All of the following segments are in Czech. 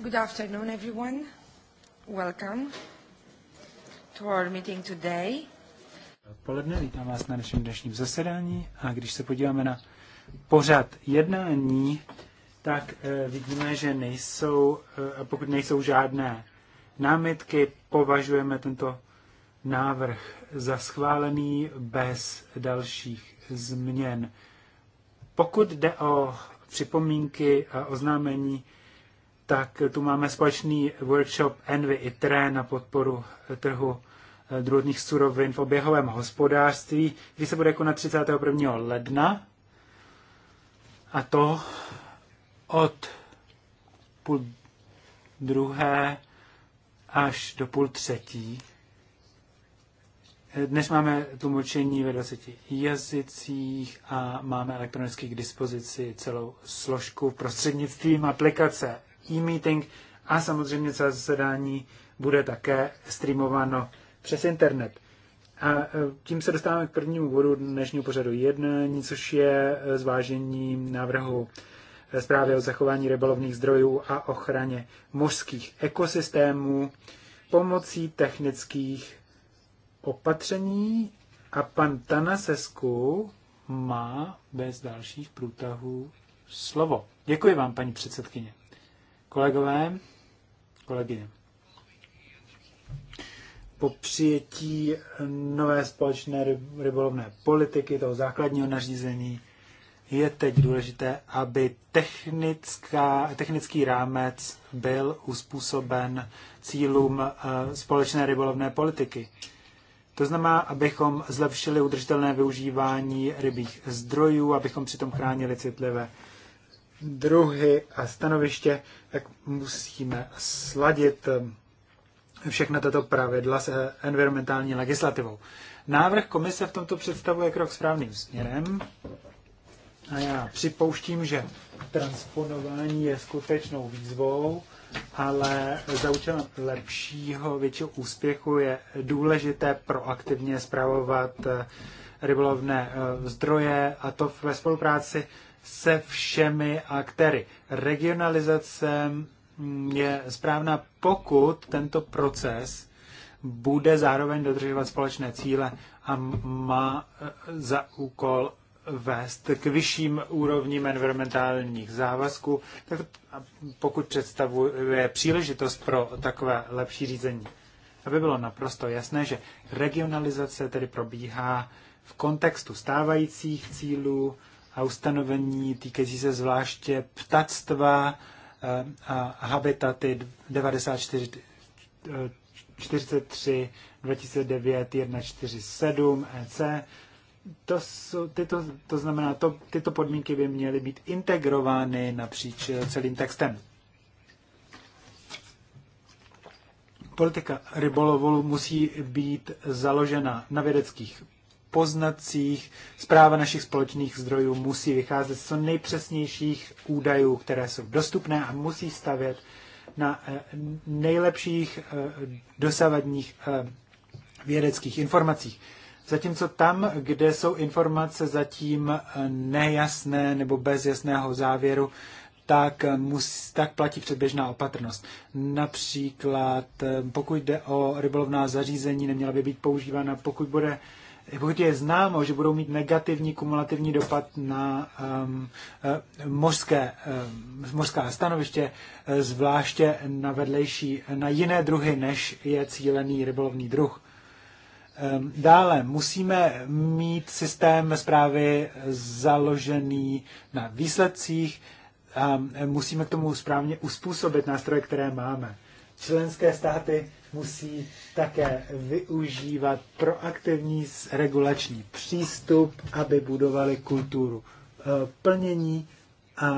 Good afternoon, everyone. Welcome to our meeting today. Poledne, vítám vás na našem dnešním zasedání a když se podíváme na pořad jednání, tak eh, vidíme, že nejsou, eh, pokud nejsou žádné námitky, považujeme tento návrh za schválený bez dalších změn. Pokud jde o připomínky a oznámení, tak tu máme společný workshop Envy Tré na podporu trhu eh, druhotných surovin v oběhovém hospodářství, který se bude konat 31. ledna a to od půl druhé až do půl třetí. Eh, dnes máme tlumočení ve 20 jazycích a máme elektronicky k dispozici celou složku prostřednictvím aplikace e-meeting a samozřejmě celé zasedání bude také streamováno přes internet. A e, tím se dostáváme k prvnímu bodu dnešního pořadu 1, což je e, zvážení návrhu e, zprávy o zachování rybolovných zdrojů a ochraně mořských ekosystémů pomocí technických opatření a pan Tanasesku má bez dalších průtahů slovo. Děkuji vám, paní předsedkyně. Kolegové, kolegyně, po přijetí nové společné rybolovné politiky, toho základního nařízení, je teď důležité, aby technická, technický rámec byl uspůsoben cílům eh, společné rybolovné politiky. To znamená, abychom zlepšili udržitelné využívání rybích zdrojů, abychom přitom chránili citlivé druhy a stanoviště, tak musíme sladit eh, všechna tato pravidla s eh, environmentální legislativou. Návrh komise v tomto představuje krok správným směrem a já připouštím, že transponování je skutečnou výzvou, ale za účelem lepšího, většího úspěchu je důležité proaktivně zpravovat eh, rybolovné zdroje a to ve spolupráci se všemi aktéry. Regionalizace je správná, pokud tento proces bude zároveň dodržovat společné cíle a má e, za úkol vést k vyšším úrovním environmentálních závazků, tak pokud představuje příležitost pro takové lepší řízení. Aby bylo naprosto jasné, že regionalizace tedy probíhá v kontextu stávajících cílů, a ustanovení týkající se zvláště ptactva eh, a habitaty 94 43 2009 147 EC. To, jsou, tyto, to znamená, to, tyto podmínky by měly být integrovány napříč eh, celým textem. Politika rybolovu musí být založena na vědeckých poznacích. Zpráva našich společných zdrojů musí vycházet z co nejpřesnějších údajů, které jsou dostupné a musí stavět na eh, nejlepších eh, dosavadních eh, vědeckých informacích. Zatímco tam, kde jsou informace zatím nejasné nebo bez jasného závěru, tak, mus, tak platí předběžná opatrnost. Například, pokud jde o rybolovná zařízení, neměla by být používána, pokud bude pokud je známo, že budou mít negativní kumulativní dopad na um, eh, mořské, um, mořská stanoviště, eh, zvláště na vedlejší, na jiné druhy, než je cílený rybolovný druh. Um, dále musíme mít systém zprávy založený na výsledcích a musíme k tomu správně uspůsobit nástroje, které máme členské státy musí také využívat proaktivní regulační přístup, aby budovali kulturu eh, plnění a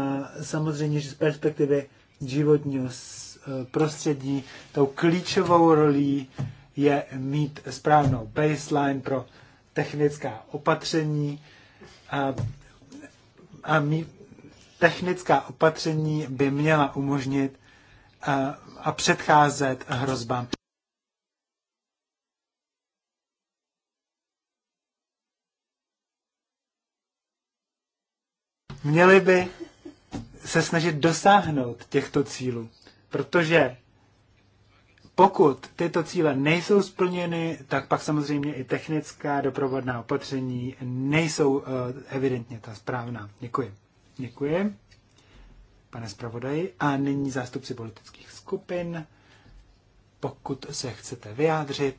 samozřejmě, že z perspektivy životního eh, prostředí tou klíčovou rolí je mít správnou baseline pro technická opatření a, a mít technická opatření by měla umožnit a předcházet hrozbám. Měli by se snažit dosáhnout těchto cílů, protože pokud tyto cíle nejsou splněny, tak pak samozřejmě i technická doprovodná opatření nejsou eh, evidentně ta správná. Děkuji. Děkuji pane zpravodaji, a nyní zástupci politických skupin. Pokud se chcete vyjádřit,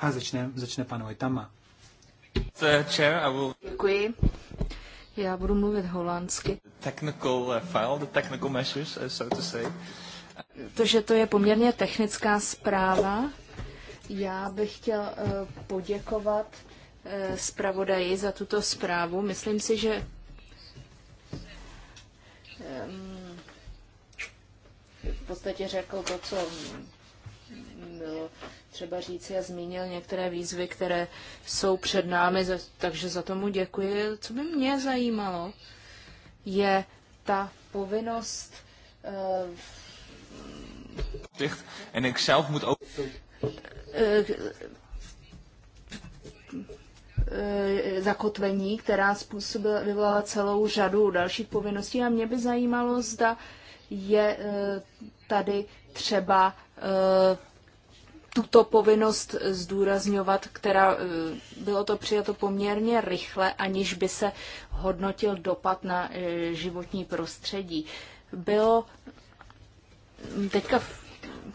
a začne, začne pan Vojtama. Děkuji. Já budu mluvit holandsky. Technical eh, file, the technical measures, eh, so to say. To, že to je poměrně technická zpráva, já bych chtěl eh, poděkovat zpravodaji za tuto zprávu. Myslím si, že v podstatě řekl to, co bylo třeba říci a zmínil některé výzvy, které jsou před námi, takže za tomu děkuji. Co by mě zajímalo, je ta povinnost uh, En ik zelf moet ook. Eh, Eh, zakotvení, která způsobila, vyvolala celou řadu dalších povinností a mě by zajímalo, zda je eh, tady třeba eh, tuto povinnost zdůrazňovat, která bylo to přijato poměrně rychle, aniž by se hodnotil dopad na životní prostředí. Bylo teďka v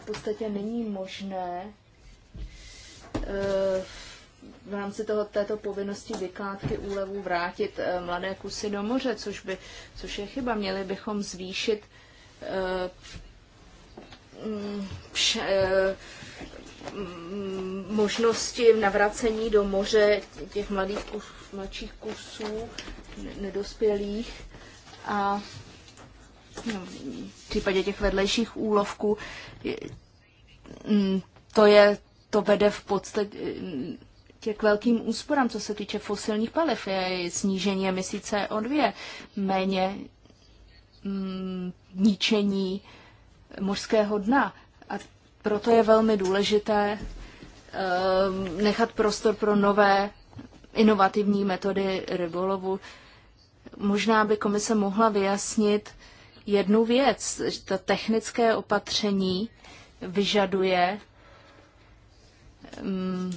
podstatě není možné v rámci toho, této povinnosti vykládky úlevů vrátit eh, mladé kusy do moře, což, by, což je chyba. Měli bychom zvýšit eh, mm, eh, mm, možnosti navracení do moře těch mladých kus, mladších kusů, nedospělých a no, v případě těch vedlejších úlovků mm, to je, to vede v podstatě tě k velkým úsporám, co se týče fosilních paliv, je snížení emisí CO2, méně mm, ničení mořského dna. A proto je velmi důležité um, nechat prostor pro nové inovativní metody rybolovu. Možná by komise mohla vyjasnit jednu věc. To technické opatření vyžaduje um,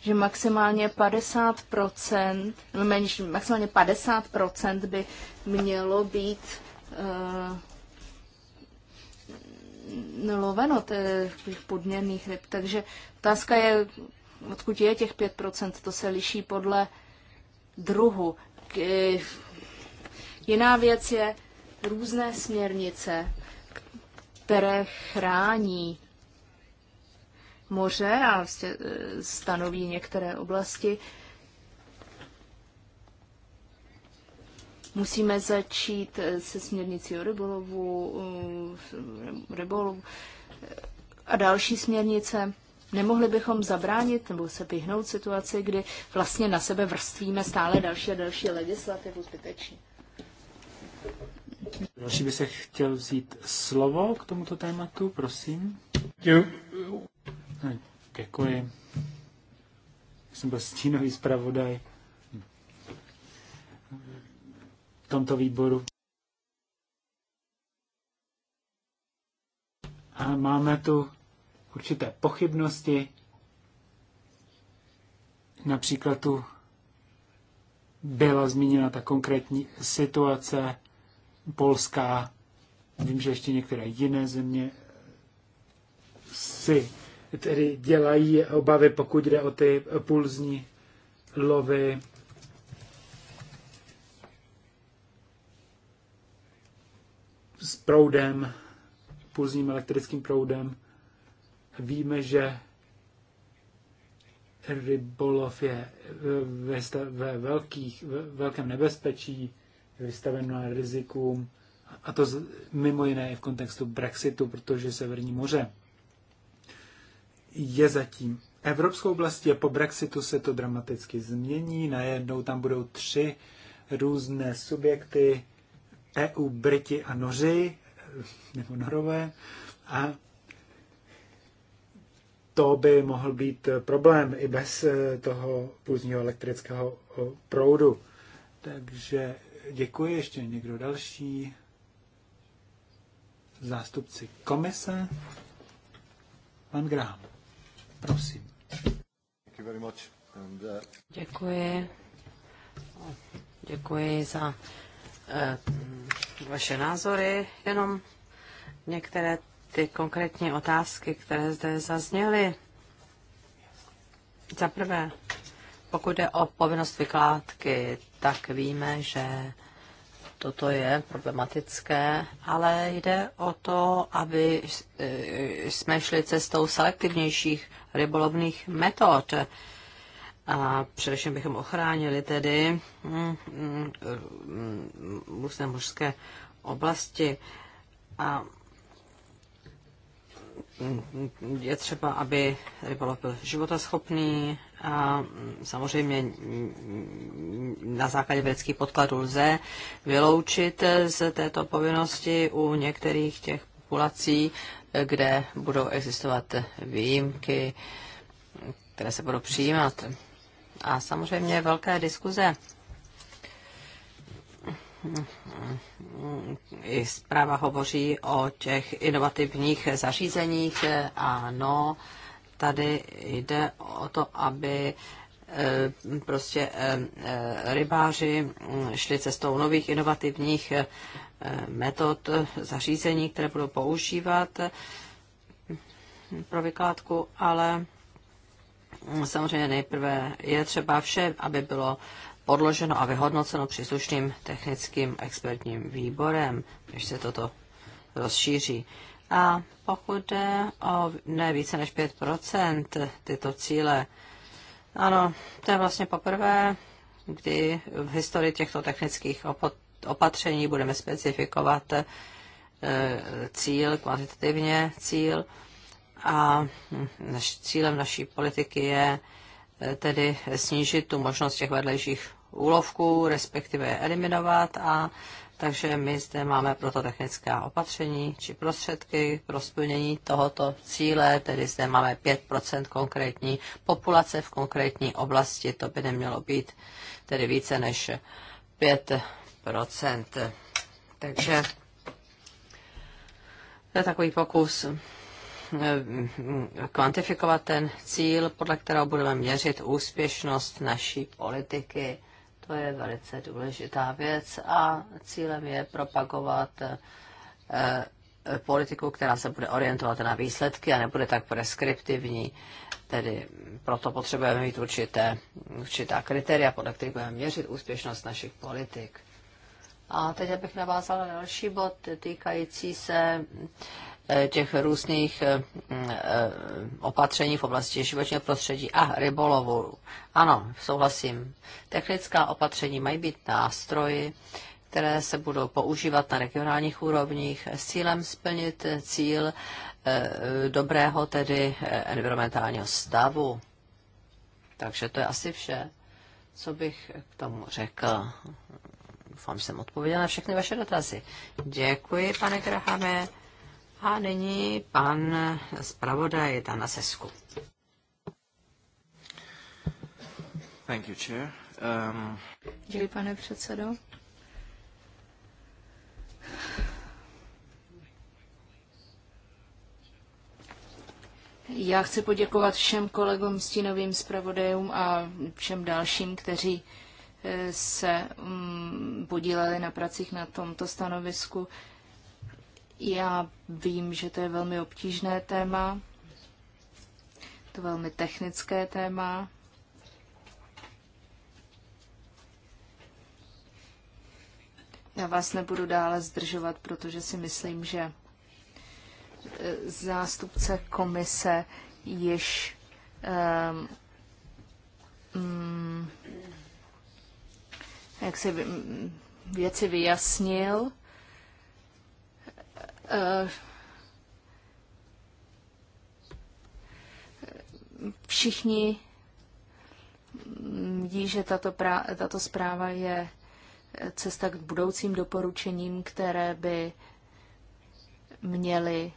že maximálně 50 menší, maximálně 50 by mělo být uh, loveno těch podměrných ryb. Takže otázka je, odkud je těch 5 to se liší podle druhu. Jiná věc je různé směrnice, které chrání moře a vlastně, e, stanoví některé oblasti. Musíme začít e, se směrnicí o rybolovu, e, rybolovu a další směrnice. Nemohli bychom zabránit nebo se vyhnout situaci, kdy vlastně na sebe vrstvíme stále další a další legislativu zbytečně. Další by se chtěl vzít slovo k tomuto tématu, prosím. Děkuji. Děkuji. Jsem byl stínový zpravodaj v tomto výboru. A máme tu určité pochybnosti, například tu byla zmíněna ta konkrétní situace polská. Vím, že ještě některé jiné země si tedy dělají obavy, pokud jde o ty pulzní lovy. s proudem, pulzním elektrickým proudem. Víme, že rybolov je ve, ve, velkých, ve velkém nebezpečí, je vystaven na rizikům, a to z, mimo jiné i v kontextu Brexitu, protože Severní moře je zatím. Evropskou oblasti a po Brexitu se to dramaticky změní. Najednou tam budou tři různé subjekty, EU, Briti a Noři, nebo Norové. A to by mohl být problém i bez eh, toho půzního elektrického eh, proudu. Takže děkuji. Ještě někdo další? Zástupci komise? Pan Graham. Prosím. Uh, Děkuji. Děkuji za eh, vaše názory, jenom některé ty konkrétní otázky, které zde zazněly. Za prvé, pokud jde o povinnost vykládky, tak víme, že toto je problematické, ale jde o to, aby e, jsme šli cestou selektivnějších rybolovných metod. A především bychom ochránili tedy mm, mm, různé mořské oblasti. A je třeba, aby rybolov byl životaschopný a samozřejmě na základě vědeckých podkladů lze vyloučit z této povinnosti u některých těch populací, kde budou existovat výjimky, které se budou přijímat. A samozřejmě velké diskuze i zpráva hovoří o těch inovativních zařízeních. Ano, tady jde o to, aby eh, prostě eh, eh, rybáři šli cestou nových inovativních metod zařízení, které budou používat hm, pro vykládku, ale samozřejmě nejprve je třeba vše, aby bylo podloženo a vyhodnoceno příslušným technickým expertním výborem, než se toto rozšíří. A pokud jde o ne více než 5 tyto cíle, ano, to je vlastně poprvé, kdy v historii těchto technických opatření budeme specifikovat eh, cíl, kvantitativně cíl. A cílem naší politiky je eh, tedy snížit tu možnost těch vedlejších úlovku, respektive je eliminovat a takže my zde máme proto technická opatření či prostředky pro splnění tohoto cíle, tedy zde máme 5 konkrétní populace v konkrétní oblasti, to by nemělo být tedy více než 5 Takže to je takový pokus eh, kvantifikovat ten cíl, podle kterého budeme měřit úspěšnost naší politiky to je velice důležitá věc a cílem je propagovat eh, eh, politiku, která se bude orientovat na výsledky a nebude tak preskriptivní. Tedy proto potřebujeme mít určité, určitá kritéria, podle kterých budeme měřit úspěšnost našich politik. A teď abych navázala na další bod týkající se těch různých eh, mm, eh, opatření v oblasti životního prostředí a rybolovu. Ano, souhlasím. Technická opatření mají být nástroji, které se budou používat na regionálních úrovních s cílem splnit cíl eh, dobrého tedy environmentálního stavu. Takže to je asi vše, co bych k tomu řekl. Doufám, že jsem odpověděla na všechny vaše dotazy. Děkuji, pane Grahame. A nyní pan zpravodaj Dana Sesku. Thank you, chair. Um... Děkuji, pane předsedo. Já chci poděkovat všem kolegům, stínovým zpravodajům a všem dalším, kteří eh, se mm, podíleli na pracích na tomto stanovisku. Já vím, že to je velmi obtížné téma, to velmi technické téma. Já vás nebudu dále zdržovat, protože si myslím, že e, zástupce komise již um, jak si mm, věci vyjasnil. Eh, všichni vidí, že tato, pra, tato zpráva je cesta k budoucím doporučením, které by měly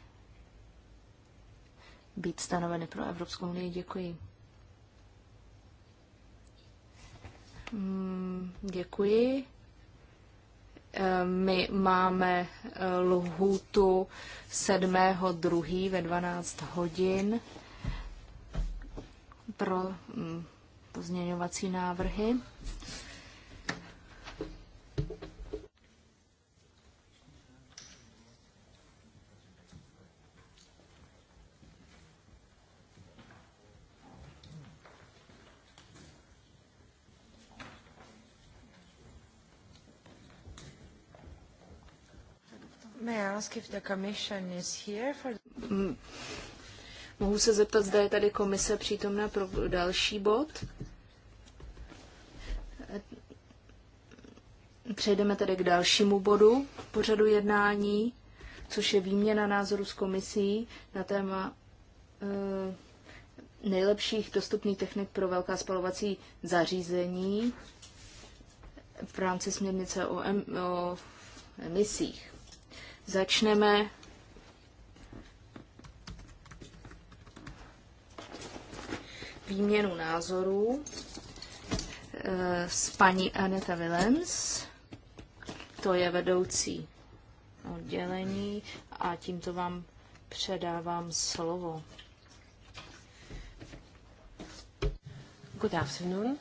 být stanoveny pro Evropskou unii. Děkuji. Hmm, děkuji. My máme eh, lhůtu 7.2. ve 12 hodin pro mm, pozměňovací návrhy. May I ask if the commission is here for... Mm. Mohu se zeptat, zda je tady komise přítomna pro další bod? Přejdeme tedy k dalšímu bodu pořadu jednání, což je výměna názoru s komisí na téma e, nejlepších dostupných technik pro velká spalovací zařízení v rámci směrnice o, em, o emisích. Začneme výměnu názorů eh, s paní Aneta Willems. to je vedoucí oddělení a tímto vám předávám slovo. Good afternoon.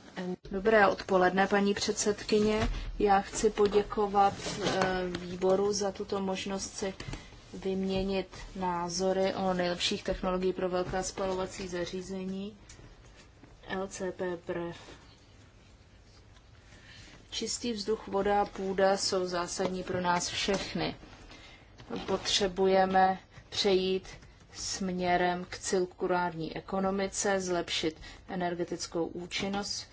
Dobré odpoledne, paní předsedkyně. Já chci poděkovat eh, výboru za tuto možnost si vyměnit názory o nejlepších technologií pro velká spalovací zařízení LCP BREF. Čistý vzduch, voda a půda jsou zásadní pro nás všechny. Potřebujeme přejít směrem k cirkulární ekonomice, zlepšit energetickou účinnost.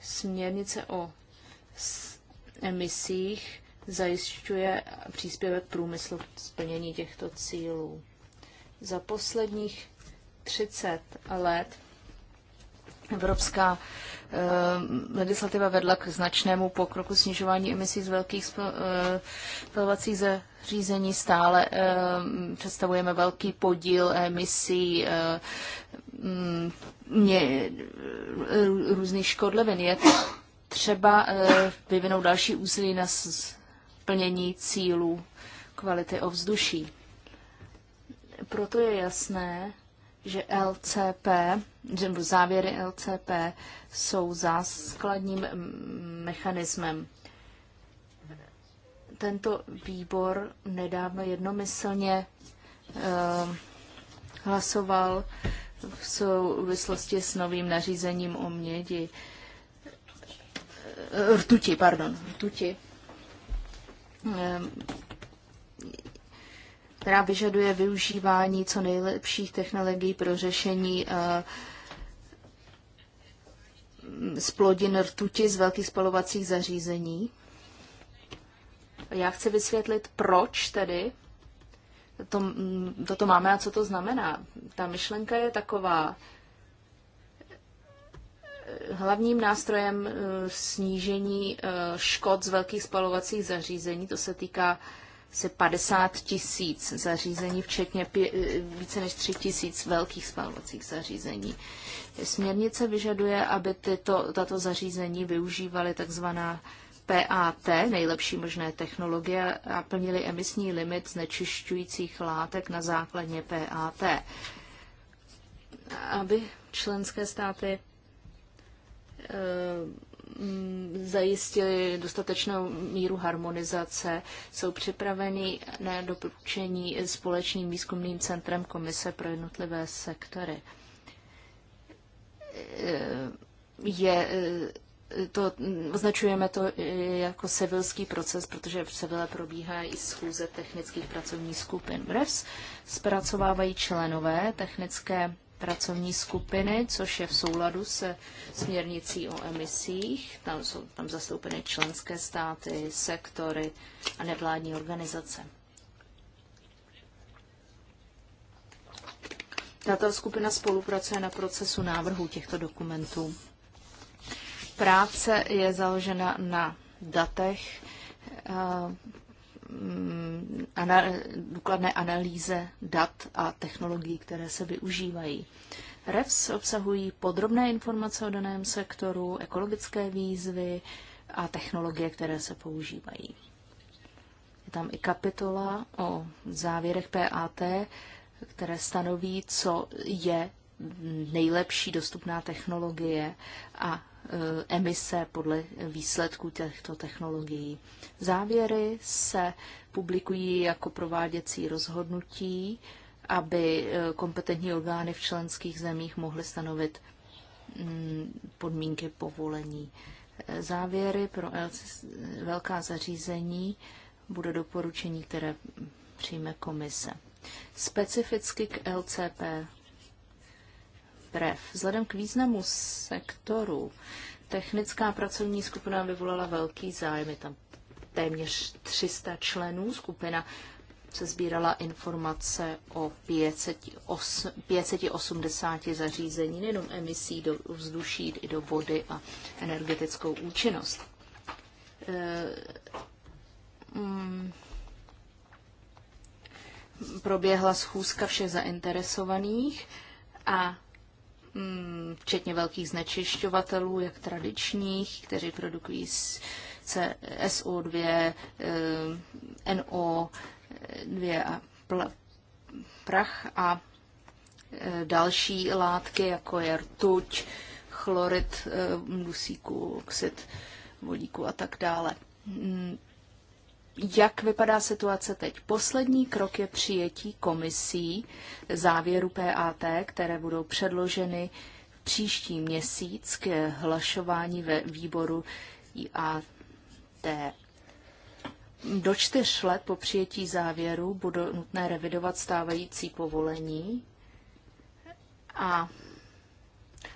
Směrnice o emisích zajišťuje příspěvek průmyslu k splnění těchto cílů. Za posledních 30 let Evropská eh, legislativa vedla k značnému pokroku snižování emisí z velkých eh, spalovacích zařízení. Stále eh, představujeme velký podíl emisí mm, různých škodlivin. Je třeba vyvinout další úsilí na splnění cílů kvality ovzduší. Proto je jasné, že LCP, že závěry LCP jsou základním mm, mechanismem. Tento výbor nedávno jednomyslně ehm, hlasoval v souvislosti s novým nařízením o mědi. Rtuti, pardon, rtuti. Ehm, která vyžaduje využívání co nejlepších technologií pro řešení splodin eh, rtuti z velkých spalovacích zařízení. Já chci vysvětlit, proč tedy to, mm, toto máme a co to znamená. Ta myšlenka je taková. Hlavním nástrojem eh, snížení eh, škod z velkých spalovacích zařízení, to se týká asi 50 tisíc zařízení, včetně pě, eh, více než 3 tisíc velkých spalovacích zařízení. Směrnice vyžaduje, aby tyto, tato zařízení využívaly takzvaná PAT, nejlepší možné technologie, a plnili emisní limit znečišťujících látek na základě PAT. Aby členské státy e, Mm, zajistili dostatečnou míru harmonizace, jsou připraveni na doporučení společným výzkumným centrem Komise pro jednotlivé sektory. Eh, je eh, to, označujeme to jako sevilský proces, protože v Seville i schůze technických pracovních skupin. REFS zpracovávají členové technické pracovní skupiny, což je v souladu se směrnicí o emisích. Tam jsou tam zastoupeny členské státy, sektory a nevládní organizace. Tato skupina spolupracuje na procesu návrhu těchto dokumentů. Práce je založena na datech, eh, Mm, důkladné analýze dat a technologií, které se využívají. REFS obsahují podrobné informace o daném sektoru, ekologické výzvy a technologie, které se používají. Je tam i kapitola o závěrech PAT, které stanoví, co je mm, nejlepší dostupná technologie a Eh, emise podle výsledků těchto technologií. Závěry se publikují jako prováděcí rozhodnutí, aby eh, kompetentní orgány v členských zemích mohly stanovit mm, podmínky povolení. Eh, závěry pro velká zařízení bude doporučení, které přijme komise. Specificky k LCP BREF. Vzhledem k významu sektoru, technická pracovní skupina vyvolala velký zájem. Je tam téměř 300 členů. Skupina se sbírala informace o 580 zařízení, nejenom emisí do vzduší, i do vody a energetickou účinnost. E, mm, proběhla schůzka všech zainteresovaných a Mm, včetně velkých znečišťovatelů, jak tradičních, kteří produkují SO2, eh, NO2 a prach a eh, další látky, jako je rtuť, chlorid eh, dusíku, oxid vodíku a tak dále. Mm, jak vypadá situace teď? Poslední krok je přijetí komisí závěru PAT, které budou předloženy v příští měsíc k hlašování ve výboru IAT. Do čtyř let po přijetí závěru budou nutné revidovat stávající povolení a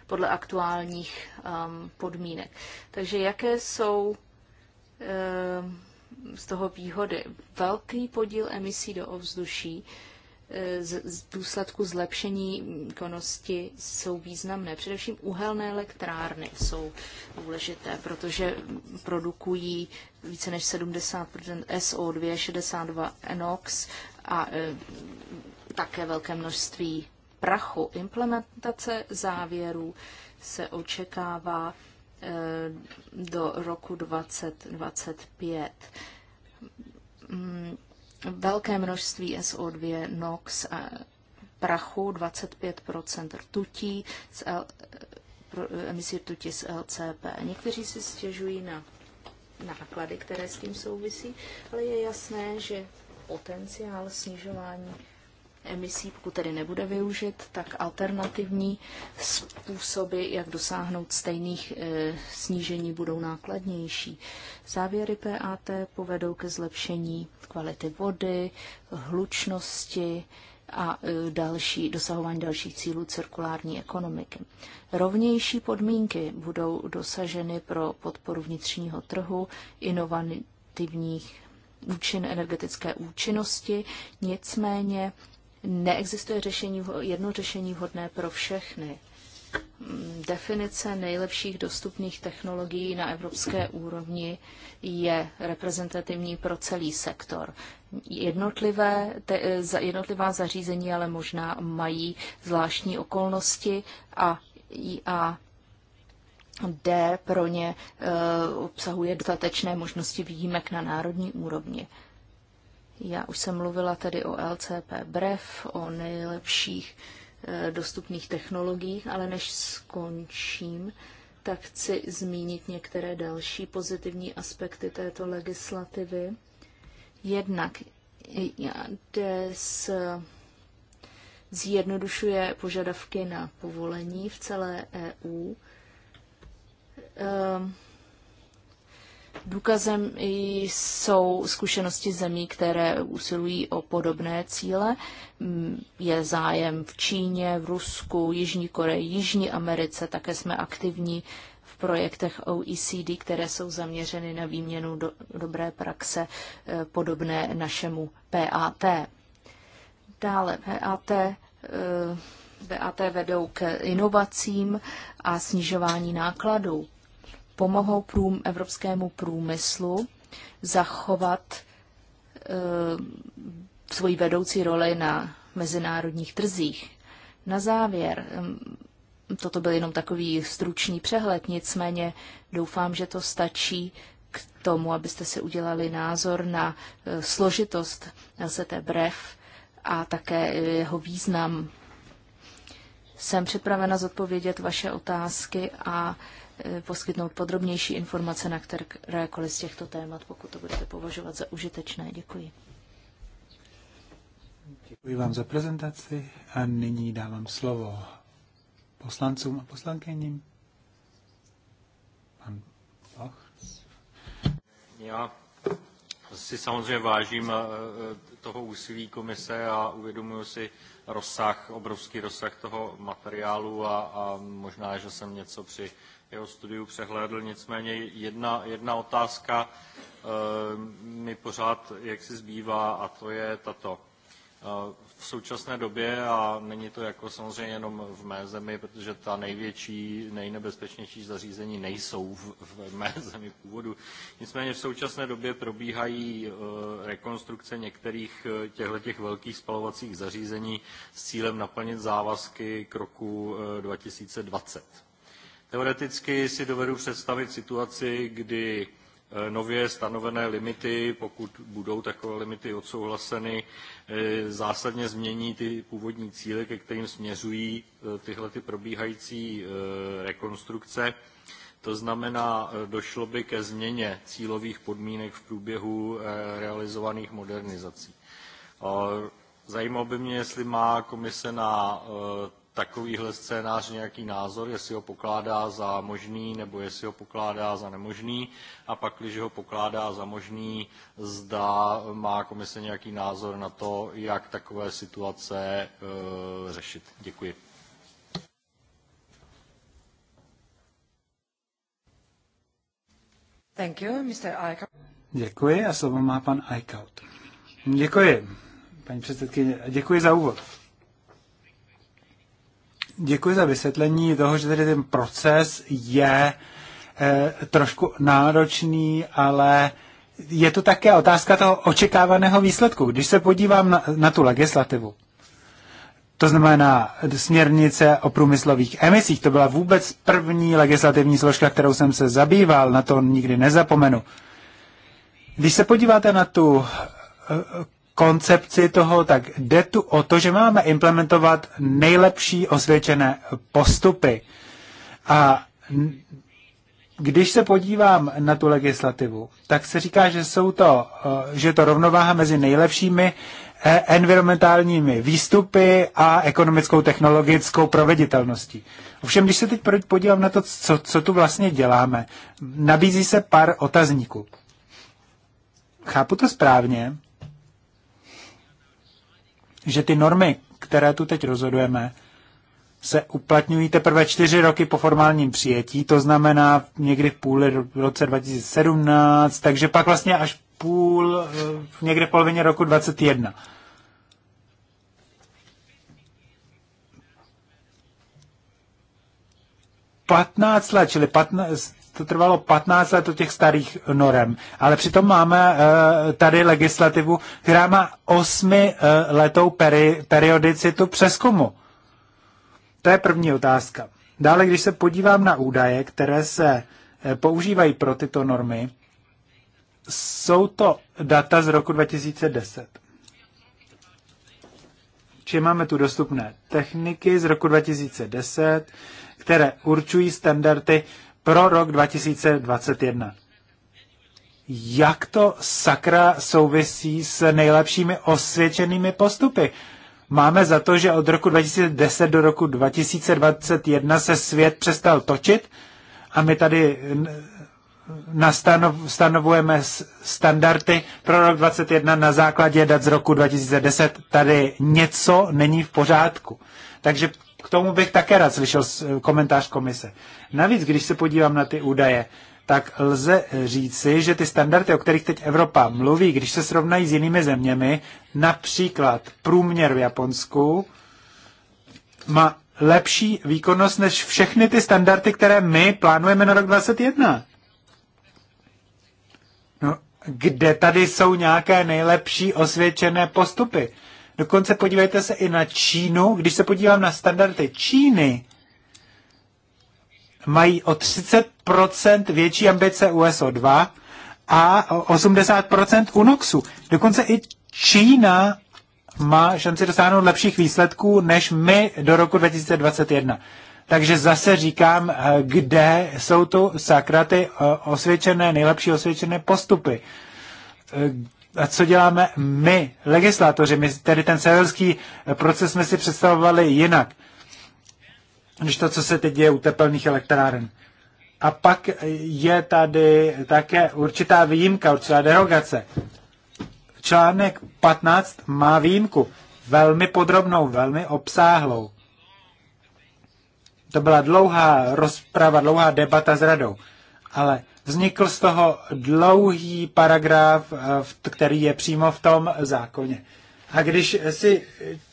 podle aktuálních um, podmínek. Takže jaké jsou um, z toho výhody. Velký podíl emisí do ovzduší e, z, z důsledku zlepšení konosti jsou významné. Především uhelné elektrárny jsou důležité, protože produkují více než 70 SO2, 62 NOx a e, také velké množství prachu. Implementace závěrů se očekává Eh, do roku 2025. Mm, velké množství SO2, NOx a prachu, 25 rtutí, z L, emisí rtutí z LCP. Někteří si stěžují na náklady, které s tím souvisí, ale je jasné, že potenciál snižování emisí, pokud tedy nebude využit, tak alternativní způsoby, jak dosáhnout stejných e, snížení, budou nákladnější. Závěry PAT povedou ke zlepšení kvality vody, hlučnosti a e, další, dosahování dalších cílů cirkulární ekonomiky. Rovnější podmínky budou dosaženy pro podporu vnitřního trhu, inovativních účin energetické účinnosti, nicméně neexistuje řešení, jedno řešení vhodné pro všechny. Mm, Definice nejlepších dostupných technologií na evropské úrovni je reprezentativní pro celý sektor. Jednotlivé, te, jednotlivá zařízení ale možná mají zvláštní okolnosti a, a D pro ně e, obsahuje dostatečné možnosti výjimek na národní úrovni. Já už jsem mluvila tedy o LCP Brev, o nejlepších eh, dostupných technologiích, ale než skončím, tak chci zmínit některé další pozitivní aspekty této legislativy. Jednak eh, DES eh, zjednodušuje požadavky na povolení v celé EU. Ehm, Důkazem jsou zkušenosti zemí, které usilují o podobné cíle. Mm, je zájem v Číně, v Rusku, Jižní Koreji, Jižní Americe, také jsme aktivní v projektech OECD, které jsou zaměřeny na výměnu do, dobré praxe e, podobné našemu PAT. Dále PAT, BAT e, vedou k inovacím a snižování nákladů pomohou prům, evropskému průmyslu zachovat e, svoji vedoucí roli na mezinárodních trzích. Na závěr, mm, toto byl jenom takový stručný přehled, nicméně doufám, že to stačí k tomu, abyste si udělali názor na eh, složitost LCT brev a také jeho význam. Jsem připravena zodpovědět vaše otázky a Eh, poskytnout podrobnější informace na kterékoliv z těchto témat, pokud to budete považovat za užitečné. Děkuji. Děkuji vám za prezentaci a nyní dávám slovo poslancům a poslankyním. Pan Loch. Já si samozřejmě vážím eh, eh, toho úsilí komise a uvědomuji si rozsah, obrovský rozsah toho materiálu a, a možná, že jsem něco při jeho studiu přehlédl. Nicméně jedna, jedna otázka eh, mi pořád jak si zbývá a to je tato. Eh, v současné době, a není to jako samozřejmě jenom v mé zemi, protože ta největší, nejnebezpečnější zařízení nejsou v, v mé zemi původu. Nicméně v současné době probíhají eh, rekonstrukce některých těchto velkých spalovacích zařízení s cílem naplnit závazky k roku 2020 Teoreticky si dovedu představit situaci, kdy eh, nově stanovené limity, pokud budou takové limity odsouhlaseny, eh, zásadně změní ty původní cíle, ke kterým směřují eh, tyhle ty probíhající rekonstrukce. To znamená, došlo by ke změně cílových podmínek v průběhu realizovaných modernizací. Zajímalo by mě, jestli má komise na takovýhle scénář nějaký názor, jestli ho pokládá za možný nebo jestli ho pokládá za nemožný a pak, když ho pokládá za možný, zda má komise nějaký názor na to, jak takové situace e, řešit. Děkuji. Thank you, Mr. Děkuji a slovo má pan Eichaut. Děkuji, paní předsedkyně. Děkuji za úvod. Děkuji za vysvětlení toho, že tedy ten proces je e, trošku náročný, ale je to také otázka toho očekávaného výsledku. Když se podívám na, na tu legislativu, to znamená směrnice o průmyslových emisích, to byla vůbec první legislativní složka, kterou jsem se zabýval, na to nikdy nezapomenu. Když se podíváte na tu eh, koncepci toho, tak jde tu o to, že máme implementovat nejlepší osvědčené postupy. A když se podívám na tu legislativu, tak se říká, že jsou to, eh, že to rovnováha mezi nejlepšími eh, environmentálními výstupy a ekonomickou technologickou proveditelností. Ovšem, když se teď podívám na to, co, co tu vlastně děláme, nabízí se pár otazníků. Chápu to správně, že ty normy, které tu teď rozhodujeme, se uplatňují teprve čtyři roky po formálním přijetí, to znamená někdy v půli roce 2017, takže pak vlastně až půl, eh, někde v polovině roku 2021. Patnáct let, čili 15, to trvalo 15 let od těch starých norem, ale přitom máme eh, tady legislativu, která má osmi eh, letou peri, periodicitu přeskumu. To je první otázka. Dále, když se podívám na údaje, které se eh, používají pro tyto normy, jsou to data z roku 2010. Či máme tu dostupné techniky z roku 2010, které určují standardy pro rok 2021. Jak to sakra souvisí s nejlepšími osvědčenými postupy? Máme za to, že od roku 2010 do roku 2021 se svět přestal točit a my tady stanovujeme standardy pro rok 2021 na základě dat z roku 2010. Tady něco není v pořádku. Takže tomu bych také rád slyšel komentář komise. Navíc, když se podívám na ty údaje, tak lze říci, že ty standardy, o kterých teď Evropa mluví, když se srovnají s jinými zeměmi, například průměr v Japonsku, má lepší výkonnost než všechny ty standardy, které my plánujeme na rok 2021. No, kde tady jsou nějaké nejlepší osvědčené postupy? Dokonce podívejte se i na Čínu. Když se podívám na standardy Číny, mají o 30% větší ambice USO2 a o 80% UNOXu. Dokonce i Čína má šanci dosáhnout lepších výsledků než my do roku 2021. Takže zase říkám, eh, kde jsou tu sakraty eh, osvědčené, nejlepší osvědčené postupy. Eh, a co děláme my, legislátoři. My tedy ten severský eh, proces jsme si představovali jinak, než to, co se teď děje u tepelných elektráren. A pak eh, je tady také určitá výjimka, určitá derogace. Článek 15 má výjimku. Velmi podrobnou, velmi obsáhlou. To byla dlouhá rozprava, dlouhá debata s radou. Ale Vznikl z toho dlouhý paragraf, eh, který je přímo v tom zákoně. A když si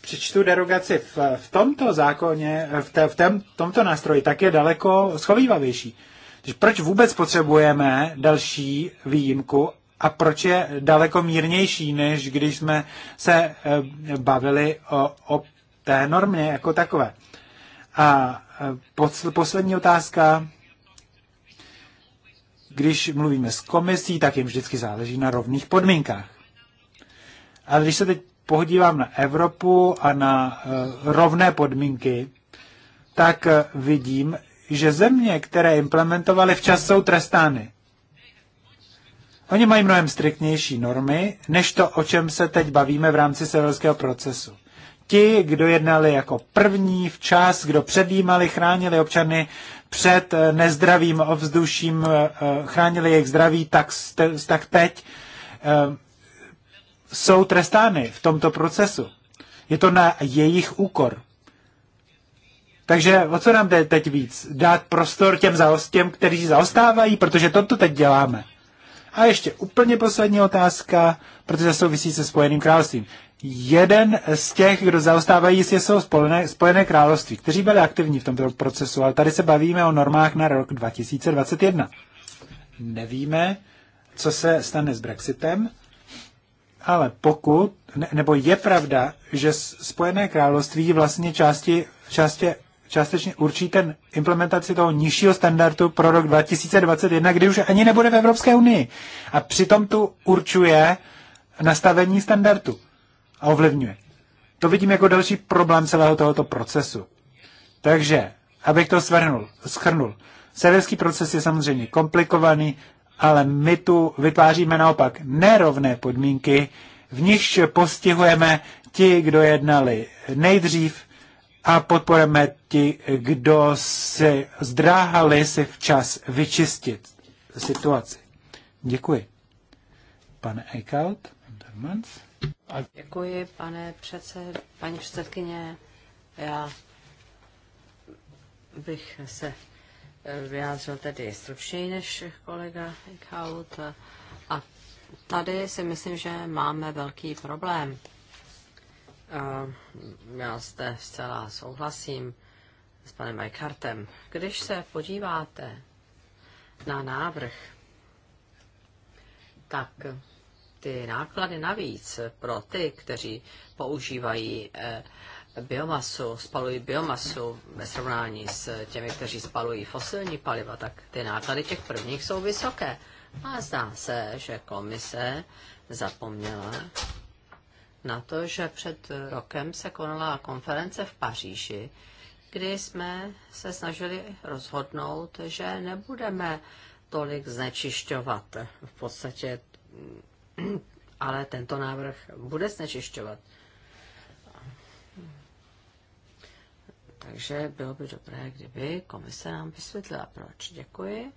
přečtu derogaci v, v tomto zákoně, v, te, v tém, tomto nástroji, tak je daleko schovývavější. Takže proč vůbec potřebujeme další výjimku a proč je daleko mírnější, než když jsme se eh, bavili o, o té normě jako takové? A eh, poslední otázka když mluvíme s komisí, tak jim vždycky záleží na rovných podmínkách. Ale když se teď pohodívám na Evropu a na eh, rovné podmínky, tak eh, vidím, že země, které implementovaly včas, jsou trestány. Oni mají mnohem striktnější normy, než to, o čem se teď bavíme v rámci severského procesu. Ti, kdo jednali jako první včas, kdo předjímali, chránili občany, před eh, nezdravým ovzduším, eh, eh, chránili jejich zdraví, tak, tak teď jsou trestány v tomto procesu. Je to na jejich úkor. Takže o co nám jde teď víc? Dát prostor těm, těm kteří zaostávají, protože to teď děláme. A ještě úplně poslední otázka, protože souvisí se Spojeným královstvím jeden z těch, kdo zaostávají, jistě jsou Spojené, Spojené království, kteří byli aktivní v tomto procesu, ale tady se bavíme o normách na rok 2021. Nevíme, co se stane s Brexitem, ale pokud, ne, nebo je pravda, že Spojené království vlastně části, části, částečně určí ten implementaci toho nižšího standardu pro rok 2021, kdy už ani nebude v Evropské unii. A přitom tu určuje nastavení standardu a ovlivňuje. To vidím jako další problém celého tohoto procesu. Takže, abych to svrhnul, schrnul. Severský proces je samozřejmě komplikovaný, ale my tu vytváříme naopak nerovné podmínky, v nichž postihujeme ti, kdo jednali nejdřív a podporujeme ti, kdo si zdráhali si včas vyčistit situaci. Děkuji. Pane Eichhout, Dermans. Děkuji, pane předsed, paní předsedkyně. Já bych se vyjádřil tedy stručněji než kolega Kaut. A tady si myslím, že máme velký problém. Já zde zcela souhlasím s panem Eckhartem. Když se podíváte na návrh, tak ty náklady navíc pro ty, kteří používají eh, biomasu, spalují biomasu ve srovnání s těmi, kteří spalují fosilní paliva, tak ty náklady těch prvních jsou vysoké. A zdá se, že komise zapomněla na to, že před rokem se konala konference v Paříži, kdy jsme se snažili rozhodnout, že nebudeme tolik znečišťovat. V podstatě ale tento návrh bude znečišťovat. Takže bylo by dobré, kdyby komise nám vysvětlila, proč. Děkuji.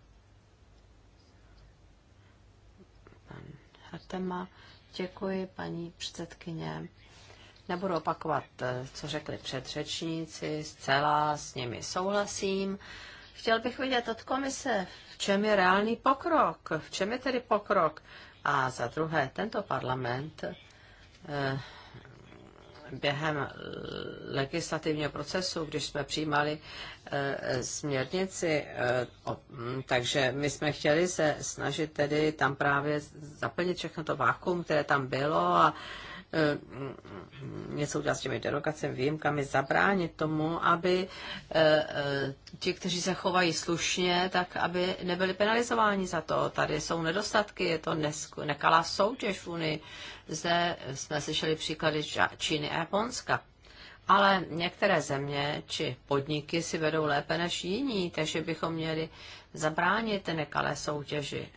Pan Hartema, děkuji, paní předsedkyně. Nebudu opakovat, eh, co řekli předřečníci, zcela s nimi souhlasím. Chtěl bych vidět od komise, v čem je reálný pokrok, v čem je tedy pokrok a za druhé, tento parlament eh, během legislativního procesu, když jsme přijímali eh, směrnici, eh, takže my jsme chtěli se snažit tedy tam právě zaplnit všechno to vákuum, které tam bylo a Eh, něco udělat s těmi derogacemi, výjimkami, zabránit tomu, aby eh, ti, kteří se chovají slušně, tak aby nebyli penalizováni za to. Tady jsou nedostatky, je to nekalá soutěž v Unii. Zde jsme slyšeli příklady Číny a Japonska. Ale některé země či podniky si vedou lépe než jiní, takže bychom měli zabránit nekalé soutěži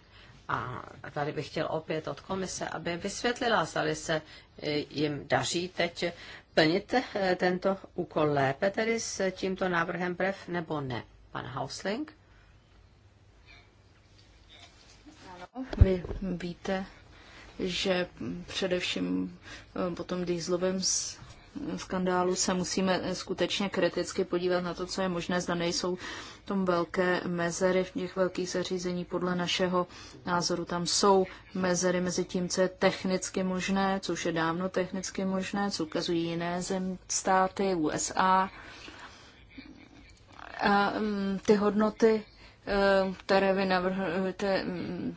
a tady bych chtěl opět od komise, aby vysvětlila, zda se e, jim daří teď plnit e, tento úkol lépe tedy s tímto návrhem brev nebo ne. Pan Hausling? Ano, vy víte, že především e, po tom dýzlovém skandálu se musíme skutečně kriticky podívat na to, co je možné, zda nejsou tom velké mezery v těch velkých zařízení. Podle našeho názoru tam jsou mezery mezi tím, co je technicky možné, co už je dávno technicky možné, co ukazují jiné zem, státy, USA. A mm, ty hodnoty, eh, které vy navrhujete, mm,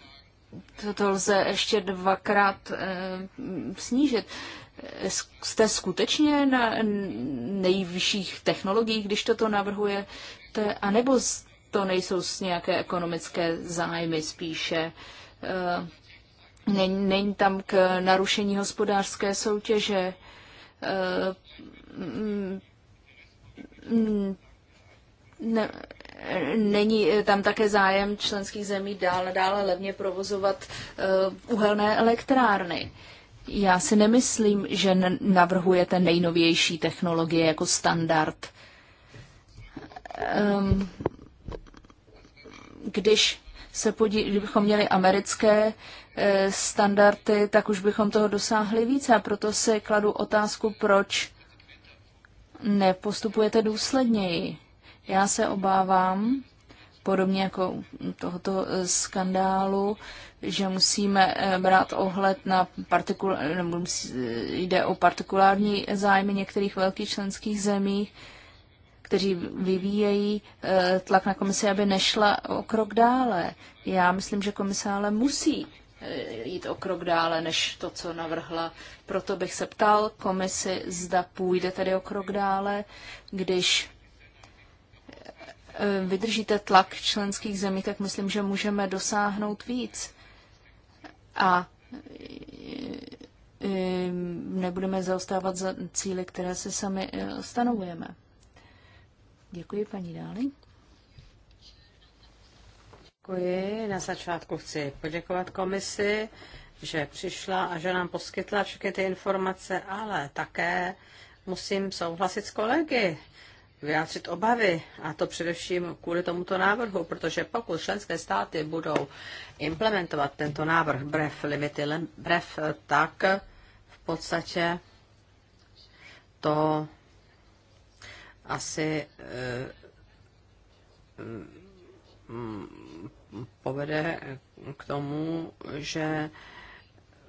to lze ještě dvakrát eh, snížit jste skutečně na nejvyšších technologiích, když toto navrhujete, anebo to nejsou nějaké ekonomické zájmy spíše? Eh, není, tam k narušení hospodářské soutěže? Eh, mm, mm, ne, není tam také zájem členských zemí dále, dále levně provozovat eh, uhelné elektrárny. Uh, já si nemyslím, že navrhujete nejnovější technologie jako standard. Um, když se podí, kdybychom měli americké eh, standardy, tak už bychom toho dosáhli více. A proto si kladu otázku, proč nepostupujete důsledněji. Já se obávám, podobně jako tohoto eh, skandálu, že musíme eh, brát ohled na partikul, nebo eh, jde o partikulární zájmy některých velkých členských zemí, kteří vyvíjejí tlak na komisi, aby nešla o krok dále. Já myslím, že komise ale musí jít o krok dále než to, co navrhla. Proto bych se ptal komisi, zda půjde tedy o krok dále, když Eh, vydržíte tlak členských zemí, tak myslím, že můžeme dosáhnout víc. A eh, eh, nebudeme zaostávat za cíly, které si sami stanovujeme. Děkuji, paní Dáli. Děkuji. Na začátku chci poděkovat komisi, že přišla a že nám poskytla všechny ty informace, ale také musím souhlasit s kolegy vyjádřit obavy, a to především kvůli tomuto návrhu, protože pokud členské státy budou implementovat tento návrh BREF limity, BREF, tak v podstatě to asi eh, povede k tomu, že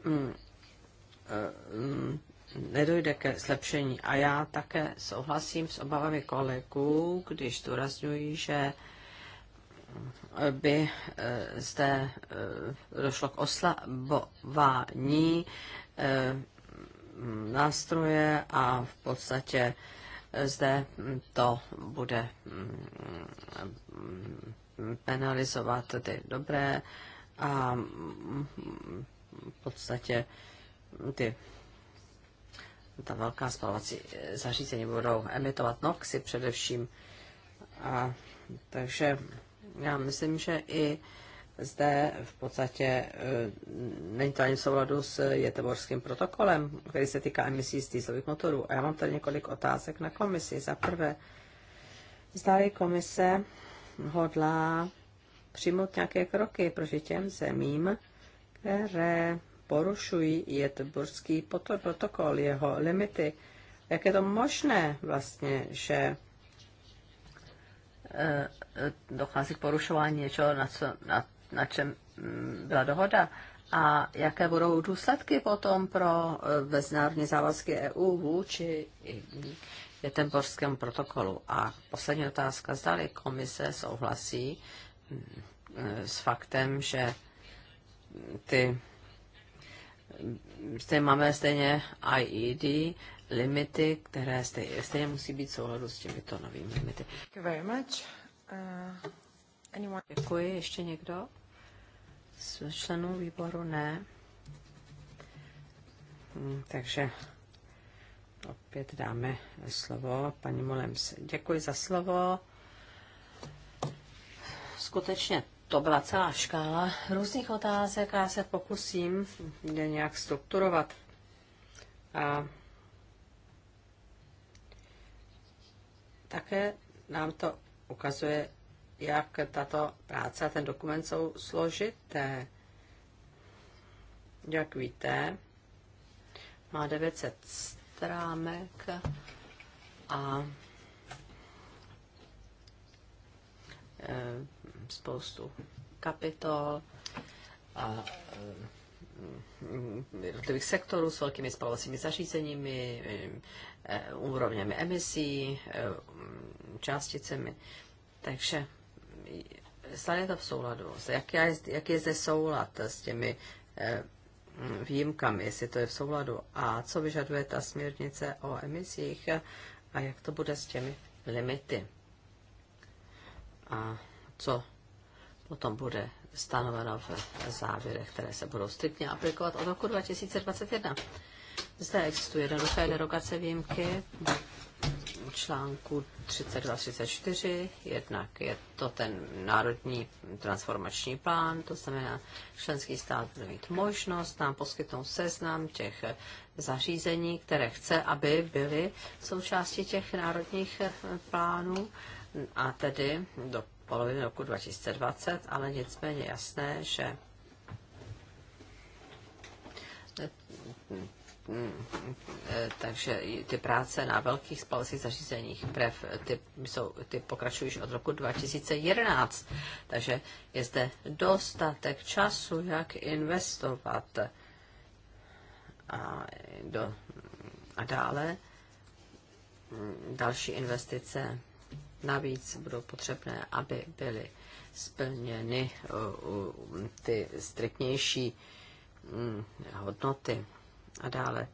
mm, eh, mm, nedojde ke zlepšení. A já také souhlasím s obavami kolegů, když zdůrazňují, že by eh, zde eh, došlo k oslabování eh, nástroje a v podstatě zde to bude mm, mm, penalizovat ty dobré a mm, v podstatě ty ta velká spalovací eh, zařízení budou emitovat noxy především. A, takže já myslím, že i zde v podstatě e, není to ani v souladu s eh, Jeteborským protokolem, který se týká emisí z dýzlových motorů. A já mám tady několik otázek na komisi. Za prvé, zdali komise hodlá přijmout nějaké kroky proti těm zemím, které porušují jetburský protokol, jeho limity. Jak je to možné vlastně, že e, dochází k porušování něčeho, na, co, na, na čem mm, byla dohoda? A jaké budou důsledky potom pro e, mezinárodní závazky EU vůči Jetemborskému protokolu? A poslední otázka, zdali komise souhlasí mm, e, s faktem, že ty stejně máme stejně IED limity, které stejně, stejně musí být souhladu s těmito novými limity. Uh, Děkuji. Ještě někdo? Z členů výboru ne. Hmm, takže opět dáme slovo paní Molems. Děkuji za slovo. Skutečně to byla celá škála různých otázek a já se pokusím je nějak strukturovat. A také nám to ukazuje, jak tato práce a ten dokument jsou složité. Jak víte, má 900 stránek a e, spoustu kapitol a eh, jednotlivých sektorů s velkými spalovacími zařízeními, eh, eh, úrovněmi emisí, částicemi. Takže stále je to v souladu. Jak je, jak je zde soulad s těmi výjimkami, jestli to je v souladu a co vyžaduje ta směrnice o emisích a jak to bude s těmi limity. A co potom bude stanoveno v závěrech, které se budou striktně aplikovat od roku 2021. Zde existuje jednoduché derogace výjimky článku 32-34. Jednak je to ten národní transformační plán, to znamená, členský stát bude mít možnost nám poskytnout seznam těch zařízení, které chce, aby byly součástí těch národních plánů a tedy do poloviny roku 2020, ale nicméně jasné, že takže ty práce na velkých spalovacích zařízeních PREF ty, jsou, ty pokračují od roku 2011, takže je zde dostatek času, jak investovat a, do, a dále další investice Navíc budou potřebné, aby byly splněny uh, uh, ty striktnější mm, hodnoty. A dále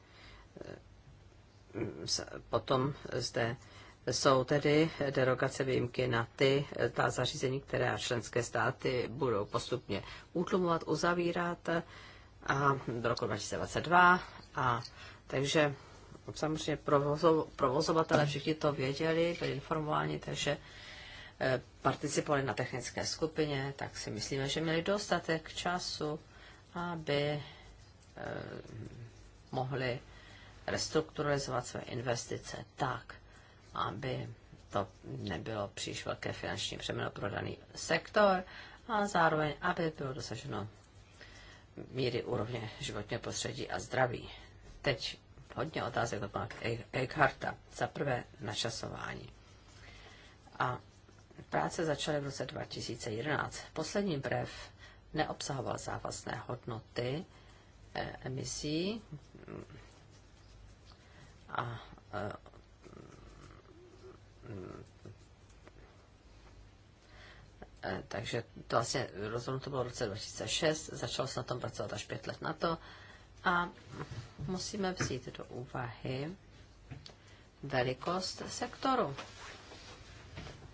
mm, potom zde jsou tedy derogace výjimky na ty, ta zařízení, která členské státy budou postupně utlumovat, uzavírat uh, a do roku 2022. A takže samozřejmě provozo, provozovatele všichni to věděli, byli informováni, takže eh, participovali na technické skupině, tak si myslíme, že měli dostatek času, aby eh, mohli restrukturalizovat své investice tak, aby to nebylo příliš velké finanční přeměno pro daný sektor a zároveň, aby bylo dosaženo míry úrovně životního prostředí a zdraví. Teď hodně otázek od pana Eckharta. Za prvé načasování. A práce začaly v roce 2011. Poslední brev neobsahoval závazné hodnoty eh, emisí a eh, mm, eh, takže to vlastně rozhodnuto bylo v roce 2006, začalo se na tom pracovat až pět let na to a musíme vzít do úvahy velikost sektoru,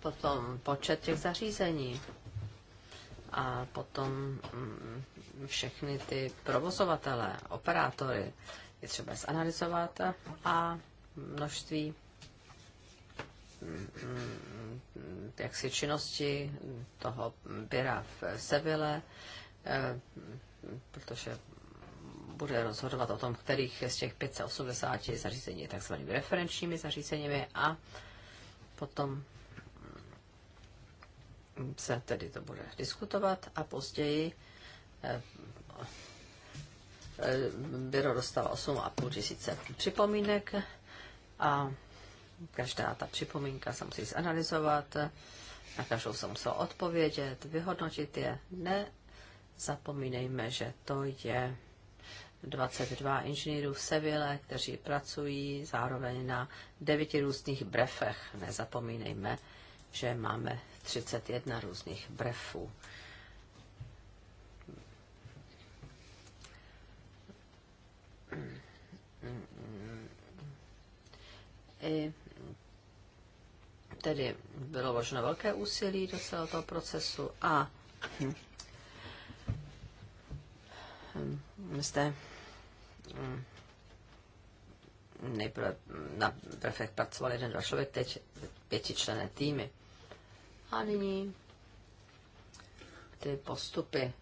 potom počet těch zařízení a potom mm, všechny ty provozovatele, operátory je třeba zanalizovat a množství mm, mm, jaksi činnosti toho byra v Seville, eh, protože bude rozhodovat o tom, kterých z těch 580 zařízení je tzv. referenčními zařízeními a potom se tedy to bude diskutovat a později eh, eh, byro dostalo 8,5 tisíce připomínek a každá ta připomínka se musí zanalizovat, na každou se musel odpovědět, vyhodnotit je. zapomínejme, že to je 22 inženýrů v Seville, kteří pracují zároveň na devíti různých brefech. Nezapomínejme, že máme 31 různých brefů. I tedy bylo vloženo velké úsilí do celého toho procesu a hm, hm, zde Mm. nejprve na prefekt pracoval jeden, dva člověk, teď pětičlené týmy. A nyní ty postupy,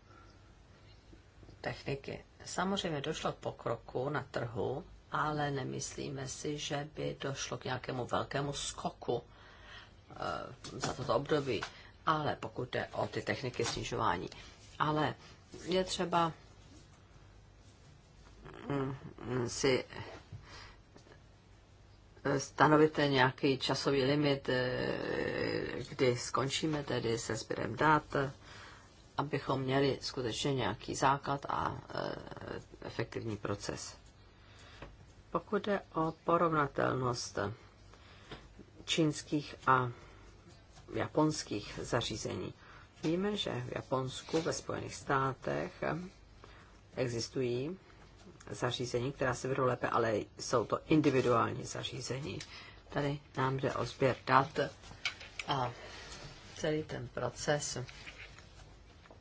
techniky. Samozřejmě došlo k pokroku na trhu, ale nemyslíme si, že by došlo k nějakému velkému skoku eh, za toto období, ale pokud jde o ty techniky snižování. Ale je třeba si eh, stanovíte nějaký časový limit, eh, kdy skončíme tedy se sběrem dat, abychom měli skutečně nějaký základ a eh, efektivní proces. Pokud jde o porovnatelnost čínských a japonských zařízení, víme, že v Japonsku, ve Spojených státech existují zařízení, která se vedou lépe, ale jsou to individuální zařízení. Tady nám jde o sběr dat a celý ten proces.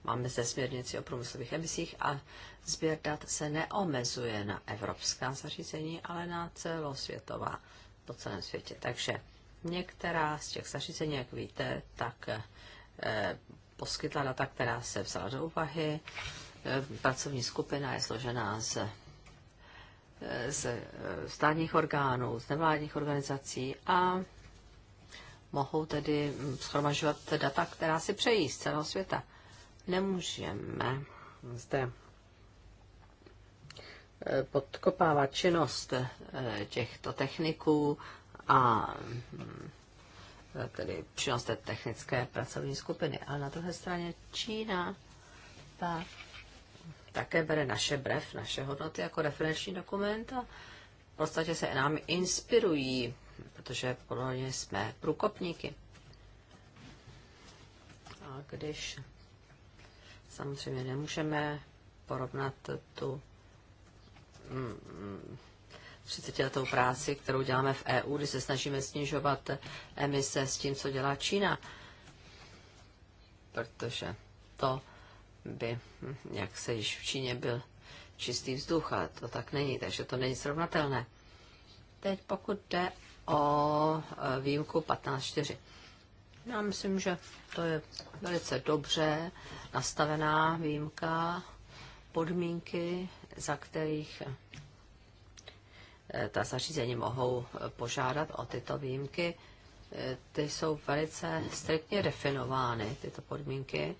Máme zde směrnici o průmyslových emisích a sběr dat se neomezuje na evropská zařízení, ale na celosvětová po celém světě. Takže některá z těch zařízení, jak víte, tak e, poskytla data, která se vzala do úvahy. Eh, pracovní skupina je složená z z eh, státních orgánů, z nevládních organizací a mohou tedy mm, schromažovat data, která si přejí z celého světa. Nemůžeme zde eh, podkopávat činnost eh, těchto techniků a mm, tedy činnost té technické pracovní skupiny. Ale na druhé straně Čína tak také bere naše brev, naše hodnoty jako referenční dokument a v podstatě se námi inspirují, protože podle mě jsme průkopníky. A když samozřejmě nemůžeme porovnat tu 30-letou mm, mm, práci, kterou děláme v EU, kdy se snažíme snižovat emise s tím, co dělá Čína. Protože to by, jak se již v Číně byl čistý vzduch, ale to tak není, takže to není srovnatelné. Teď pokud jde o e, výjimku 15.4. Já myslím, že to je velice dobře nastavená výjimka, podmínky, za kterých e, ta zařízení mohou požádat o tyto výjimky, e, ty jsou velice striktně definovány, tyto podmínky,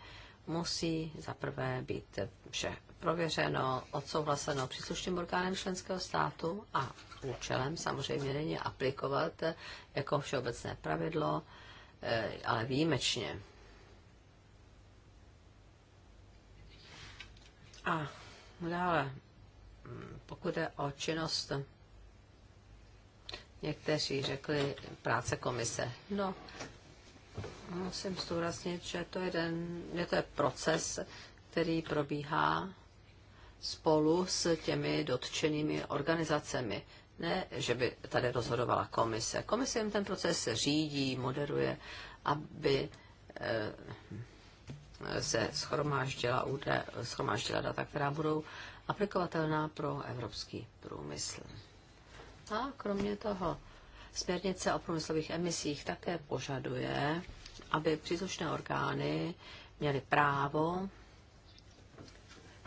musí zaprvé být vše prověřeno, odsouhlaseno příslušným orgánem členského státu a účelem samozřejmě není aplikovat jako všeobecné pravidlo, eh, ale výjimečně. A dále, hm, pokud je o činnost, někteří řekli práce komise. No, Musím zdůraznit, že to, jeden, je to je proces, který probíhá spolu s těmi dotčenými organizacemi. Ne, že by tady rozhodovala komise. Komise jim ten proces řídí, moderuje, aby eh, se schromáždila, údaje, schromáždila data, která budou aplikovatelná pro evropský průmysl. A kromě toho Směrnice o průmyslových emisích také požaduje, aby příslušné orgány měly právo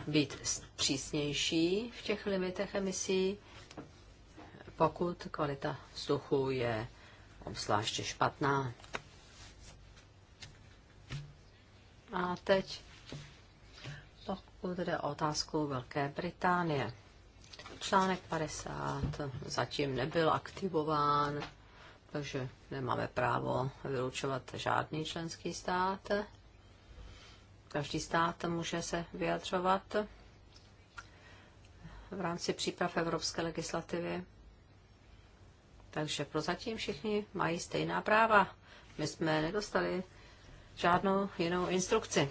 být přísnější v těch limitech emisí, pokud kvalita vzduchu je obzvláště špatná. A teď, pokud jde o otázku Velké Británie. Článek 50 zatím nebyl aktivován, takže nemáme právo vylučovat žádný členský stát. Každý stát může se vyjadřovat v rámci příprav evropské legislativy. Takže prozatím všichni mají stejná práva. My jsme nedostali žádnou jinou instrukci.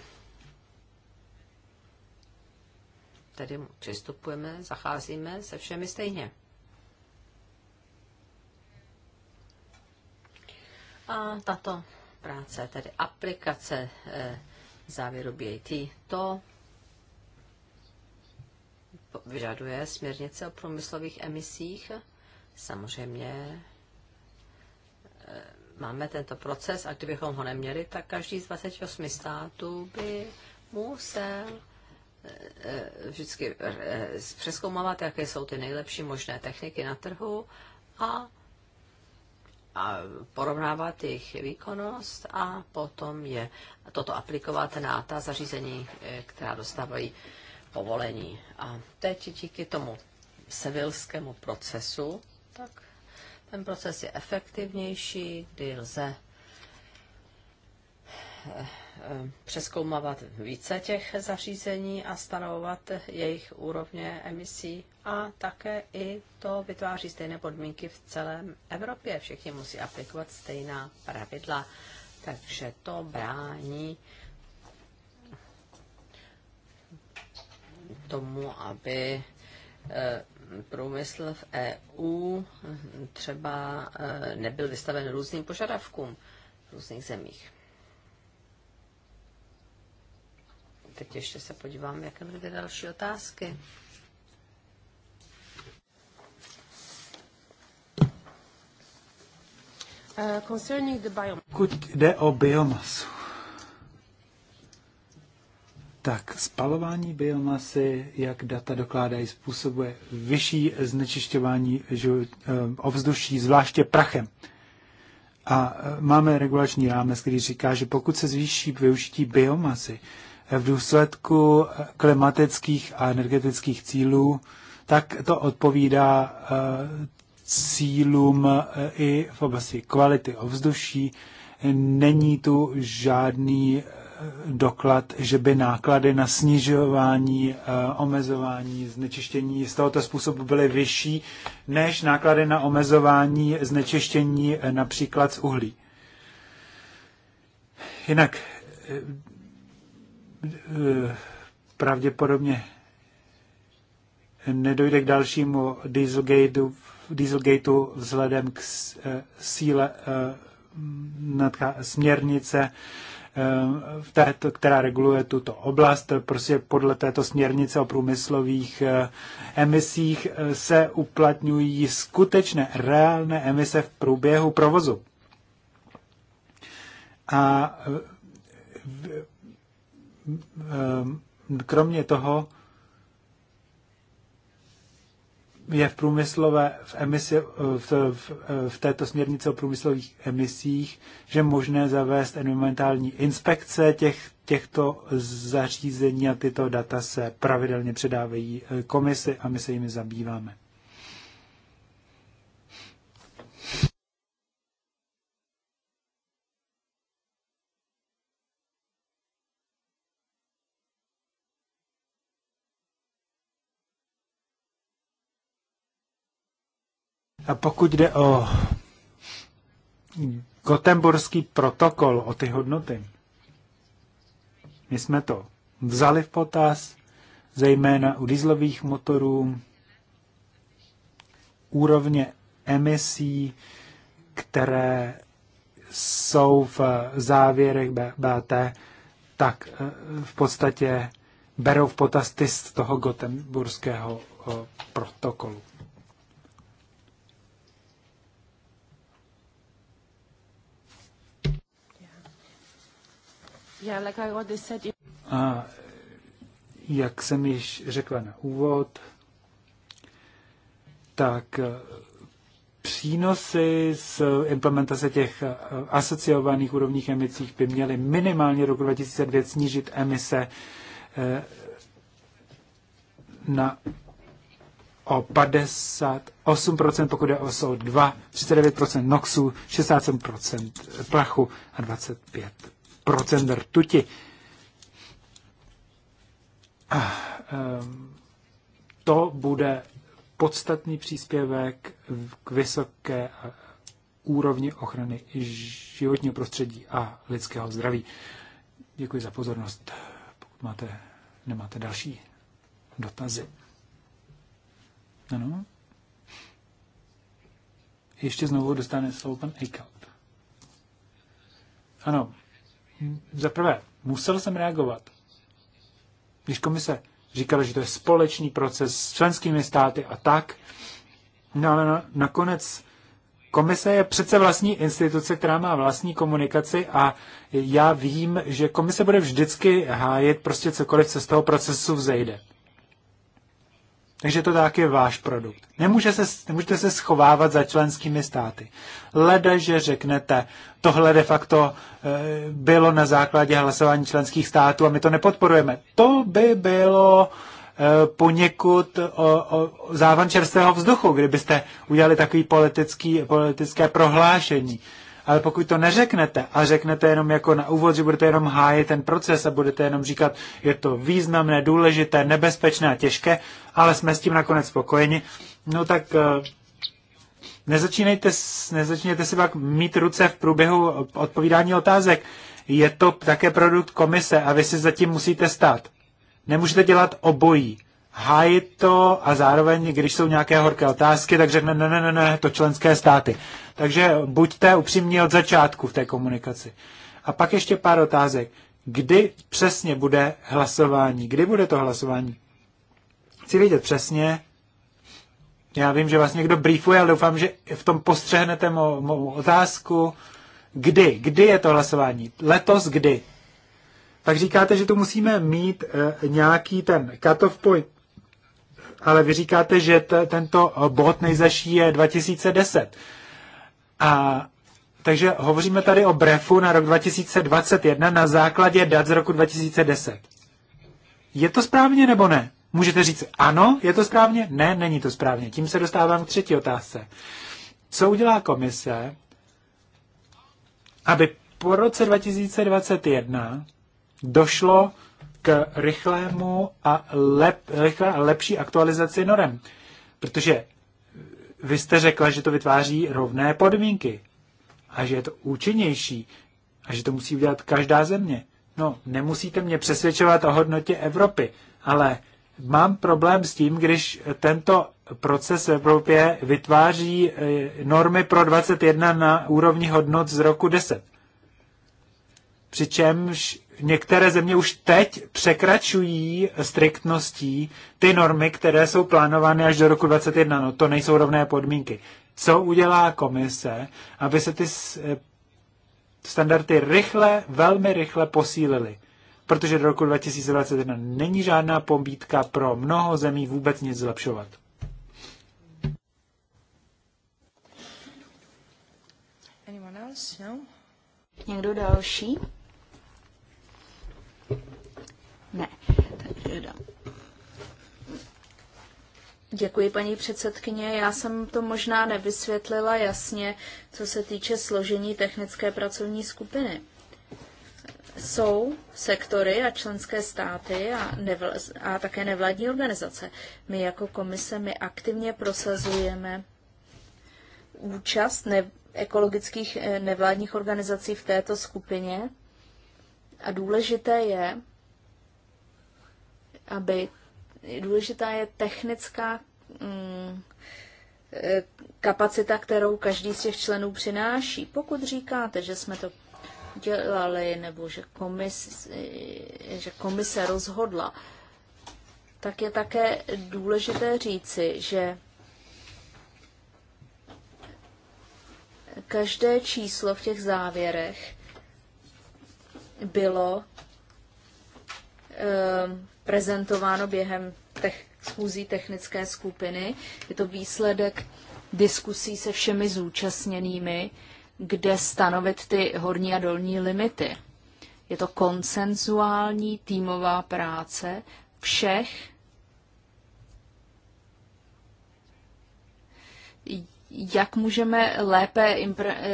tedy přistupujeme, zacházíme se všemi stejně. A tato práce, tedy aplikace e, závěru BAT, to vyžaduje směrnice o průmyslových emisích. Samozřejmě eh, máme tento proces a kdybychom ho neměli, tak každý z 28 států by musel Eh, vždycky eh, přeskoumávat, jaké jsou ty nejlepší možné techniky na trhu a, a porovnávat jejich výkonnost a potom je toto aplikovat na ta zařízení, eh, která dostávají povolení. A teď díky tomu sevilskému procesu, tak ten proces je efektivnější, kdy lze Eh, přeskoumávat více těch zařízení a stanovovat jejich úrovně emisí a také i to vytváří stejné podmínky v celém Evropě. Všichni musí aplikovat stejná pravidla, takže to brání tomu, aby eh, průmysl v EU třeba eh, nebyl vystaven různým požadavkům v různých zemích. teď ještě se podívám, jaké byly další otázky. Eh, concerning the biomass. Pokud jde o biomasu, tak spalování biomasy, jak data dokládají, způsobuje vyšší znečišťování eh, ovzduší, zvláště prachem. A eh, máme regulační rámec, který říká, že pokud se zvýší využití biomasy, v důsledku klimatických a energetických cílů, tak to odpovídá eh, cílům eh, i v oblasti kvality ovzduší. Není tu žádný eh, doklad, že by náklady na snižování, omezování, znečištění z tohoto způsobu byly vyšší než náklady na omezování znečištění například z uhlí. Jinak Eh, pravděpodobně nedojde k dalšímu Dieselgateu, Dieselgateu vzhledem k eh, síle eh, směrnice, která reguluje tuto oblast. Prostě podle této směrnice o průmyslových emisích se uplatňují skutečné reálné emise v průběhu provozu. A Ehm, kromě toho je v průmyslové, v, emisi, eh, v, v, eh, v této směrnici o průmyslových emisích, že možné zavést environmentální inspekce těch, těchto zařízení a tyto data se pravidelně předávají eh, komisi a my se jimi zabýváme. A pokud jde o Gotemburský protokol, o ty hodnoty, my jsme to vzali v potaz, zejména u dieselových motorů, úrovně emisí, které jsou v závěrech BT, tak eh, v podstatě berou v potaz ty z toho gotemburského eh, protokolu. A jak jsem již řekla na úvod, tak eh, přínosy z implementace těch eh, asociovaných úrovních emisí by měly minimálně roku 2002 snížit emise eh, na o 58%, pokud je o SO2, 39% NOXu, 67% prachu a 25% rtuti. To bude podstatný příspěvek k vysoké úrovni ochrany životního prostředí a lidského zdraví. Děkuji za pozornost. Pokud máte, nemáte další dotazy. Ano. Ještě znovu dostane slovo pan Eichhout. Ano, za prvé, musel jsem reagovat. Když komise říkala, že to je společný proces s členskými státy a tak, no ale na, nakonec komise je přece vlastní instituce, která má vlastní komunikaci a já vím, že komise bude vždycky hájet prostě cokoliv, co z toho procesu vzejde. Takže to tak je váš produkt. Nemůže se, nemůžete se schovávat za členskými státy. Leda, že řeknete, tohle de facto e, bylo na základě hlasování členských států a my to nepodporujeme. To by bylo e, poněkud o, o závan čerstvého vzduchu, kdybyste udělali takový politický, politické prohlášení. Ale pokud to neřeknete a řeknete jenom jako na úvod, že budete jenom hájit ten proces a budete jenom říkat, je to významné, důležité, nebezpečné a těžké, ale jsme s tím nakonec spokojeni, no tak eh, nezačínejte, nezačínejte si pak mít ruce v průběhu odpovídání otázek. Je to také produkt komise a vy si zatím musíte stát. Nemůžete dělat obojí hájit to a zároveň, když jsou nějaké horké otázky, tak řekne ne, ne, ne, ne, to členské státy. Takže buďte upřímní od začátku v té komunikaci. A pak ještě pár otázek. Kdy přesně bude hlasování? Kdy bude to hlasování? Chci vědět přesně. Já vím, že vás někdo briefuje, ale doufám, že v tom postřehnete mou, mou otázku. Kdy? Kdy je to hlasování? Letos kdy? Tak říkáte, že tu musíme mít e, nějaký ten cut-off point ale vy říkáte, že t- tento bod nejzaší je 2010. A takže hovoříme tady o brefu na rok 2021 na základě dat z roku 2010. Je to správně nebo ne? Můžete říct ano, je to správně? Ne, není to správně. Tím se dostávám k třetí otázce. Co udělá komise, aby po roce 2021 došlo k rychlému a lep, rychlé a lepší aktualizaci norem. Protože vy jste řekla, že to vytváří rovné podmínky a že je to účinnější a že to musí udělat každá země. No, nemusíte mě přesvědčovat o hodnotě Evropy, ale mám problém s tím, když tento proces v Evropě vytváří e, normy pro 21 na úrovni hodnot z roku 10. Přičemž některé země už teď překračují striktností ty normy, které jsou plánovány až do roku 2021. No to nejsou rovné podmínky. Co udělá komise, aby se ty eh, standardy rychle, velmi rychle posílily? Protože do roku 2021 není žádná pobítka pro mnoho zemí vůbec nic zlepšovat. No? Někdo další? Ne. Děkuji, paní předsedkyně. Já jsem to možná nevysvětlila jasně, co se týče složení technické pracovní skupiny. Jsou sektory a členské státy a, nevl- a také nevládní organizace. My jako komise my aktivně prosazujeme účast ne- ekologických eh, nevládních organizací v této skupině. A důležité je, aby důležitá je technická mm, e, kapacita, kterou každý z těch členů přináší. Pokud říkáte, že jsme to dělali nebo že, komise, že komise rozhodla, tak je také důležité říci, že každé číslo v těch závěrech bylo e, prezentováno během tech, schůzí technické skupiny. Je to výsledek diskusí se všemi zúčastněnými, kde stanovit ty horní a dolní limity. Je to konsenzuální týmová práce všech. Jak můžeme lépe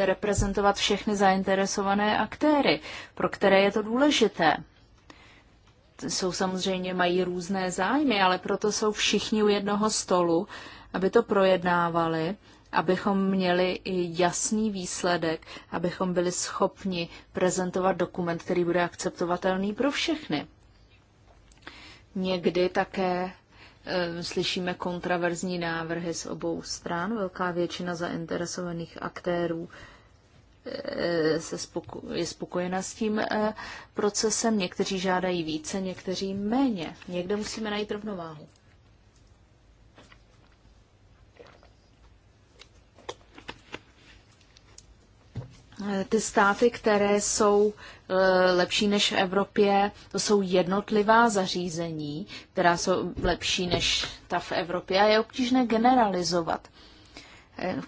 reprezentovat všechny zainteresované aktéry, pro které je to důležité? jsou samozřejmě mají různé zájmy, ale proto jsou všichni u jednoho stolu, aby to projednávali, abychom měli i jasný výsledek, abychom byli schopni prezentovat dokument, který bude akceptovatelný pro všechny. Někdy také e, slyšíme kontraverzní návrhy z obou stran. Velká většina zainteresovaných aktérů Eh, se spoko- je spokojena s tím eh, procesem. Někteří žádají více, někteří méně. Někde musíme najít rovnováhu. Eh, ty státy, které jsou lepší než v Evropě, to jsou jednotlivá zařízení, která jsou lepší než ta v Evropě a je obtížné generalizovat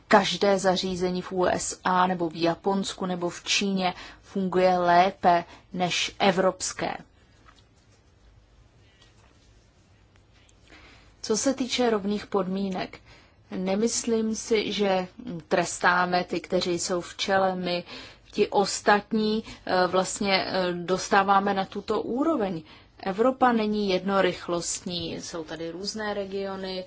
každé zařízení v USA nebo v Japonsku nebo v Číně funguje lépe než evropské. Co se týče rovných podmínek, nemyslím si, že trestáme ty, kteří jsou v čele, my ti ostatní eh, vlastně eh, dostáváme na tuto úroveň. Evropa není jednorychlostní, jsou tady různé regiony,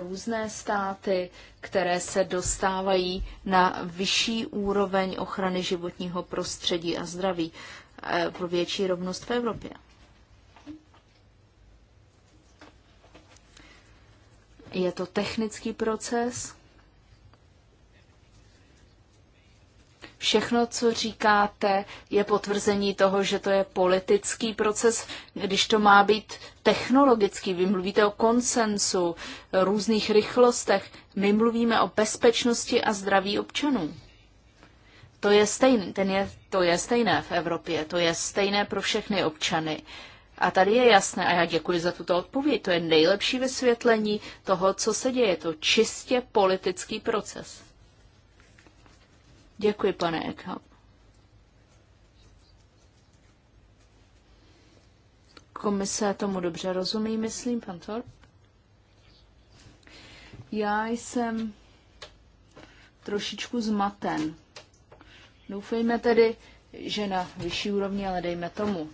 různé státy, které se dostávají na vyšší úroveň ochrany životního prostředí a zdraví eh, pro větší rovnost v Evropě. Je to technický proces, Všechno, co říkáte, je potvrzení toho, že to je politický proces, když to má být technologický. Vy mluvíte o konsensu, různých rychlostech. My mluvíme o bezpečnosti a zdraví občanů. To je, stejný, ten je, to je stejné v Evropě, to je stejné pro všechny občany. A tady je jasné, a já děkuji za tuto odpověď, to je nejlepší vysvětlení toho, co se děje. To čistě politický proces. Děkuji, pane Eckhout. Komise tomu dobře rozumí, myslím, pan Torp. Já jsem trošičku zmaten. Doufejme tedy, že na vyšší úrovni, ale dejme tomu.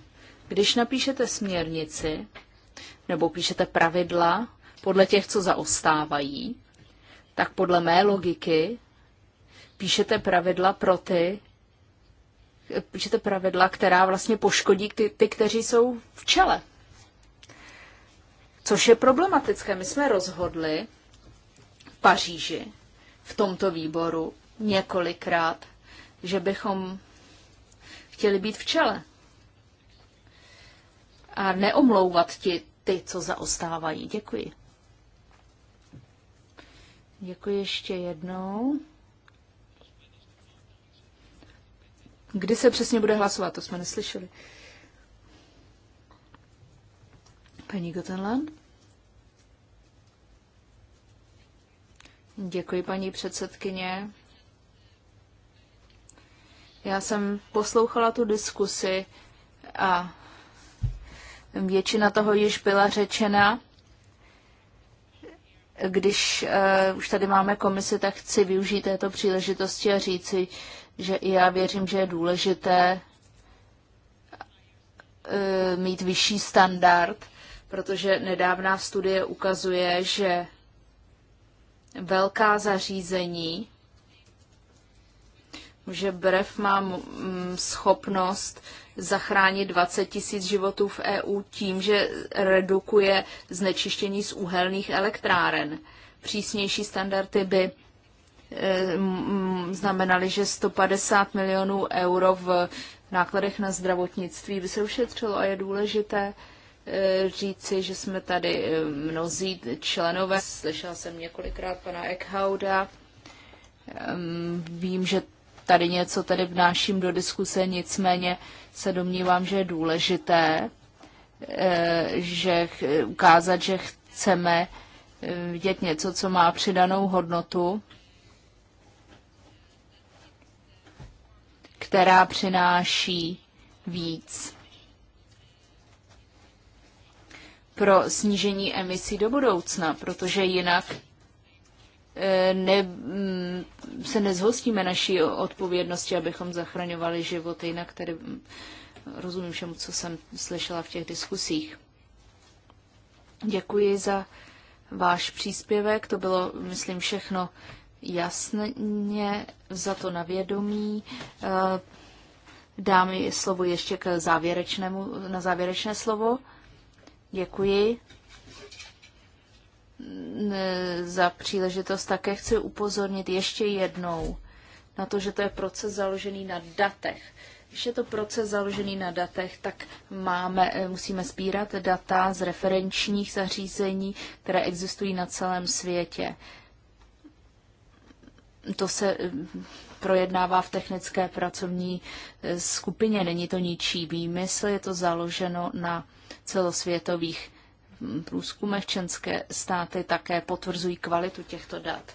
Když napíšete směrnici, nebo píšete pravidla podle těch, co zaostávají, tak podle mé logiky píšete pravidla pro ty, píšete pravidla, která vlastně poškodí ty, ty kteří jsou v čele. Což je problematické. My jsme rozhodli v Paříži, v tomto výboru, několikrát, že bychom chtěli být v čele. A neomlouvat ti ty, co zaostávají. Děkuji. Děkuji ještě jednou. Kdy se přesně bude hlasovat, to jsme neslyšeli. Paní Gotenland? Děkuji, paní předsedkyně. Já jsem poslouchala tu diskusi a většina toho již byla řečena. Když uh, už tady máme komisi, tak chci využít této příležitosti a říci, že i já věřím, že je důležité e, mít vyšší standard, protože nedávná studie ukazuje, že velká zařízení, že brev má schopnost zachránit 20 tisíc životů v EU tím, že redukuje znečištění z uhelných elektráren. Přísnější standardy by Eh, znamenaly, že 150 milionů euro v nákladech na zdravotnictví by se ušetřilo a je důležité eh, říci, že jsme tady eh, mnozí členové. Slyšela jsem několikrát pana Eckhauda. Ehm, vím, že tady něco tady vnáším do diskuse, nicméně se domnívám, že je důležité že ukázat, že chceme vidět něco, co má přidanou hodnotu která přináší víc pro snížení emisí do budoucna, protože jinak eh, ne, mm, se nezhostíme naší odpovědnosti, abychom zachraňovali život. Jinak tedy mm, rozumím všemu, co jsem slyšela v těch diskusích. Děkuji za váš příspěvek. To bylo, myslím, všechno jasně za to na vědomí. Eh, dám slovo ještě k závěrečnému, na závěrečné slovo. Děkuji za příležitost. Také chci upozornit ještě jednou na to, že to je proces založený na datech. Když je to proces založený na datech, tak máme, eh, musíme sbírat data z referenčních zařízení, které existují na celém světě to se eh, projednává v technické pracovní eh, skupině. Není to ničí výmysl, je to založeno na celosvětových hm, průzkumech. Čenské státy také potvrzují kvalitu těchto dat.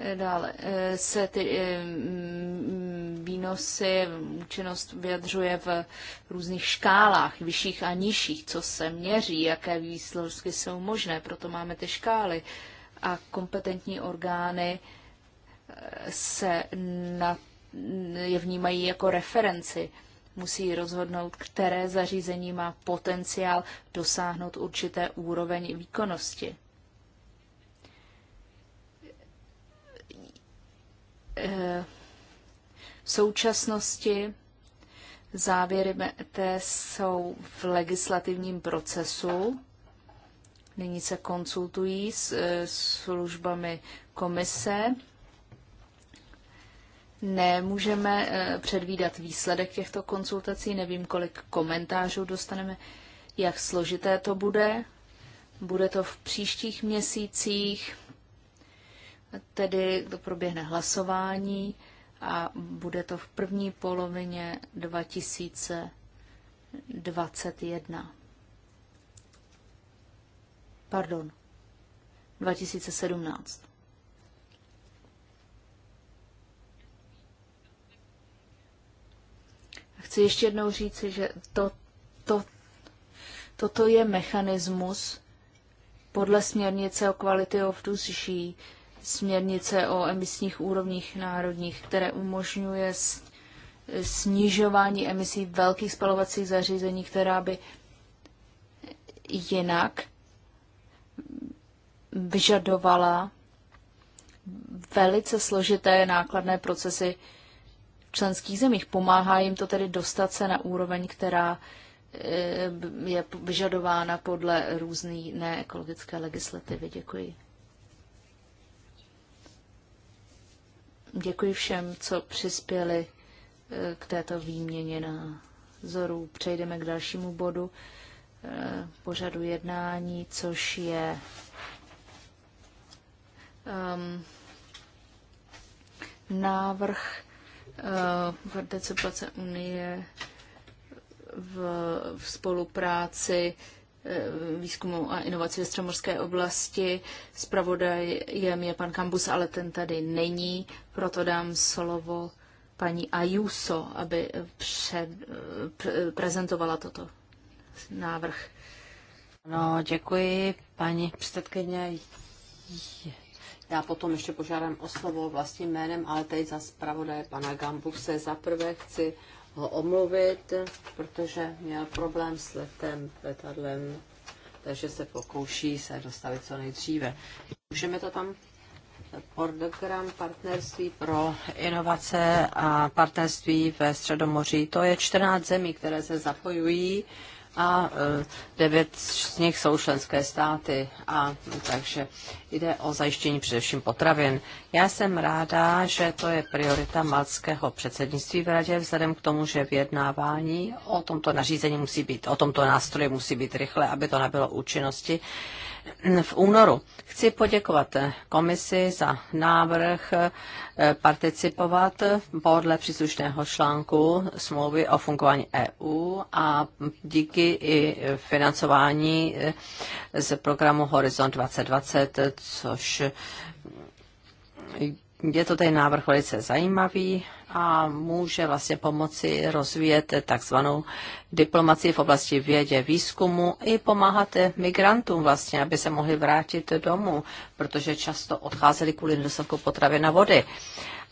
Eh, dále se ty hm, výnosy, účinnost vyjadřuje v různých škálách, vyšších a nižších, co se měří, jaké výsledky jsou možné, proto máme ty škály a kompetentní orgány eh, se na, je vnímají jako referenci. Musí rozhodnout, které zařízení má potenciál dosáhnout určité úroveň výkonnosti. Eh, v současnosti závěry BT e e jsou v legislativním procesu Nyní se konsultují s e, službami komise. Nemůžeme e, předvídat výsledek těchto konsultací, nevím, kolik komentářů dostaneme, jak složité to bude. Bude to v příštích měsících, tedy to proběhne hlasování a bude to v první polovině 2021. Pardon. 2017. Chci ještě jednou říci, že to, to, toto je mechanismus podle směrnice o Quality of Duty, směrnice o emisních úrovních národních, které umožňuje snižování emisí velkých spalovacích zařízení, která by jinak vyžadovala velice složité nákladné procesy v členských zemích. Pomáhá jim to tedy dostat se na úroveň, která eh, je vyžadována podle různé neekologické legislativy. Děkuji. Děkuji všem, co přispěli eh, k této výměně názorů. Přejdeme k dalšímu bodu pořadu jednání, což je um, návrh uh, participace Unie v, v spolupráci uh, výzkumu a inovací ve Střemorské oblasti. Spravodajem je pan Kambus, ale ten tady není, proto dám slovo paní Ajuso, aby před, pre, prezentovala toto návrh. No, děkuji, paní předsedkyně. Já potom ještě požádám o slovo vlastním jménem, ale teď za zpravodaje pana Gambu se zaprvé chci ho omluvit, protože měl problém s letem, letadlem, takže se pokouší se dostavit co nejdříve. Můžeme to tam program partnerství pro inovace a partnerství ve Středomoří. To je 14 zemí, které se zapojují a e, devět z nich jsou členské státy, a no, takže jde o zajištění především potravin. Já jsem ráda, že to je priorita malckého předsednictví v radě, vzhledem k tomu, že vyjednávání o tomto nařízení musí být, o tomto nástroji musí být rychle, aby to nabylo účinnosti v únoru. Chci poděkovat komisi za návrh eh, participovat podle příslušného článku smlouvy o fungování EU a díky i financování eh, z programu Horizont 2020, což je to tady návrh velice zajímavý a může vlastně pomoci rozvíjet takzvanou diplomaci v oblasti vědě, výzkumu i pomáhat migrantům vlastně, aby se mohli vrátit domů, protože často odcházeli kvůli nedostatku potravy na vody.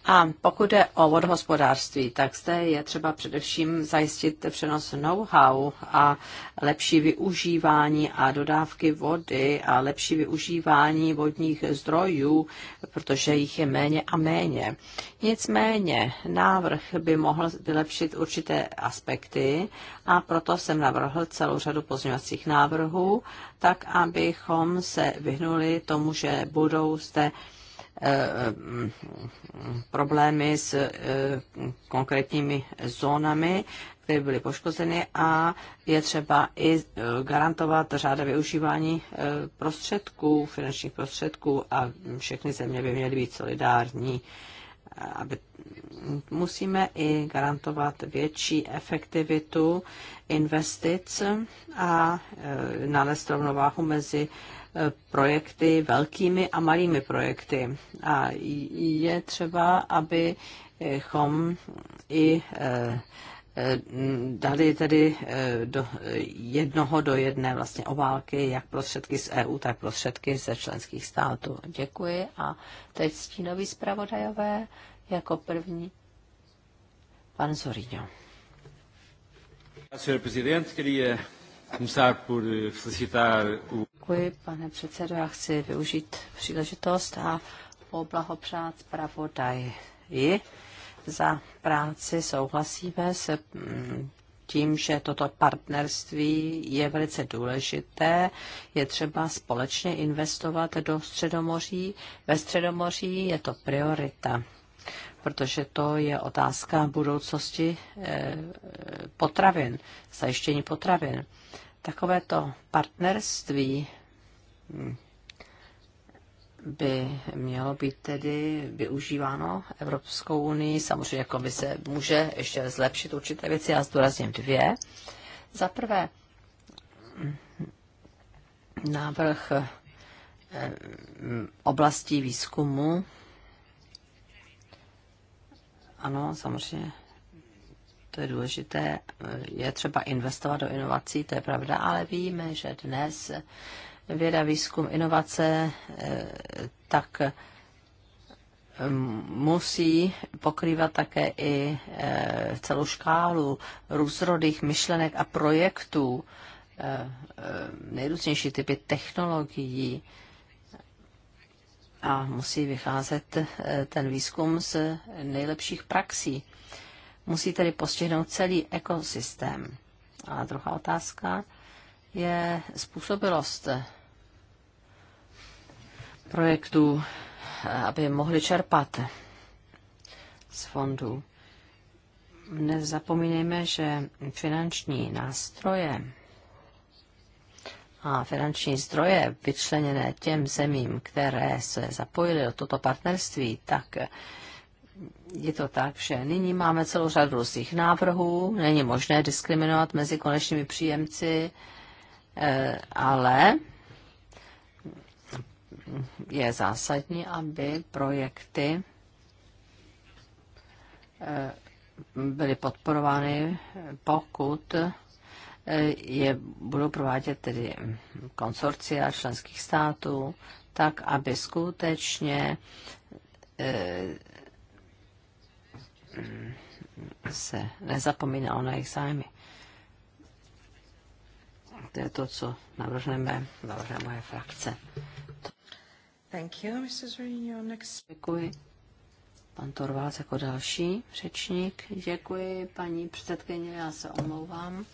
A pokud jde o vodohospodářství, tak zde je třeba především zajistit přenos know-how a lepší využívání a dodávky vody a lepší využívání vodních zdrojů, protože jich je méně a méně. Nicméně návrh by mohl vylepšit určité aspekty a proto jsem navrhl celou řadu pozměňovacích návrhů, tak abychom se vyhnuli tomu, že budou zde problémy s eh, konkrétními zónami, které byly poškozeny a je třeba i eh, garantovat řáda využívání eh, prostředků, finančních prostředků a všechny země by měly být solidární. Aby musíme i garantovat větší efektivitu investic a nalézt rovnováhu mezi projekty, velkými a malými projekty. A je třeba, abychom i e, e, dali tedy e, do jednoho do jedné vlastně obálky, jak prostředky z EU, tak prostředky ze členských států. Děkuji a teď stínový zpravodajové jako první. Pan Zorino. Senhor Presidente, queria Děkuji, pane předsedo. Já chci využít příležitost a poblahopřát zpravodaji za práci. Souhlasíme se mm, tím, že toto partnerství je velice důležité. Je třeba společně investovat do Středomoří. Ve Středomoří je to priorita protože to je otázka budoucnosti eh, potravin, zajištění potravin. Takovéto partnerství by mělo být tedy využíváno Evropskou unii. Samozřejmě se může ještě zlepšit určité věci, já zdůrazním dvě. Za prvé, návrh eh, oblastí výzkumu. Ano, samozřejmě to je důležité, je třeba investovat do inovací, to je pravda, ale víme, že dnes věda, výzkum, inovace, eh, tak eh, musí pokrývat také i eh, celou škálu různorodých myšlenek a projektů, nejrůznější typy technologií a musí vycházet ten výzkum z nejlepších praxí musí tedy postihnout celý ekosystém. A druhá otázka je způsobilost projektů, aby mohli čerpat z fondů. Nezapomínejme, že finanční nástroje a finanční zdroje vyčleněné těm zemím, které se zapojily do toto partnerství, tak je to tak, že nyní máme celou řadu různých návrhů, není možné diskriminovat mezi konečnými příjemci, eh, ale je zásadní, aby projekty eh, byly podporovány, pokud eh, je budou provádět tedy konsorcia členských států, tak aby skutečně se nezapomíná na jejich zájmy. To je to, co navrhneme, navrhne moje frakce. Thank you, Mrs. Next. Děkuji. Pan Torvalds jako další řečník. Děkuji, paní předsedkyně, já se omlouvám,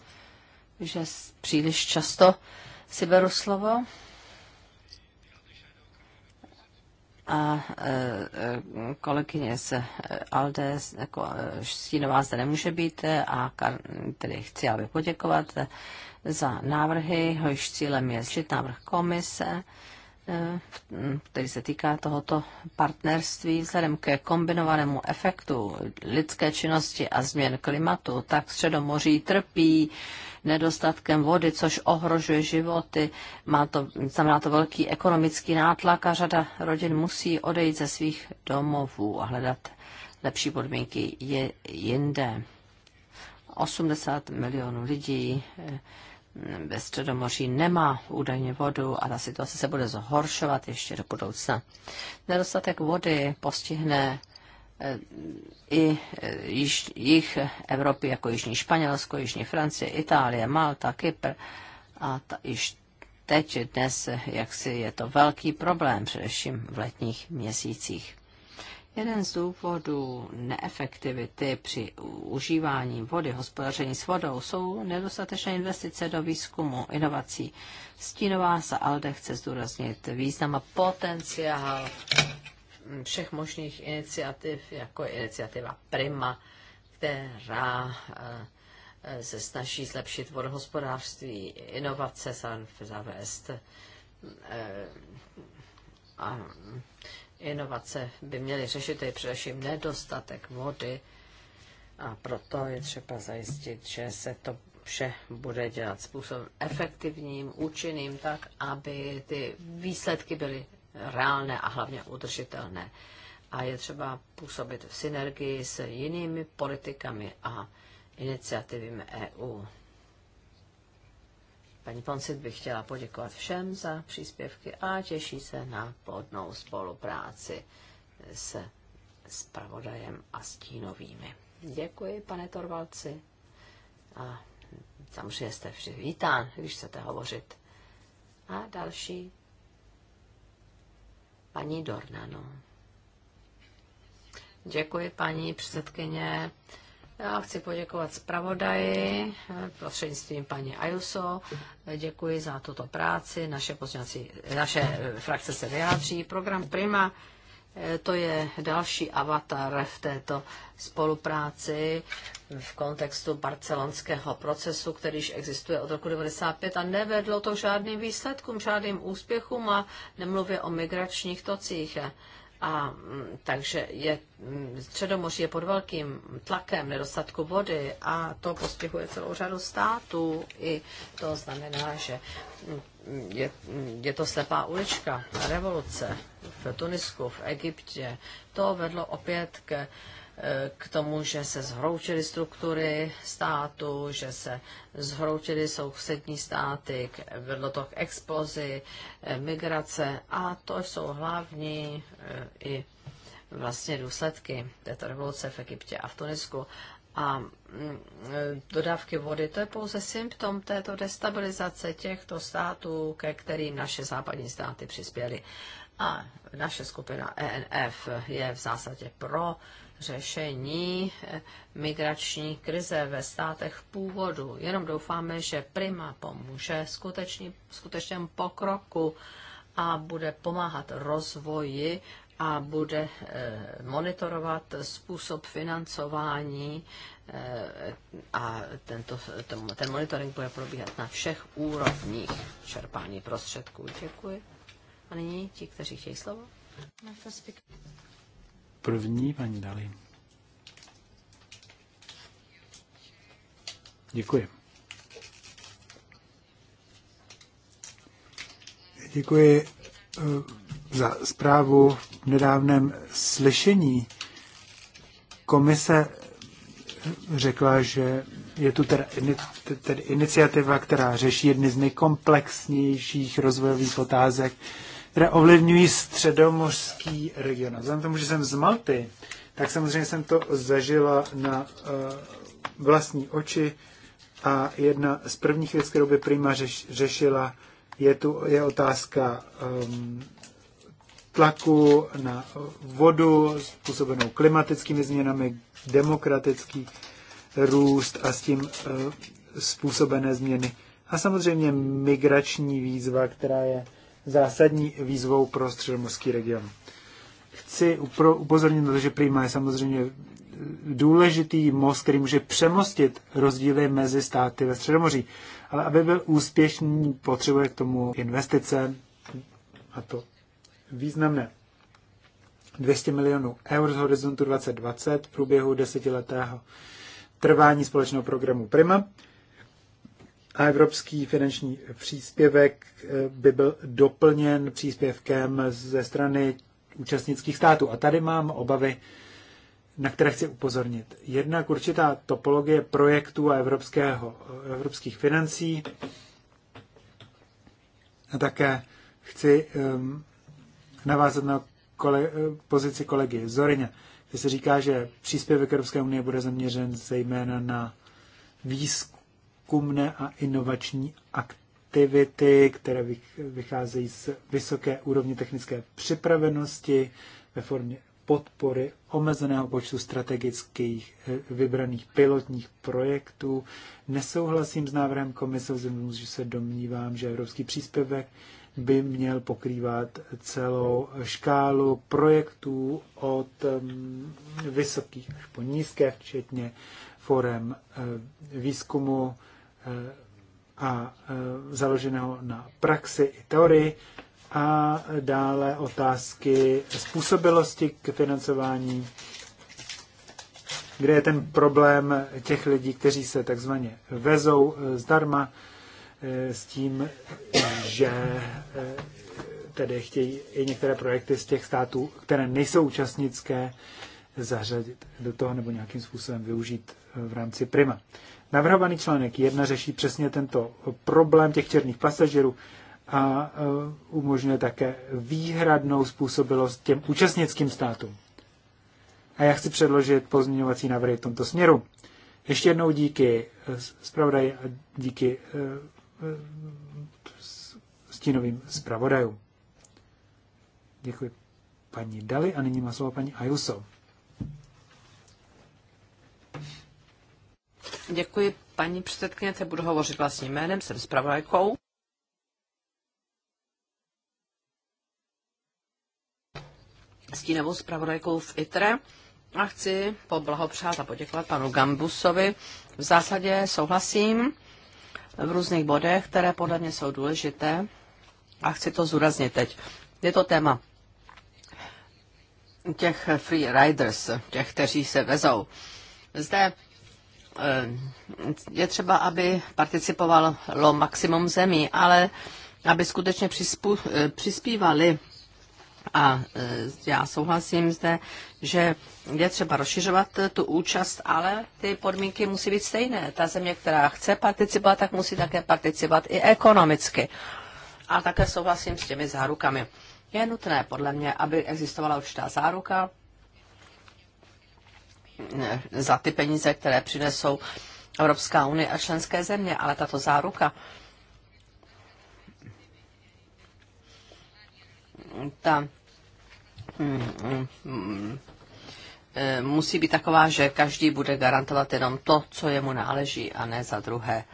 že příliš často si beru slovo. a e, e, kolegyně z ALDE, jako e, Štínová zde nemůže být a tedy chci, aby poděkovat za návrhy. Jehož cílem je zřit návrh komise, který se týká tohoto partnerství vzhledem ke kombinovanému efektu lidské činnosti a změn klimatu, tak středomoří trpí nedostatkem vody, což ohrožuje životy. Má to, znamená to velký ekonomický nátlak a řada rodin musí odejít ze svých domovů a hledat lepší podmínky je jinde. 80 milionů lidí eh, ve Středomoří nemá údajně vodu a ta situace se bude zhoršovat ještě do budoucna. Nedostatek vody postihne i eh, jich Evropy, jako Jižní Španělsko, Jižní Francie, Itálie, Malta, Kypr. A ta, již teď, dnes, jaksi je to velký problém, především v letních měsících. Jeden z důvodů neefektivity při užívání vody, hospodaření s vodou, jsou nedostatečné investice do výzkumu, inovací. Stínová se Alde chce zdůraznit význam a potenciál všech možných iniciativ, jako je iniciativa Prima, která eh, se snaží zlepšit vodohospodářství, inovace zavést. Eh, a inovace by měly řešit i především nedostatek vody a proto je třeba zajistit, že se to vše bude dělat způsobem efektivním, účinným, tak, aby ty výsledky byly reálné a hlavně udržitelné. A je třeba působit v synergii s jinými politikami a iniciativami EU. Paní Poncit bych chtěla poděkovat všem za příspěvky a těší se na podnou spolupráci s spravodajem a stínovými. Děkuji, pane Torvalci. A samozřejmě jste vždy vítán, když chcete hovořit. A další Paní Dornano. Děkuji, paní předsedkyně. Já chci poděkovat zpravodaji prostřednictvím paní Ayuso. Děkuji za tuto práci. Naše, naše eh, frakce se vyjádří. Program Prima to je další avatar v této spolupráci v kontextu barcelonského procesu, který již existuje od roku 1995 a nevedlo to žádným výsledkům, žádným úspěchům a nemluvě o migračních tocích. A mm, takže je, mm, Středomoří je pod velkým tlakem nedostatku vody a to postihuje celou řadu států. I to znamená, že mm, je, je to slepá ulička, revoluce v Tunisku, v Egyptě. To vedlo opět k k tomu, že se zhroučily struktury státu, že se zhroučily sousední státy, vedlo to k explozi, eh, migrace a to jsou hlavní eh, i vlastně důsledky této revoluce v Egyptě a v Tunisku. A mm, eh, dodávky vody, to je pouze symptom této destabilizace těchto států, ke kterým naše západní státy přispěly. A naše skupina ENF je v zásadě pro řešení eh, migrační krize ve státech v původu. Jenom doufáme, že Prima pomůže skutečný, skutečnému pokroku a bude pomáhat rozvoji a bude eh, monitorovat způsob financování eh, a tento, ten, ten monitoring bude probíhat na všech úrovních čerpání prostředků. Děkuji. A nyní ti, kteří chtějí slovo první, paní Dali. Děkuji. Děkuji eh, za zprávu v nedávném slyšení. Komise řekla, že je tu tedy iniciativa, která řeší jedny z nejkomplexnějších rozvojových otázek které ovlivňují středomořský region. vzhledem tomu, že jsem z Malty, tak samozřejmě jsem to zažila na uh, vlastní oči a jedna z prvních věcí, kterou by Prima řeš, řešila, je, tu, je otázka um, tlaku na vodu způsobenou klimatickými změnami, demokratický růst a s tím uh, způsobené změny. A samozřejmě migrační výzva, která je zásadní výzvou pro středomorský region. Chci upozornit na to, že Prima je samozřejmě důležitý most, který může přemostit rozdíly mezi státy ve Středomoří. Ale aby byl úspěšný, potřebuje k tomu investice, a to významné. 200 milionů eur z horizontu 2020 v průběhu desetiletého trvání společného programu Prima a evropský finanční příspěvek eh, by byl doplněn příspěvkem ze strany účastnických států. A tady mám obavy, na které chci upozornit. Jednak určitá topologie projektů a evropského, eh, evropských financí. A také chci um, navázat na kole, eh, pozici kolegy Zorině, kde se říká, že příspěvek Evropské unie bude zaměřen zejména na výzkum výzkumné a inovační aktivity, které vycházejí z vysoké úrovně technické připravenosti ve formě podpory omezeného počtu strategických eh, vybraných pilotních projektů. Nesouhlasím s návrhem komise, vzhledem, že se domnívám, že evropský příspěvek by měl pokrývat celou škálu projektů od mm, vysokých až po nízké, včetně forem eh, výzkumu Eh, a eh, založeného na praxi i teorii a dále otázky způsobilosti k financování, kde je ten problém těch lidí, kteří se takzvaně vezou eh, zdarma s tím, že tedy chtějí i některé projekty z těch států, které nejsou účastnické, zařadit do toho nebo nějakým způsobem využít v rámci Prima. Navrhovaný článek 1 řeší přesně tento problém těch černých pasažerů a e, umožňuje také výhradnou způsobilost těm účastnickým státům. A já chci předložit pozměňovací návrhy v tomto směru. Ještě jednou díky e, zpravodaji a díky e, stínovým zpravodajům. Děkuji paní Dali a nyní má slovo paní Ayuso. Děkuji, paní předsedkyně, teď budu hovořit vlastním jménem, jsem zpravodajkou. Stínovou zpravodajkou v ITRE a chci poblahopřát a poděkovat panu Gambusovi. V zásadě souhlasím v různých bodech, které podle mě jsou důležité a chci to zúraznit teď. Je to téma těch free riders, těch, kteří se vezou. Zde Eh, je třeba, aby participovalo maximum zemí, ale aby skutečně přispů, eh, přispívali. A eh, já souhlasím zde, že je třeba rozšiřovat tu účast, ale ty podmínky musí být stejné. Ta země, která chce participovat, tak musí také participovat i ekonomicky. A také souhlasím s těmi zárukami. Je nutné, podle mě, aby existovala určitá záruka, za ty peníze, které přinesou Evropská unie a členské země, ale tato záruka ta musí být taková, že každý bude garantovat jenom to, co jemu náleží, a ne za druhé.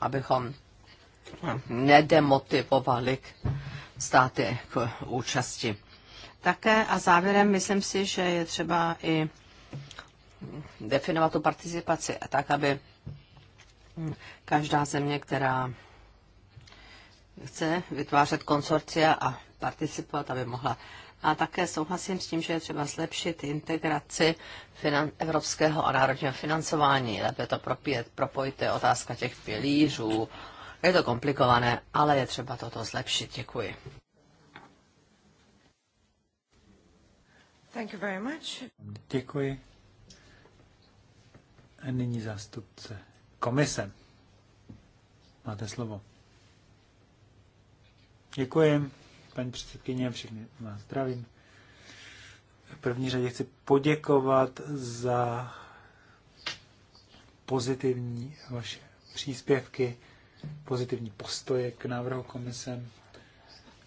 Abychom nedemotivovali státy k účasti také. A závěrem myslím si, že je třeba i definovat tu participaci tak, aby každá země, která chce vytvářet konsorcia a participovat, aby mohla. A také souhlasím s tím, že je třeba zlepšit integraci finan- evropského a národního financování, lépe to propít, propojit, je otázka těch pilířů. Je to komplikované, ale je třeba toto zlepšit. Děkuji. Thank you very much. Děkuji. A nyní zástupce komise. Máte slovo. Děkuji, paní předsedkyně, všechny vás zdravím. V první řadě chci poděkovat za pozitivní vaše příspěvky, pozitivní postoje k návrhu komise.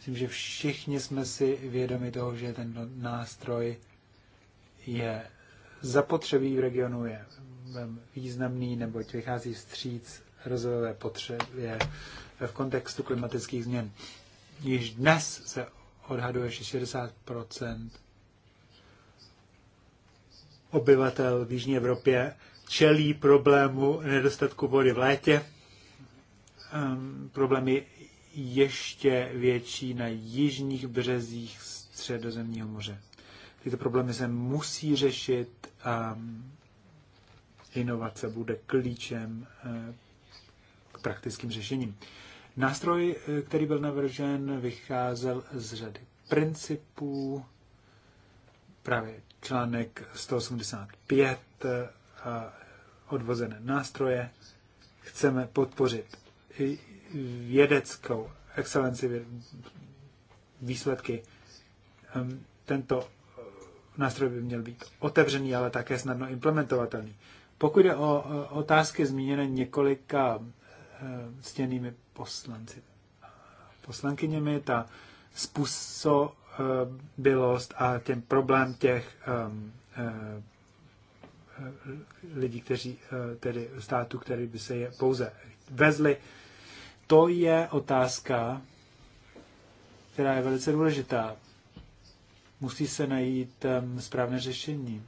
Myslím, že všichni jsme si vědomi toho, že ten nástroj je zapotřebí v regionu, je významný, neboť vychází vstříc rozvojové potřebě v kontextu klimatických změn. Již dnes se odhaduje, že 60 obyvatel v Jižní Evropě čelí problému nedostatku vody v létě. Um, ehm, problémy ještě větší na jižních březích Středozemního moře. Tyto problémy se musí řešit a inovace bude klíčem eh, k praktickým řešením. Nástroj, eh, který byl navržen, vycházel z řady principů, právě článek 185 eh, a odvozené nástroje. Chceme podpořit vědeckou excelenci, výsledky. Ehm, tento eh, nástroj by měl být otevřený, ale také snadno implementovatelný. Pokud jde o eh, otázky zmíněné několika eh, stěnými poslanci, poslankyněmi, ta způsobilost a ten problém těch ehm, lidí, kteří, tedy států, který by se je pouze vezli to je otázka, která je velice důležitá. Musí se najít správné řešení.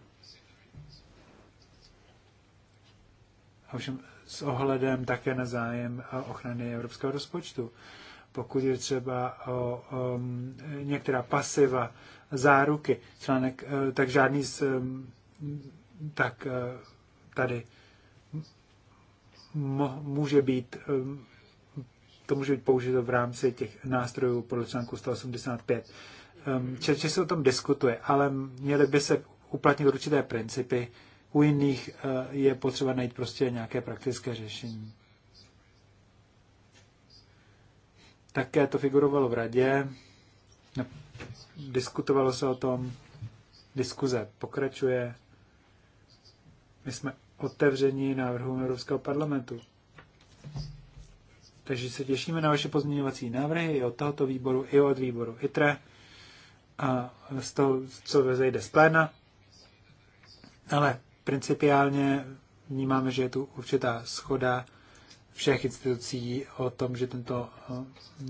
A všem, s ohledem také na zájem a ochrany evropského rozpočtu. Pokud je třeba o, o některá pasiva, záruky, článek, eh, tak žádný z, tak eh, tady může být to může být použito v rámci těch nástrojů podle článku 185. Ehm, Čerče se o tom diskutuje, ale měly by se uplatnit určité principy. U jiných eh, je potřeba najít prostě nějaké praktické řešení. Také to figurovalo v radě, no, diskutovalo se o tom, diskuze pokračuje. My jsme otevření návrhu Evropského parlamentu. Takže se těšíme na vaše pozměňovací návrhy i od tohoto výboru, i od výboru ITRE a z toho, co vezejde z pléna. Ale principiálně vnímáme, že je tu určitá schoda všech institucí o tom, že tento eh,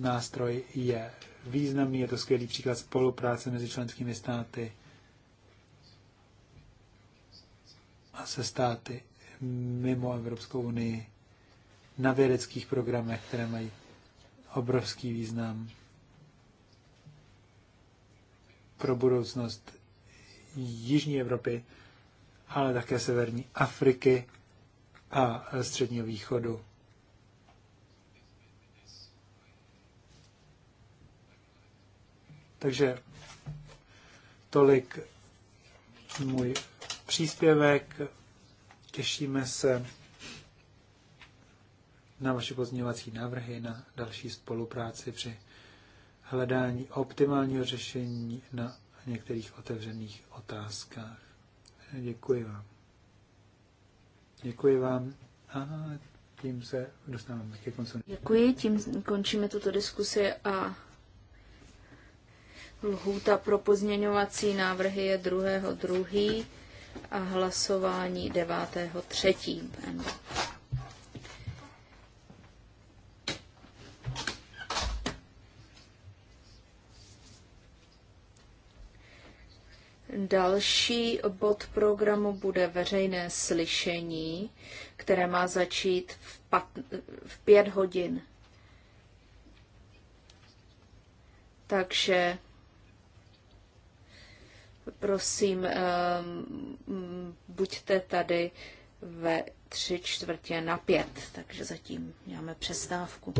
nástroj je významný. Je to skvělý příklad spolupráce mezi členskými státy a se státy mimo Evropskou unii na vědeckých programech, které mají obrovský význam pro budoucnost Jižní Evropy, ale také Severní Afriky a Středního východu. Takže tolik můj příspěvek. Těšíme se na vaše pozměňovací návrhy, na další spolupráci při hledání optimálního řešení na některých otevřených otázkách. Děkuji vám. Děkuji vám. A tím se dostáváme ke konci. Děkuji, tím končíme tuto diskusi a lhůta pro pozměňovací návrhy je 2.2. a hlasování 9.3. Další bod programu bude veřejné slyšení, které má začít v, pat, v pět hodin. Takže prosím, um, buďte tady ve tři čtvrtě na pět, takže zatím máme přestávku.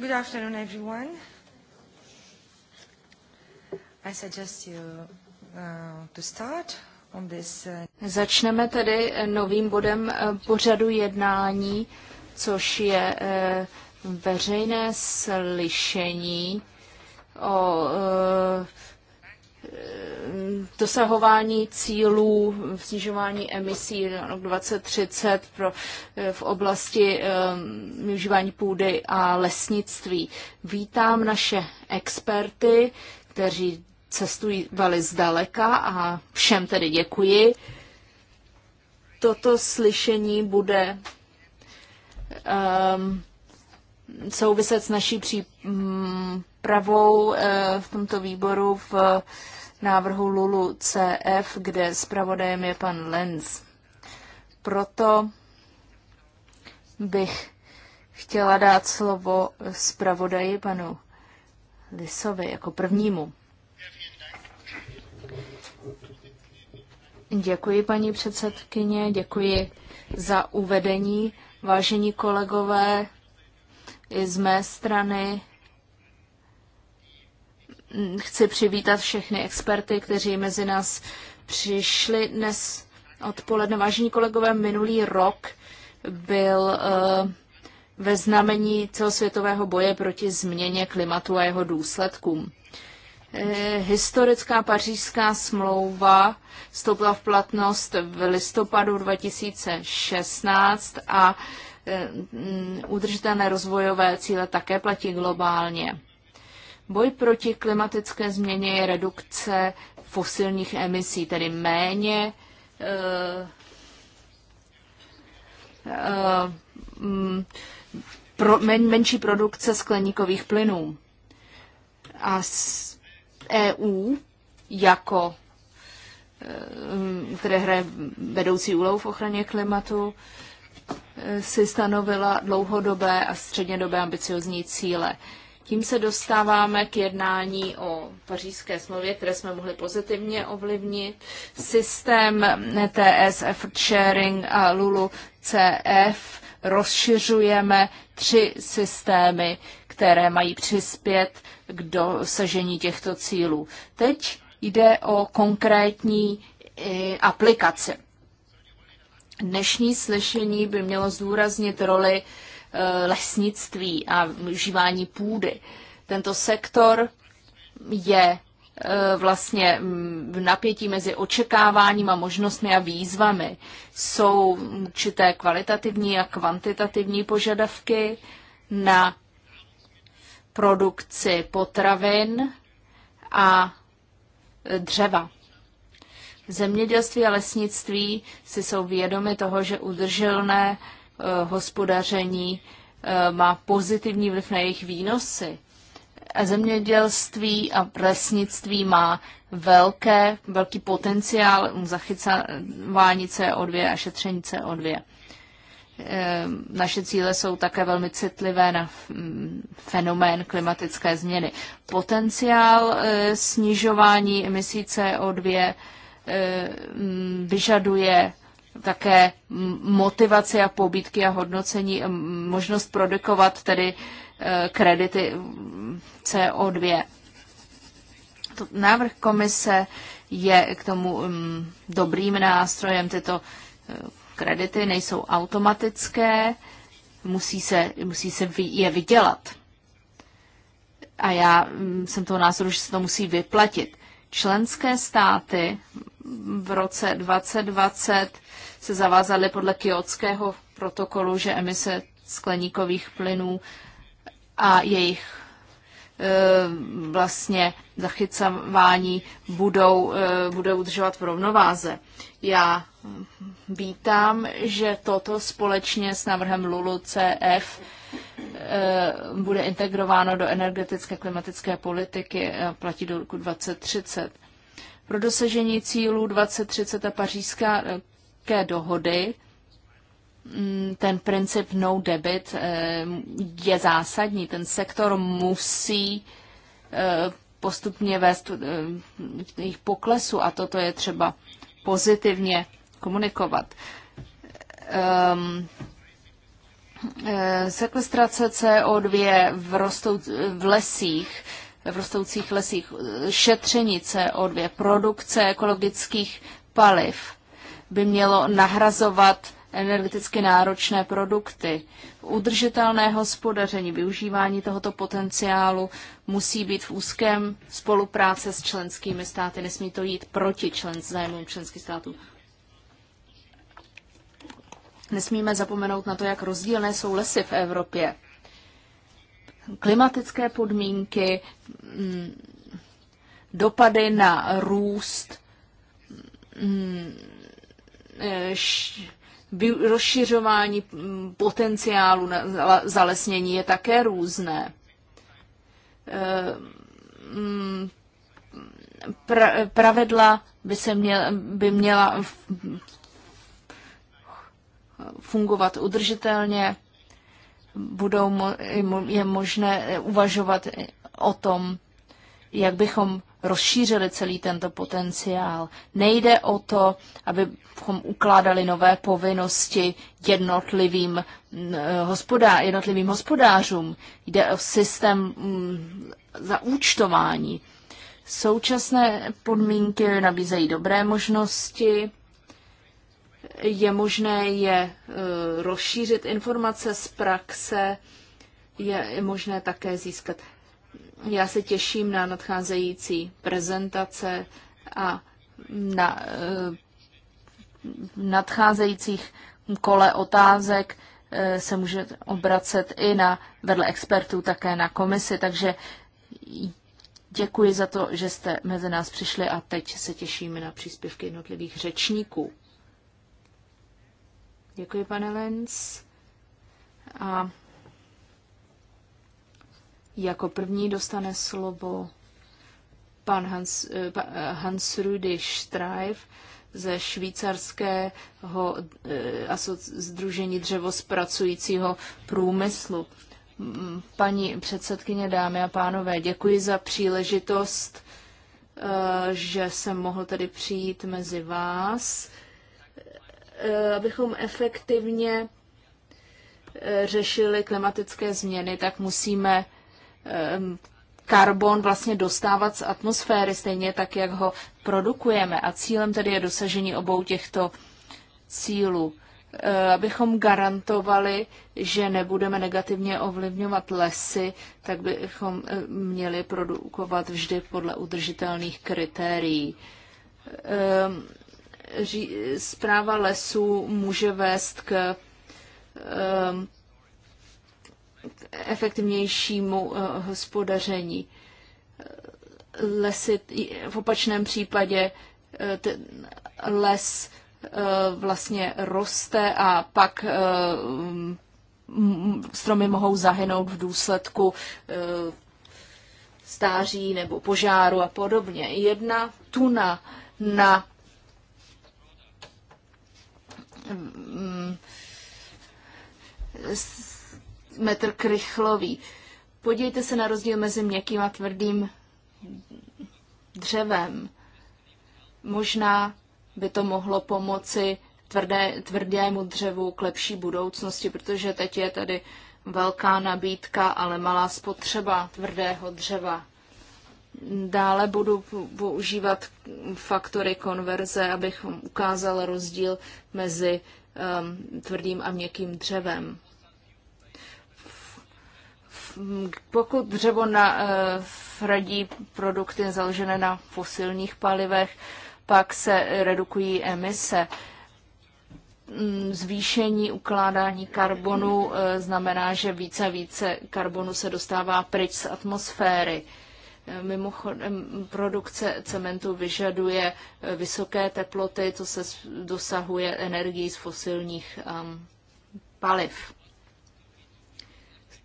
Good afternoon, everyone. I suggest you uh, to start on this. Uh, Začneme tedy eh, novým bodem eh, pořadu jednání, což je eh, veřejné slyšení o dosahování cílů v snižování emisí rok 2030 pro, eh, v oblasti um, využívání půdy a lesnictví. Vítám naše experty, kteří cestují vali zdaleka a všem tedy děkuji. Toto slyšení bude um, souviset s naší přípravou um, v tomto výboru v uh, návrhu Lulu CF, kde zpravodajem je pan Lenz. Proto bych chtěla dát slovo zpravodaji panu Lisovi jako prvnímu. Děkuji, paní předsedkyně, děkuji za uvedení. Vážení kolegové, i z mé strany chci přivítat všechny experty, kteří mezi nás přišli dnes odpoledne. Vážení kolegové, minulý rok byl e, ve znamení celosvětového boje proti změně klimatu a jeho důsledkům. E, historická pařížská smlouva vstoupila v platnost v listopadu 2016 a e, udržitelné rozvojové cíle také platí globálně. Boj proti klimatické změně je redukce fosilních emisí, tedy méně eh, eh, mm, menší produkce skleníkových plynů. A z EU jako eh, které hraje vedoucí úlohu v ochraně klimatu, si stanovila dlouhodobé a střednědobé ambiciozní cíle. Tím se dostáváme k jednání o pařížské smlouvě, které jsme mohli pozitivně ovlivnit. Systém TS effort sharing a LULU CF rozšiřujeme tři systémy, které mají přispět k dosažení těchto cílů. Teď jde o konkrétní eh, aplikaci. Dnešní slyšení by mělo zdůraznit roli Eh, lesnictví a užívání půdy. Tento sektor je eh, vlastně mm, v napětí mezi očekáváním a možnostmi a výzvami. Jsou určité kvalitativní a kvantitativní požadavky na produkci potravin a eh, dřeva. Zemědělství a lesnictví si jsou vědomi toho, že udrželné Eh, hospodaření eh, má pozitivní vliv na jejich výnosy. A zemědělství a lesnictví má velké, velký potenciál zachycování CO2 a šetření CO2. Eh, naše cíle jsou také velmi citlivé na mm, fenomén klimatické změny. Potenciál snižování emisí CO2 mm, vyžaduje také motivaci a pobídky a hodnocení, možnost produkovat tedy e, kredity CO2. návrh komise je k tomu dobrým nástrojem. Tyto e, kredity nejsou automatické, musí se, musí se je vydělat. A já jsem toho názoru, že se to musí vyplatit. Členské státy v roce 2020 se zavázali podle kyotského protokolu, že emise skleníkových plynů a jejich e, vlastně zachycování budou, e, budou udržovat v rovnováze. Já vítám, že toto společně s návrhem LULU CF e, bude integrováno do energetické klimatické politiky a platí do roku 2030. Pro dosažení cílů 2030 a pařížská ke dohody mm, ten princip no debit eh, je zásadní. Ten sektor musí eh, postupně vést eh, jejich poklesu a toto je třeba pozitivně komunikovat. Ehm, Sekvestrace CO2 v, rostou, v lesích, v rostoucích lesích, šetření CO2, produkce ekologických paliv – by mělo nahrazovat energeticky náročné produkty. Udržitelné hospodaření, využívání tohoto potenciálu musí být v úzkém spolupráce s členskými státy. Nesmí to jít proti člen, zájmům členských států. Nesmíme zapomenout na to, jak rozdílné jsou lesy v Evropě. Klimatické podmínky, mm, dopady na růst, mm, Eh, rozšiřování mm, potenciálu na zalesnění je také různé. Eh, mm, pra, pravidla by, se měla, by měla fungovat udržitelně, budou, je možné uvažovat o tom, jak bychom rozšířili celý tento potenciál. Nejde o to, abychom ukládali nové povinnosti jednotlivým, mm, eh, hospodá, jednotlivým hospodářům. Jde o systém mm, zaúčtování. Současné podmínky nabízejí dobré možnosti, je možné je eh, rozšířit informace z praxe, je možné také získat já se těším na nadcházející prezentace a na e, nadcházejících kole otázek e, se může obracet i na vedle expertů také na komisi, takže děkuji za to, že jste mezi nás přišli a teď se těšíme na příspěvky jednotlivých řečníků. Děkuji, pane Lenz. A jako první dostane slovo pan Hans, eh, eh, Hans Rudy Streif ze švýcarského eh, združení dřevospracujícího průmyslu. Paní předsedkyně, dámy a pánové, děkuji za příležitost, že jsem mohl tedy přijít mezi vás, abychom efektivně řešili klimatické změny, tak musíme Ehm, karbon vlastně dostávat z atmosféry, stejně tak, jak ho produkujeme. A cílem tedy je dosažení obou těchto cílů. Ehm, abychom garantovali, že nebudeme negativně ovlivňovat lesy, tak bychom ehm, měli produkovat vždy podle udržitelných kritérií. Zpráva lesů může vést k efektivnějšímu eh, hospodaření. Lesy v opačném případě eh, ten les eh, vlastně roste a pak stromy mohou zahynout v důsledku stáří nebo požáru a podobně. Jedna tuna na mm, metr krychlový. Podívejte se na rozdíl mezi měkkým a tvrdým dřevem. Možná by to mohlo pomoci tvrdé, tvrdému dřevu k lepší budoucnosti, protože teď je tady velká nabídka, ale malá spotřeba tvrdého dřeva. Dále budu používat faktory konverze, abych ukázal rozdíl mezi um, tvrdým a měkkým dřevem. Mm, pokud dřevo na, eh, radí produkty založené na fosilních palivech, pak se redukují emise. Mm, zvýšení ukládání karbonu eh, znamená, že více a více karbonu se dostává pryč z atmosféry. Eh, mimochodem, mm, produkce cementu vyžaduje vysoké teploty, co se dosahuje energií z fosilních um, paliv.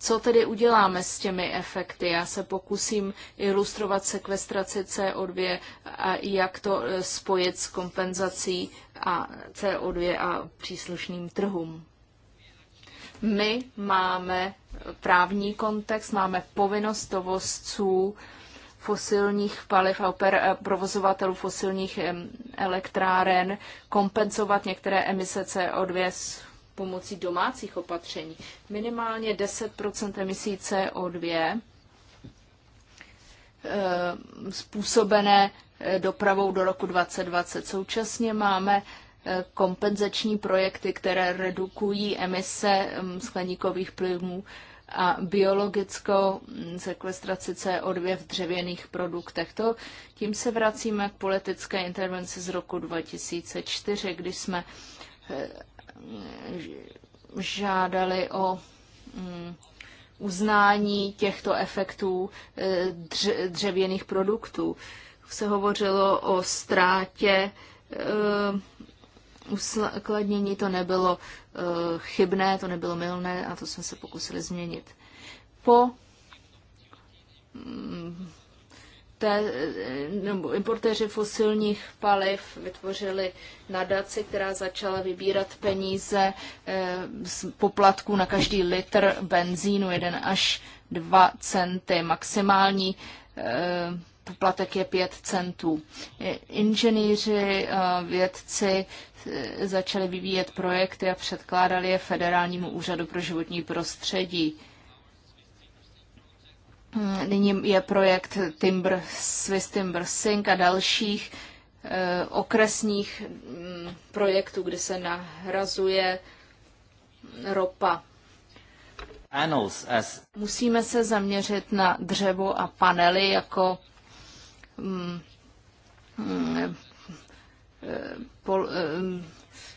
Co tedy uděláme s těmi efekty? Já se pokusím ilustrovat sekvestraci CO2 a jak to e, spojit s kompenzací a CO2 a příslušným trhům. My máme právní kontext, máme povinnost dovozců fosilních paliv a oper, e, provozovatelů fosilních elektráren kompenzovat některé emise CO2 z pomocí domácích opatření. Minimálně 10 emisí CO2 eh, způsobené eh, dopravou do roku 2020. Současně máme eh, kompenzační projekty, které redukují emise mm, skleníkových plynů a biologickou mm, sekvestraci CO2 v dřevěných produktech. To, tím se vracíme k politické intervenci z roku 2004, kdy jsme Eh, žádali o mm, uznání těchto efektů eh, dřevěných produktů. Se hovořilo o ztrátě eh, uskladnění, to nebylo chybné, to nebylo mylné a to jsme se pokusili změnit. Po mm, importé, nebo importéři fosilních paliv vytvořili nadaci, která začala vybírat peníze eh, z poplatku na každý litr benzínu 1 až 2 centy. Maximální eh, poplatek je 5 centů. Inženýři, eh, vědci začali vyvíjet projekty a předkládali je Federálnímu úřadu pro životní prostředí Mm, nyní je projekt Timber, Swiss Timber Sync a dalších eh, okresních mm, projektů, kde se nahrazuje ropa. Panels as... Musíme se zaměřit na dřevo a panely jako mm, eh, pol, eh,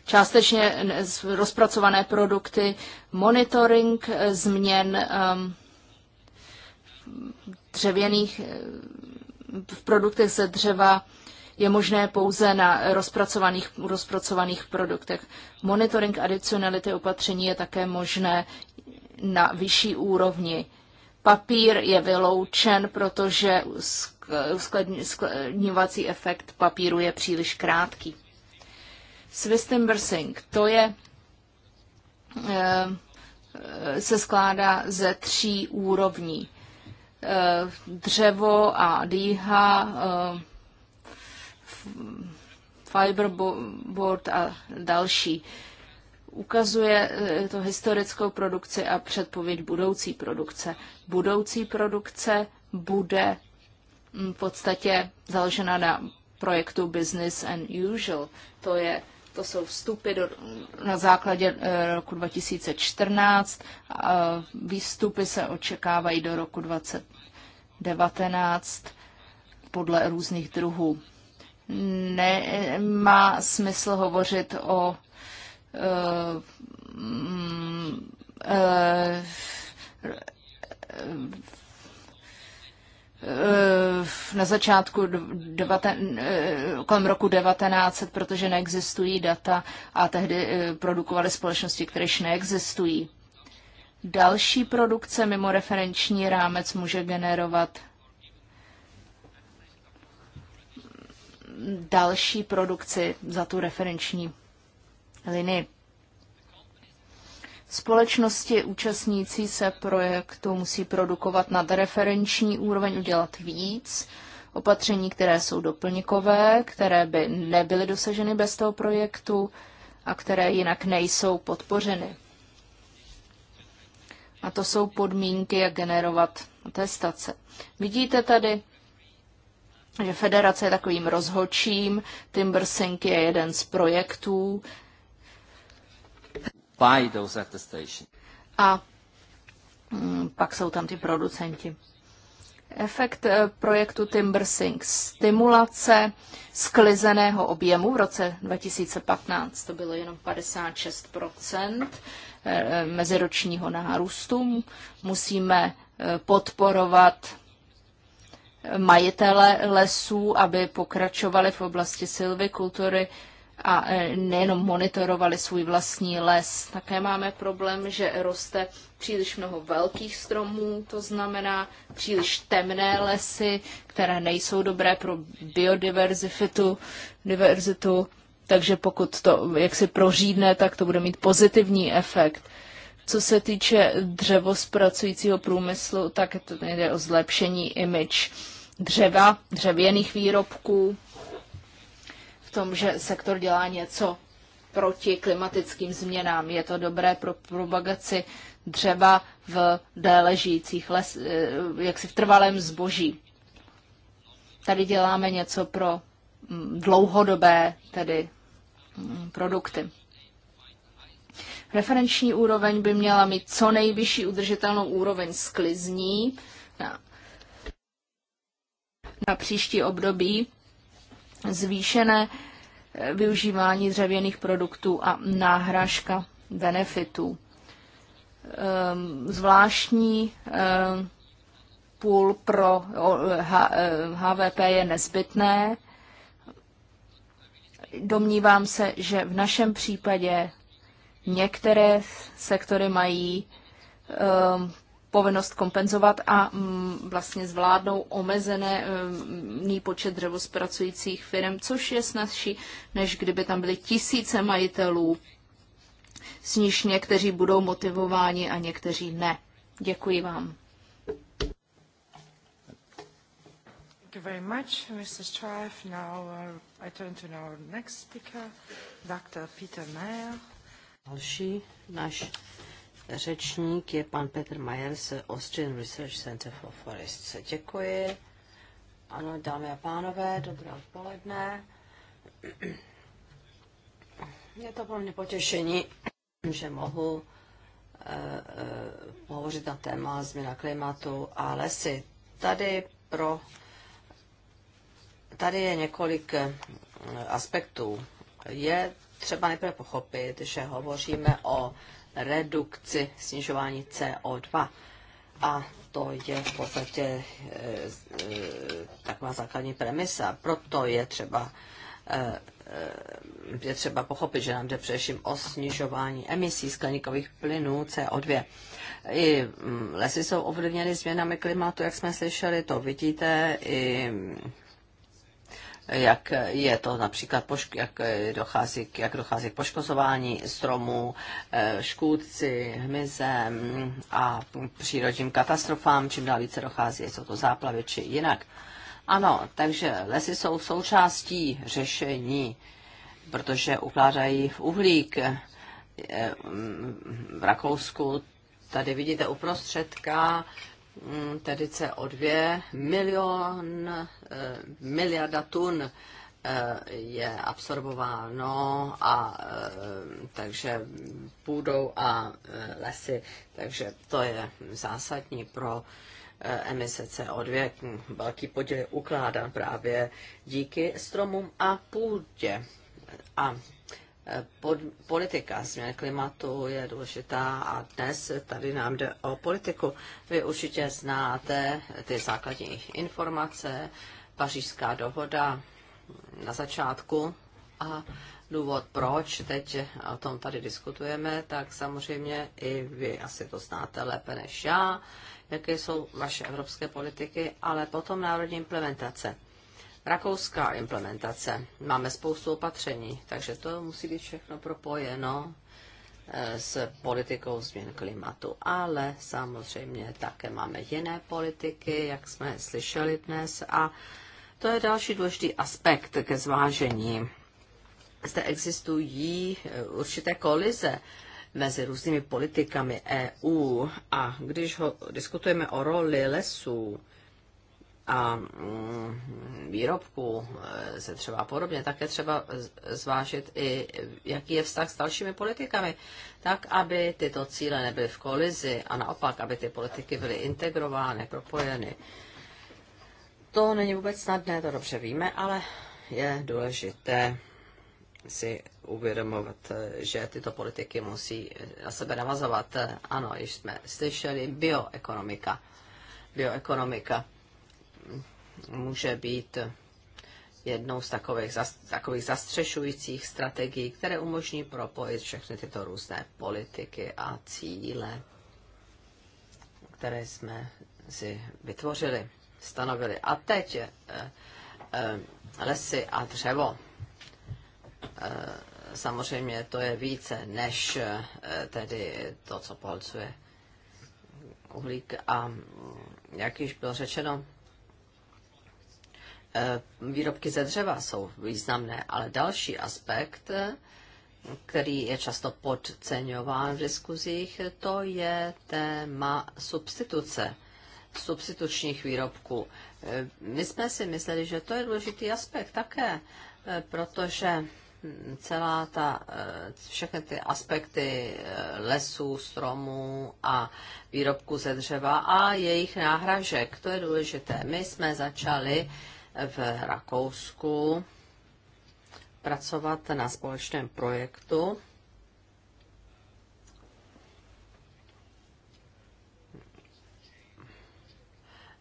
částečně rozpracované produkty, monitoring změn ehm, dřevěných, v produktech ze dřeva je možné pouze na rozpracovaných, rozpracovaných produktech. Monitoring adicionality opatření je také možné na vyšší úrovni. Papír je vyloučen, protože skladňovací efekt papíru je příliš krátký. Swiss Timbersing, to je, eh, se skládá ze tří úrovní. Eh, dřevo a dýha, eh, fiberboard a další. Ukazuje eh, to historickou produkci a předpověď budoucí produkce. Budoucí produkce bude mm, v podstatě založena na projektu Business and Usual. To je to jsou vstupy do, na základě eh, roku 2014, výstupy se očekávají do roku 2019 podle různých druhů. Nemá smysl hovořit o e, e, Eh, na začátku eh, kolem roku 1900, protože neexistují data a tehdy eh, produkovaly společnosti, které již neexistují. Další produkce mimo referenční rámec může generovat další produkci za tu referenční linii. Společnosti účastnící se projektu musí produkovat nad referenční úroveň, udělat víc. Opatření, které jsou doplňkové, které by nebyly dosaženy bez toho projektu a které jinak nejsou podpořeny. A to jsou podmínky, jak generovat atestace. Vidíte tady, že federace je takovým rozhočím, Timbersink je jeden z projektů, buy those attestations. A mm, pak jsou tam ty producenti. Efekt eh, projektu TimberSync. Stimulace sklizeného objemu v roce 2015 to bylo jenom 56 eh, eh, meziročního nárůstu. Musíme podporovat majitele lesů, aby pokračovali v oblasti silvikultury, kultury, a e, nejenom monitorovali svůj vlastní les. Také máme problém, že roste příliš mnoho velkých stromů, to znamená příliš temné lesy, které nejsou dobré pro biodiverzitu, diverzitu, takže pokud to jak si prořídne, tak to bude mít pozitivní efekt. Co se týče dřevo dřevospracujícího průmyslu, tak to jde o zlepšení image dřeva, dřevěných výrobků, tom, že sektor dělá něco proti klimatickým změnám. Je to dobré pro propagaci dřeva v déle žijících les, eh, jaksi v trvalém zboží. Tady děláme něco pro mm, dlouhodobé tedy mm, produkty. Referenční úroveň by měla mít co nejvyšší udržitelnou úroveň sklizní na, na příští období zvýšené využívání dřevěných produktů a náhražka benefitů. Ehm, zvláštní ehm, půl pro HVP ehm, je nezbytné. Domnívám se, že v našem případě některé sektory mají povinnost kompenzovat a mm, vlastně zvládnou omezený mm, počet dřevospracujících firm, což je snazší, než kdyby tam byly tisíce majitelů, s níž někteří budou motivováni a někteří ne. Děkuji vám. Uh, Další náš řečník je pan Petr Majer z Austrian Research Center for Forests. Děkuji. Ano, dámy a pánové, dobré odpoledne. Je to pro mě potěšení, že mohu eh, eh hovořit na téma změna klimatu a lesy. Tady pro Tady je několik eh, aspektů. Je třeba nejprve pochopit, že hovoříme o eh, redukci snižování CO2. A to je v podstatě e, e, taková základní premisa. Proto je třeba, e, je třeba pochopit, že nám jde především o snižování emisí skleníkových plynů CO2. I mm, lesy jsou ovlivněny změnami klimatu, jak jsme slyšeli, to vidíte, i jak je to například, pošk- jak, dochází k, jak dochází k poškozování stromů, eh, škůdci, hmyzem a přírodním katastrofám, čím dál více dochází, jsou to záplavy či jinak. Ano, takže lesy jsou součástí řešení, protože ukládají v uhlík eh, mm, v Rakousku. Tady vidíte uprostředka Mm, tedy CO2, milion, eh, miliarda tun eh, je absorbováno a eh, takže půdou a lesy, takže to je zásadní pro emise CO2. Velký podíl je ukládán právě díky stromům a půdě. A pod, politika změn klimatu je důležitá a dnes tady nám jde o politiku. Vy určitě znáte ty základní informace, pařížská dohoda na začátku a důvod, proč teď o tom tady diskutujeme, tak samozřejmě i vy asi to znáte lépe než já, jaké jsou vaše evropské politiky, ale potom národní implementace rakouská implementace. Máme spoustu opatření, takže to musí být všechno propojeno eh, s politikou změn klimatu. Ale samozřejmě také máme jiné politiky, jak jsme slyšeli dnes. A to je další důležitý aspekt ke zvážení. Zde existují eh, určité kolize mezi různými politikami EU a když ho, diskutujeme o roli lesů, a mm, výrobků e, se třeba podobně, tak je třeba zvážit i, jaký je vztah s dalšími politikami, tak, aby tyto cíle nebyly v kolizi a naopak, aby ty politiky byly integrovány, propojeny. To není vůbec snadné, to dobře víme, ale je důležité si uvědomovat, e, že tyto politiky musí e, na sebe navazovat. Ano, již jsme slyšeli bioekonomika. Bioekonomika může být jednou z takových, takových zastřešujících strategií, které umožní propojit všechny tyto různé politiky a cíle, které jsme si vytvořili, stanovili. A teď e, e, lesy a dřevo. E, samozřejmě to je více než tedy to, co polcuje uhlík. A jak již bylo řečeno, Eh, výrobky ze dřeva jsou významné, ale další aspekt, eh, který je často podceňován v diskuzích, to je téma substituce, substitučních výrobků. Eh, my jsme si mysleli, že to je důležitý aspekt také, protože celá ta, všechny ty aspekty lesů, stromů a výrobků ze dřeva a jejich náhražek, to je důležité. My jsme začali v Rakousku pracovat na společném projektu.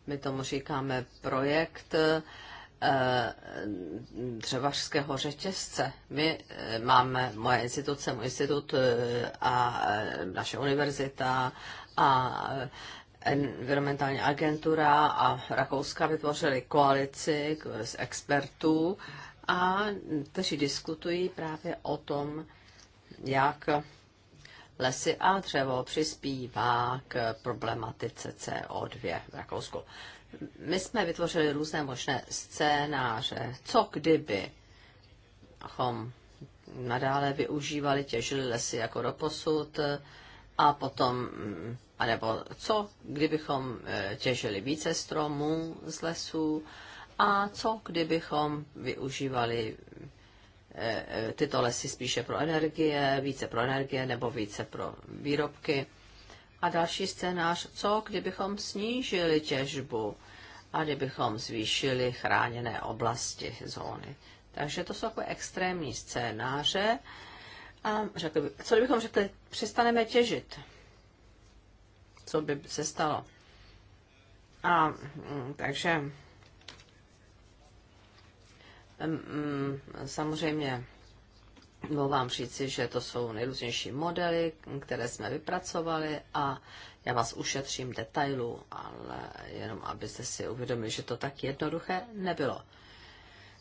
My tomu říkáme projekt eh, dřevařského řetězce. My eh, máme, moje instituce, můj institut eh, a naše univerzita a environmentální agentura a Rakouska vytvořili koalici z expertů, a kteří diskutují právě o tom, jak lesy a dřevo přispívá k problematice CO2 v Rakousku. My jsme vytvořili různé možné scénáře, co kdyby chom nadále využívali, těžili lesy jako doposud a potom anebo co, kdybychom e, těžili více stromů z lesů a co, kdybychom využívali e, e, tyto lesy spíše pro energie, více pro energie nebo více pro výrobky. A další scénář, co kdybychom snížili těžbu a kdybychom zvýšili chráněné oblasti zóny. Takže to jsou takové extrémní scénáře. A řekli, co kdybychom řekli, přestaneme těžit? co by se stalo. A mm, takže mm, mm, samozřejmě mohu vám říci, že to jsou nejrůznější modely, které jsme vypracovali a já vás ušetřím detailů, ale jenom abyste si uvědomili, že to tak jednoduché nebylo.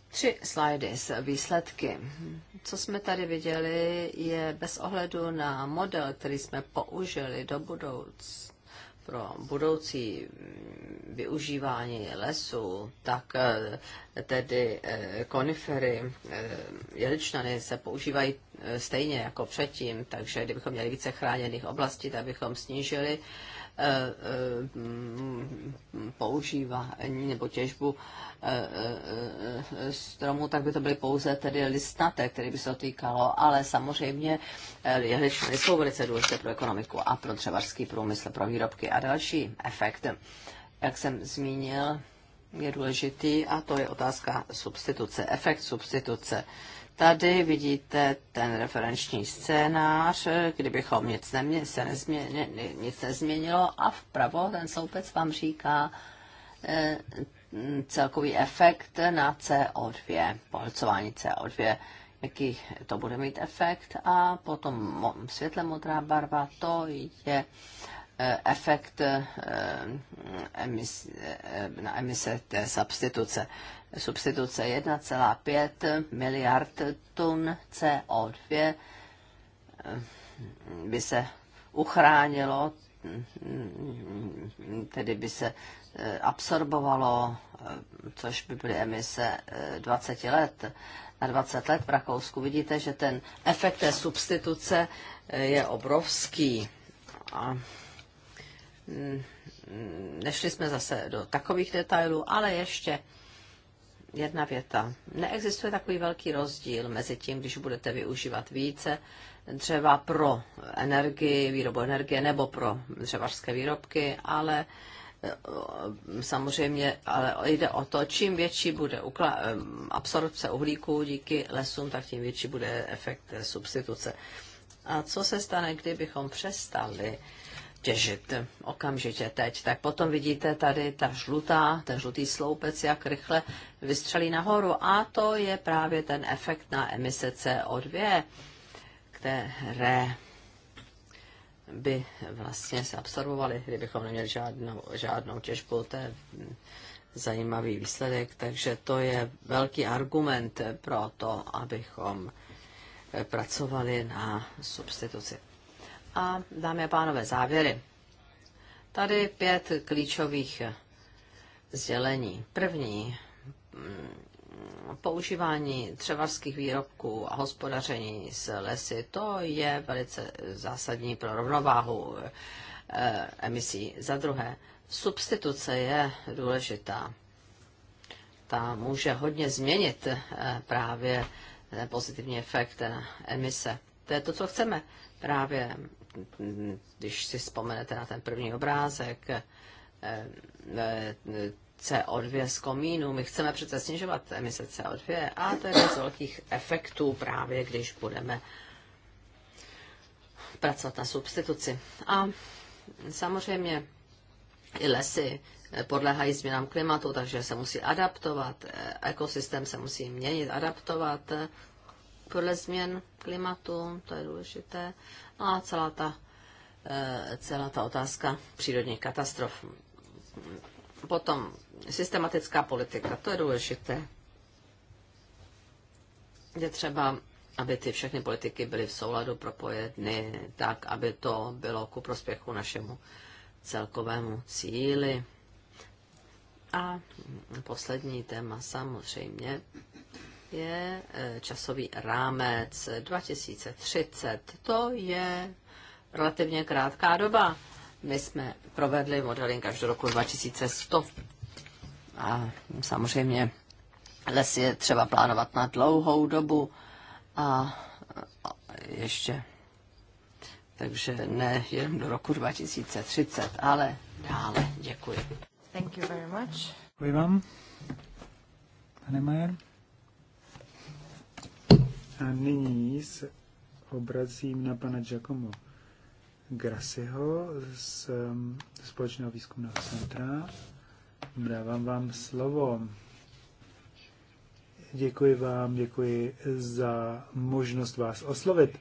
Tři slajdy s výsledky. Co jsme tady viděli, je bez ohledu na model, který jsme použili do budoucna, pro budoucí využívání lesu, tak eh, tedy eh, konifery, eh, jeličnany se používají stejně jako předtím, takže kdybychom měli více chráněných oblastí, tak bychom snížili používání nebo těžbu eh, eh, eh, stromu, tak by to byly pouze tedy listnaté, které by se otýkalo, ale samozřejmě jehličné jsou velice důležité pro ekonomiku a pro dřevařský průmysl, pro výrobky. A další efekt, jak jsem zmínil, je důležitý a to je otázka substituce, efekt substituce. Tady vidíte ten referenční scénář, kdybychom nic, nemě, se nezměni, nic nezměnilo a vpravo ten soupec vám říká e, celkový efekt na CO2, pohlcování CO2, jaký to bude mít efekt a potom světle modrá barva, to je eh, efekt eh, emis, na emise té substituce substituce 1,5 miliard tun CO2 eh, by se uchránilo, mm, mm, tedy by se eh, absorbovalo, eh, což by byly emise 20 let, na 20 let v Rakousku. Vidíte, že ten efekt té substituce je obrovský. A mm, nešli jsme zase do takových detailů, ale ještě jedna věta. Neexistuje takový velký rozdíl mezi tím, když budete využívat více dřeva pro energii, výrobu energie nebo pro dřevařské výrobky, ale eh, samozřejmě ale jde o to, čím větší bude eh, absorpce uhlíku díky lesům, tak tím větší bude efekt substituce. A co se stane, kdybychom přestali těžit okamžitě teď. Tak potom vidíte tady ta žlutá, ten žlutý sloupec, jak rychle vystřelí nahoru. A to je právě ten efekt na emise CO2, které by vlastně se absorbovaly, kdybychom neměli žádnou, žádnou těžbu. To je zajímavý výsledek, takže to je velký argument pro to, abychom pracovali na substituci a dámy a pánové, závěry. Tady pět klíčových sdělení. První, mm, používání dřevařských výrobků a hospodaření s lesy, to je velice zásadní pro rovnováhu eh, emisí. Za druhé, substituce je důležitá. Ta může hodně změnit eh, právě pozitivní efekt eh, emise. To je to, co chceme. Právě když si vzpomenete na ten první obrázek, eh, eh, CO2 z komínu. My chceme přece snižovat emise CO2 a to je z velkých efektů právě, když budeme pracovat na substituci. A samozřejmě i lesy podléhají změnám klimatu, takže se musí adaptovat, eh, ekosystém se musí měnit, adaptovat podle změn klimatu, to je důležité a celá ta, e, celá ta otázka přírodních katastrof. Potom systematická politika, to je důležité. Je třeba, aby ty všechny politiky byly v souladu propojeny tak, aby to bylo ku prospěchu našemu celkovému cíli. A poslední téma samozřejmě je e, časový rámec 2030. To je relativně krátká doba. My jsme provedli modeling až do roku 2100. A samozřejmě les je třeba plánovat na dlouhou dobu a, ještě takže ne jen do roku 2030, ale dále. Děkuji. Thank you very much. Děkuji vám, pane Majer. A nyní se obracím na pana Giacomo Grasiho z um, Společného výzkumného centra. Dávám vám slovo. Děkuji vám, děkuji za možnost vás oslovit.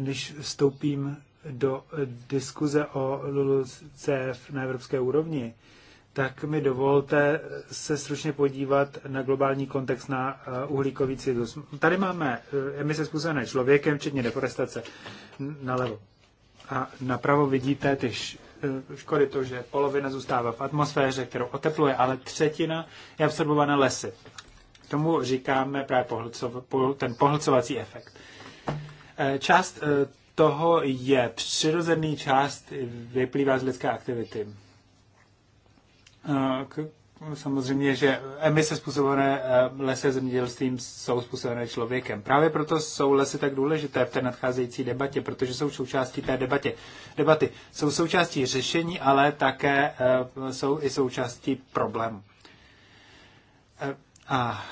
Než vstoupím do diskuze o LULUCF na evropské úrovni, tak mi dovolte se stručně podívat na globální kontext na eh, uhlíkový cyklus. Tady máme eh, emise způsobené člověkem, včetně deforestace, nalevo. A napravo vidíte ty eh, škody, to, že polovina zůstává v atmosféře, kterou otepluje, ale třetina je absorbována lesy. Tomu říkáme právě ten pohlcovací efekt. Část toho je přirozený, část vyplývá z lidské aktivity Eh, samozřejmě, že emise způsobené eh, lesy zemědělstvím jsou způsobené člověkem. Právě proto jsou lesy tak důležité v té nadcházející debatě, protože jsou součástí té debatě. debaty. Jsou součástí řešení, ale také eh, jsou i součástí problému. A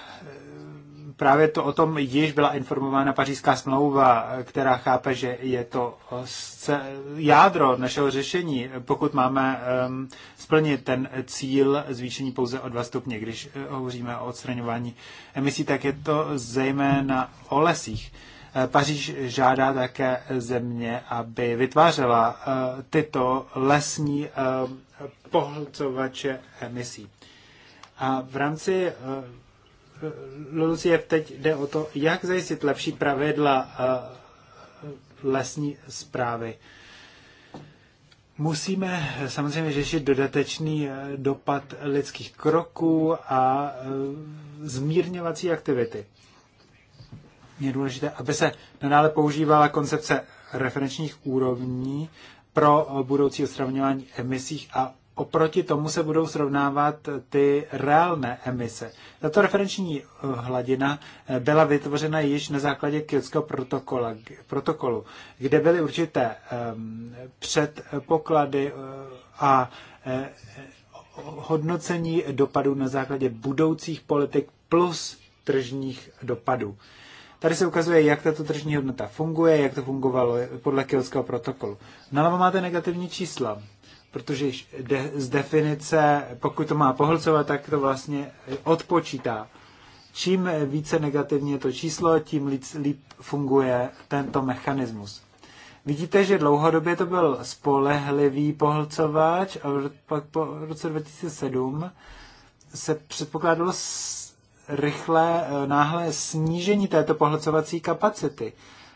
právě to o tom již byla informována pařížská smlouva, která chápe, že je to eh, jádro našeho řešení, pokud máme um, splnit ten cíl zvýšení pouze o dva stupně. Když eh, hovoříme o odstraňování emisí, tak je to zejména o lesích. Eh, Paříž žádá také země, aby vytvářela tyto lesní pohlcovače emisí. A v rámci Luciev, teď jde o to, jak zajistit lepší pravidla eh, lesní zprávy. Musíme samozřejmě řešit dodatečný eh, dopad lidských kroků a eh, zmírňovací aktivity. Je důležité, aby se nadále používala koncepce referenčních úrovní pro budoucí odstraňování emisích a oproti tomu se budou srovnávat ty reálné emise. Tato referenční eh, hladina eh, byla vytvořena již na základě Kyotského protokolu, kde byly určité ehm, předpoklady eh, a hodnocení dopadů na základě budoucích politik plus tržních dopadů. Tady se ukazuje, jak tato tržní hodnota funguje, jak to fungovalo podle Kyotského protokolu. Nalevo máte negativní čísla protože de, z definice, pokud to má pohlcovat, tak to vlastně odpočítá. Čím více negativní je to číslo, tím líp, líp funguje tento mechanismus. Vidíte, že dlouhodobě to byl spolehlivý pohlcovač a pak po roce 2007 se předpokládalo rychlé, eh, náhlé snížení této pohlcovací kapacity.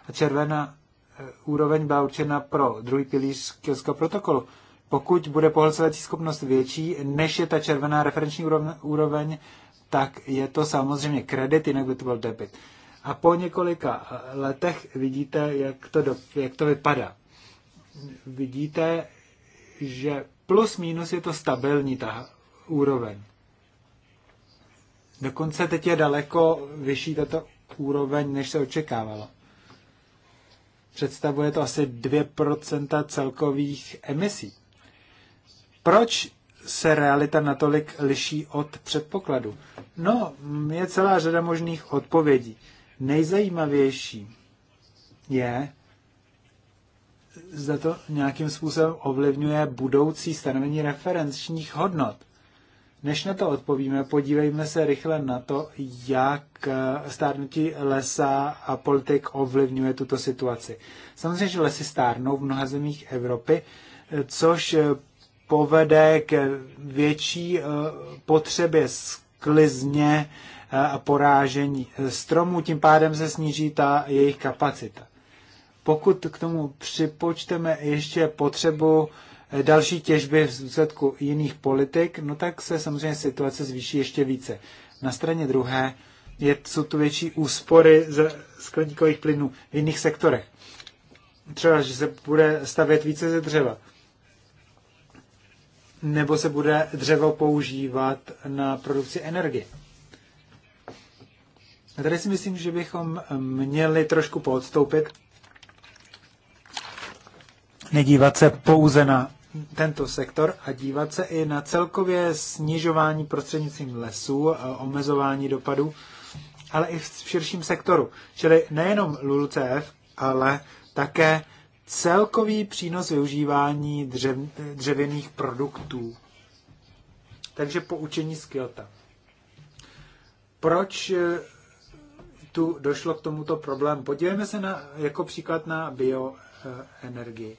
A červená eh, úroveň byla určena pro druhý pilíř Kyotského protokolu pokud bude pohlcovací schopnost větší, než je ta červená referenční úroveň, tak je to samozřejmě kredit, jinak by to byl debit. A po několika eh, letech vidíte, jak to, do, jak to vypadá. Vidíte, že plus minus je to stabilní ta úroveň. Dokonce teď je daleko vyšší tato úroveň, než se očekávalo. Představuje to asi 2% celkových emisí. Proč se realita natolik liší od předpokladu? No, je celá řada možných odpovědí. Nejzajímavější je, zda to nějakým způsobem ovlivňuje budoucí stanovení referenčních hodnot. Než na to odpovíme, podívejme se rychle na to, jak eh, stárnutí lesa a politik ovlivňuje tuto situaci. Samozřejmě, že lesy stárnou v mnoha zemích Evropy, eh, což eh, povede k větší eh, potřebě sklizně eh, a porážení stromů, tím pádem se sníží ta jejich kapacita. Pokud k tomu připočteme ještě potřebu eh, další těžby v důsledku jiných politik, no tak se samozřejmě situace zvýší ještě více. Na straně druhé je, jsou tu větší úspory ze skleníkových plynů v jiných sektorech. Třeba, že se bude stavět více ze dřeva nebo se bude dřevo používat na produkci energie. A tady si myslím, že bychom měli trošku podstoupit, nedívat se pouze na tento sektor a dívat se i na celkově snižování prostřednictvím lesů, omezování dopadů, ale i v širším sektoru. Čili nejenom LULCF, ale také celkový přínos využívání dřev, dřevěných produktů. Takže poučení z Kyoto. Proč eh, tu došlo k tomuto problému? Podívejme se na, jako příklad na bioenergii.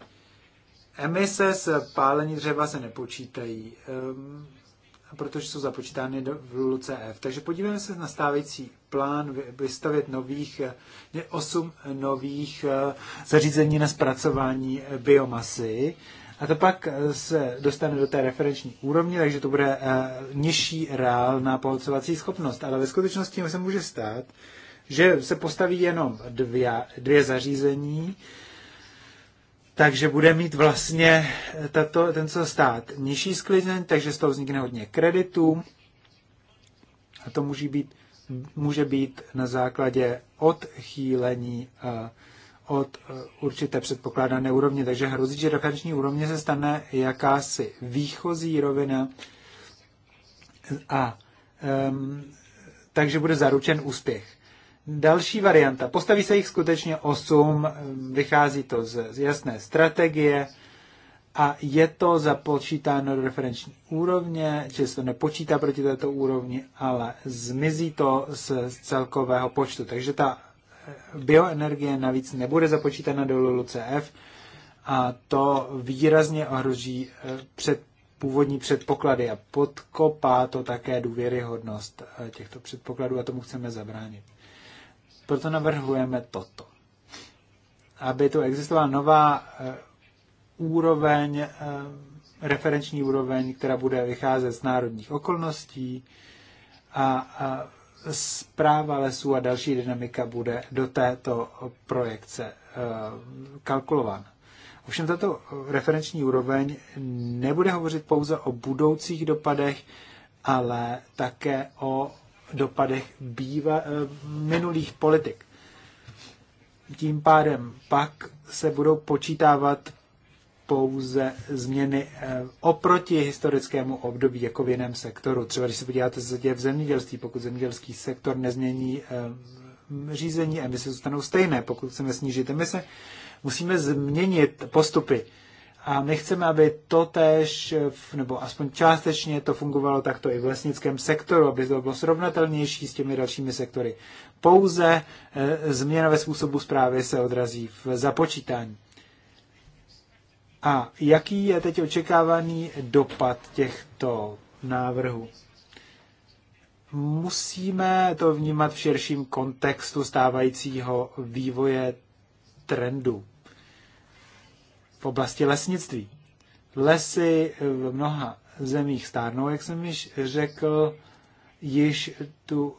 Emise z pálení dřeva se nepočítají. Ehm, protože jsou započítány do, v LULCF. Takže podívejme se na stávající plán vystavět nových, 8 eh, nových eh, zařízení na zpracování eh, biomasy. A to pak se dostane do té referenční úrovně, takže to bude nižší reálná pohodcovací schopnost. Ale ve skutečnosti se může stát, že se postaví jenom dvě, dvě zařízení, takže bude mít vlastně tato, tento stát nižší sklizeň, takže z toho vznikne hodně kreditů. A to může být, může být na základě odchýlení eh, od eh, určité předpokládané úrovně. Takže hrozí, že referenční úrovně se stane jakási výchozí rovina a um, takže bude zaručen úspěch. Další varianta. Postaví se jich skutečně osm. vychází to z, jasné strategie a je to započítáno do referenční úrovně, že se to nepočítá proti této úrovni, ale zmizí to z, celkového počtu. Takže ta eh, bioenergie navíc nebude započítána do LULCF a to výrazně ohroží eh, před původní předpoklady a podkopá to také důvěryhodnost eh, těchto předpokladů a tomu chceme zabránit. Proto navrhujeme toto. Aby tu existovala nová eh, úroveň, eh, referenční úroveň, která bude vycházet z národních okolností a zpráva lesů a další dynamika bude do této projekce eh, kalkulována. Ovšem tato referenční úroveň nebude hovořit pouze o budoucích dopadech, ale také o dopadech býva, eh, minulých politik. Tím pádem pak se budou počítávat pouze změny eh, oproti historickému období, jako v jiném sektoru. Třeba když se podíváte, co se děje v zemědělství, pokud zemědělský sektor nezmění eh, řízení, emise zůstanou stejné. Pokud chceme snížit emise, musíme změnit postupy a my chceme, aby to tež, nebo aspoň částečně to fungovalo takto i v lesnickém sektoru, aby to bylo srovnatelnější s těmi dalšími sektory. Pouze e, změna ve způsobu zprávy se odrazí v započítání. A jaký je teď očekávaný dopad těchto návrhů? Musíme to vnímat v širším kontextu stávajícího vývoje trendu v oblasti lesnictví. Lesy v mnoha zemích stárnou, jak jsem již řekl, již tu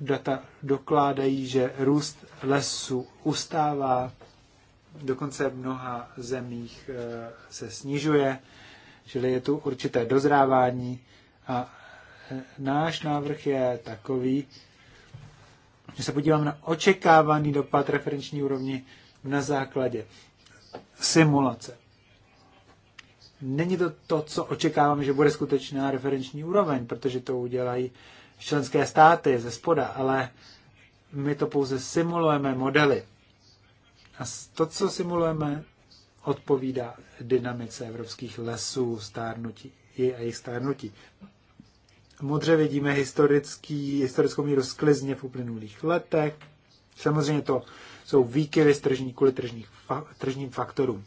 data dokládají, že růst lesů ustává, dokonce v mnoha zemích eh, se snižuje, čili je tu určité dozrávání a eh, náš návrh je takový, že se podíváme na očekávaný dopad referenční úrovni na základě simulace. Není to to, co očekáváme, že bude skutečná referenční úroveň, protože to udělají členské státy ze spoda, ale my to pouze simulujeme modely. A to, co simulujeme, odpovídá dynamice evropských lesů stárnutí i a jejich stárnutí. Modře vidíme historický, historickou míru sklizně v uplynulých letech. Samozřejmě to jsou výkyvy z tržní, kvůli tržních, fa, tržním faktorům.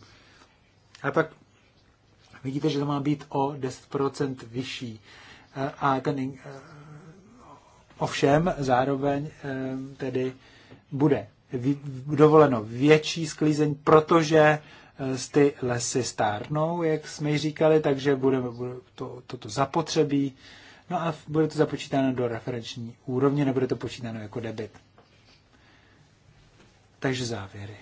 A pak vidíte, že to má být o 10% vyšší. A ten, eh, ovšem zároveň eh, tedy bude dovoleno větší sklízeň, protože eh, ty lesy stárnou, jak jsme ji říkali, takže budeme bude to, toto zapotřebí. No a bude to započítáno do referenční úrovně, nebude to počítáno jako debit. Takže závěry.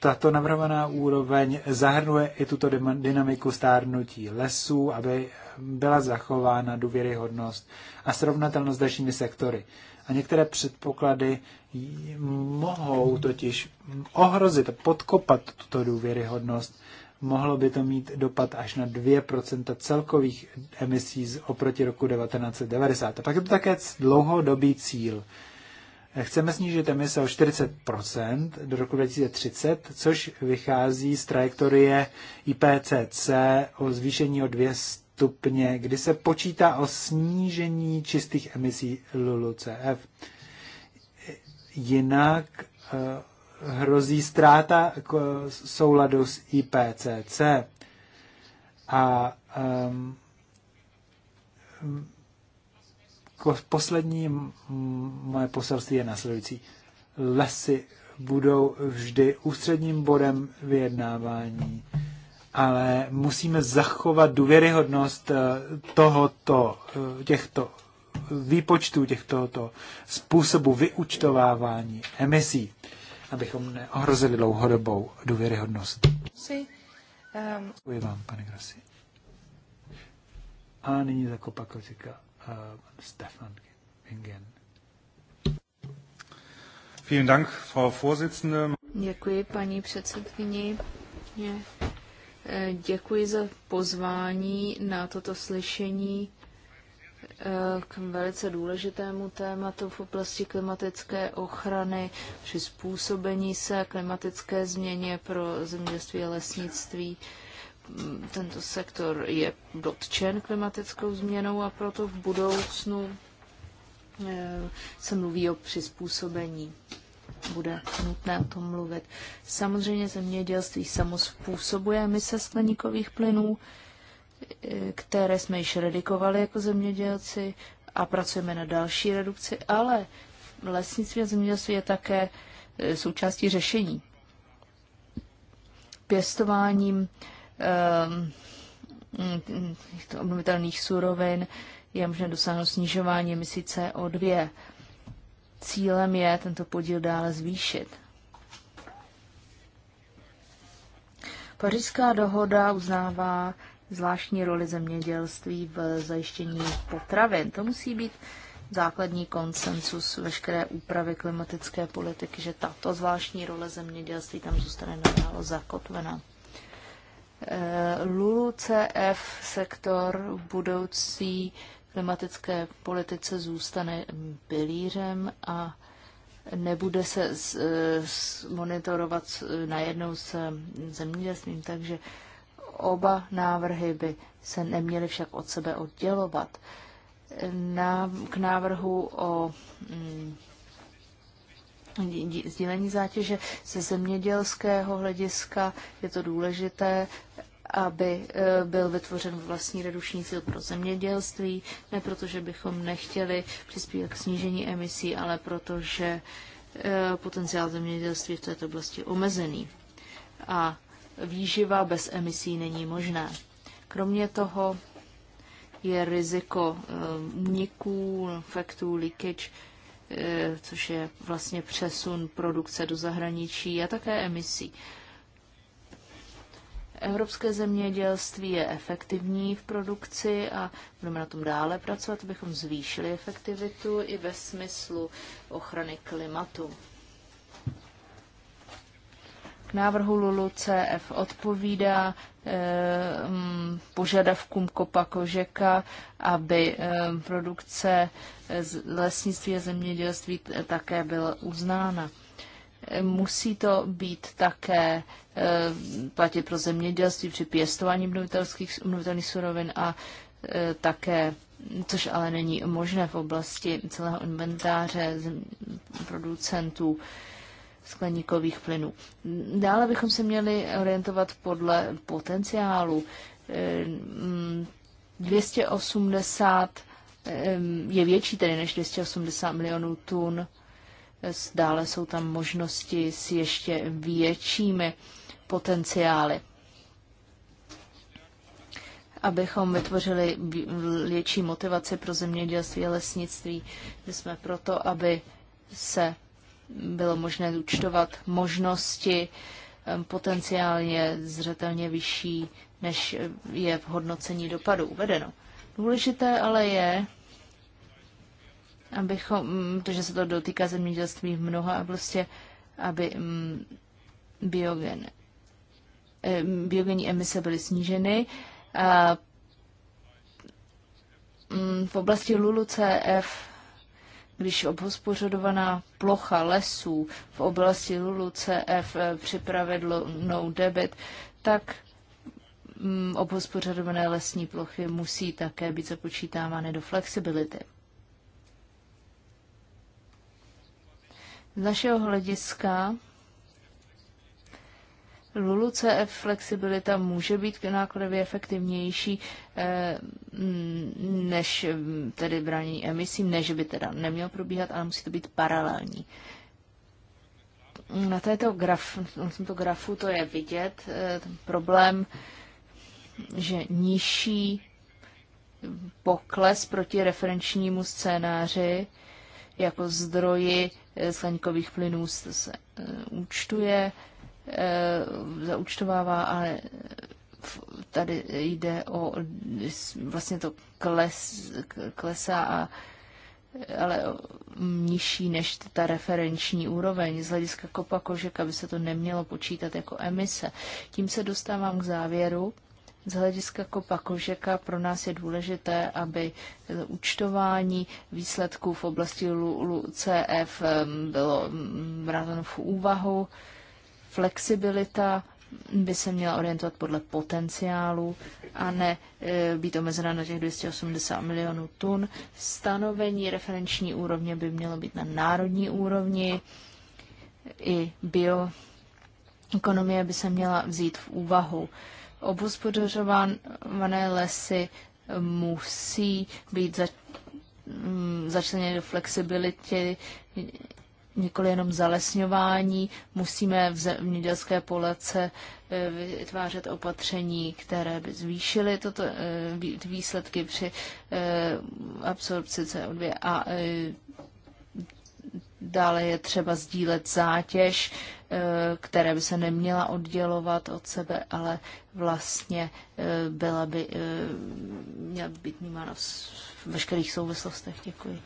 Tato navrhovaná úroveň zahrnuje i tuto dynamiku stárnutí lesů, aby byla zachována důvěryhodnost a srovnatelnost s dalšími sektory. A některé předpoklady mohou totiž ohrozit, podkopat tuto důvěryhodnost. Mohlo by to mít dopad až na 2% celkových emisí oproti roku 1990. A pak je to také dlouhodobý cíl Chceme snížit emise o 40 do roku 2030, což vychází z trajektorie IPCC o zvýšení o 2 stupně, kdy se počítá o snížení čistých emisí LULUCF. Jinak eh, hrozí ztráta eh, souladu s IPCC. A um, Poslední moje poselství je následující. Lesy budou vždy ústředním bodem vyjednávání, ale musíme zachovat důvěryhodnost eh, tohoto, eh, těchto výpočtů, těchto způsobu vyučtovávání emisí, abychom neohrozili dlouhodobou důvěryhodnost. Si, um... Ehm, Děkuji vám, pane Grasi. A nyní za Kopa Kotika. Eh, Stefan Ingen. Vielen Dank, Frau Vorsitzende. Děkuji, paní předsedkyni. Eh, děkuji za pozvání na toto slyšení eh, k velice důležitému tématu v oblasti klimatické ochrany, při způsobení se klimatické změně pro zemědělství a lesnictví tento sektor je dotčen klimatickou změnou a proto v budoucnu eh, se mluví o přizpůsobení. Bude nutné o tom mluvit. Samozřejmě zemědělství samozpůsobuje emise skleníkových plynů, eh, které jsme již redikovali jako zemědělci a pracujeme na další redukci, ale lesnictví a zemědělství je také eh, součástí řešení. Pěstováním Ehm, mm, těchto obnovitelných surovin je možné dosáhnout snižování emisí CO2. Cílem je tento podíl dále zvýšit. Pařížská dohoda uznává zvláštní roli zemědělství v zajištění potravin. To musí být základní konsensus veškeré úpravy klimatické politiky, že tato zvláštní role zemědělství tam zůstane nadále zakotvená. Eh, LULCF sektor v budoucí klimatické politice zůstane pilířem a nebude se z, z, eh, monitorovat najednou s eh, zemědělstvím, takže oba návrhy by se neměly však od sebe oddělovat. Na, k návrhu o mm, sdílení zátěže ze zemědělského hlediska je to důležité, aby e, byl vytvořen vlastní redukční cíl pro zemědělství, ne protože bychom nechtěli přispívat k snížení emisí, ale protože e, potenciál zemědělství v této oblasti je omezený. A výživa bez emisí není možná. Kromě toho je riziko uniků, e, efektů, leakage, Eh, což je vlastně přesun produkce do zahraničí a také emisí. Evropské zemědělství je efektivní v produkci a budeme na tom dále pracovat, abychom zvýšili efektivitu i ve smyslu ochrany klimatu. K návrhu Lulu CF odpovídá eh, mm, požadavkům Kopa Kožeka, aby eh, produkce z lesnictví a zemědělství také byla uznána. Eh, musí to být také platit pro zemědělství při pěstování obnovitelných surovin a také, což ale není možné v oblasti celého inventáře producentů skleníkových plynů. Dále bychom se měli orientovat podle potenciálu. 280 ehm, ehm, je větší tedy než 280 milionů tun. Dále jsou tam možnosti s ještě většími potenciály abychom vytvořili větší motivaci pro zemědělství a lesnictví. My jsme proto, aby se bylo možné zúčtovat možnosti potenciálně zřetelně vyšší, než je v hodnocení dopadu uvedeno. Důležité ale je, abychom, protože mm, se to dotýká zemědělství v mnoha a prostě, aby mm, biogen, biogenní emise byly sníženy. A mm, v oblasti LULU CF když obhospodařovaná plocha lesů v oblasti CF eh, připravedlo no debit, tak mm, obhospodařované lesní plochy musí také být započítávány do flexibility. Z našeho hlediska Lulu CF flexibilita může být nákladově efektivnější eh, než tedy braní emisím, než by teda nemělo probíhat, ale musí to být paralelní. Na, této graf, na tomto grafu to je vidět, eh, ten problém, že nižší pokles proti referenčnímu scénáři jako zdroji eh, skleníkových plynů se účtuje, Eh, zaúčtovává, ale tady jde o vlastně to kles, klesá a ale nižší než ta referenční úroveň. Z hlediska kopa kožek, aby se to nemělo počítat jako emise. Tím se dostávám k závěru. Z hlediska kopa kožeka pro nás je důležité, aby účtování výsledků v oblasti CF bylo bráno v úvahu. Flexibilita by se měla orientovat podle potenciálu a ne e, být omezena na těch 280 milionů tun. Stanovení referenční úrovně by mělo být na národní úrovni. I bioekonomie by se měla vzít v úvahu. Obhospodařované lesy musí být za, začleněny do flexibility nikoli jenom zalesňování, musíme v zemědělské polece e, vytvářet opatření, které by zvýšily toto, e, výsledky při e, absorpci CO2 a dále je třeba sdílet zátěž, které by se neměla oddělovat od sebe, ale vlastně byla by, měla by být vnímána v veškerých souvislostech. Děkuji.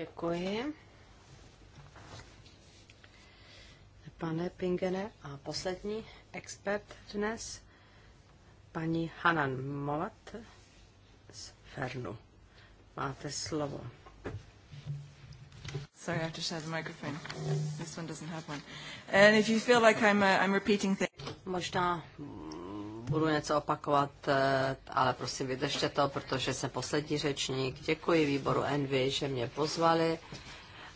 Děkuji. Pane Pingene a poslední expert dnes, paní Hanan Molat z Fernu. Máte slovo. Sorry, I have to share the microphone. This one doesn't have one. And if you feel like I'm, uh, I'm repeating things... Možná budu něco opakovat, eh, ale prosím vydržte to, protože jsem poslední řečník. Děkuji výboru Envy, že mě pozvali.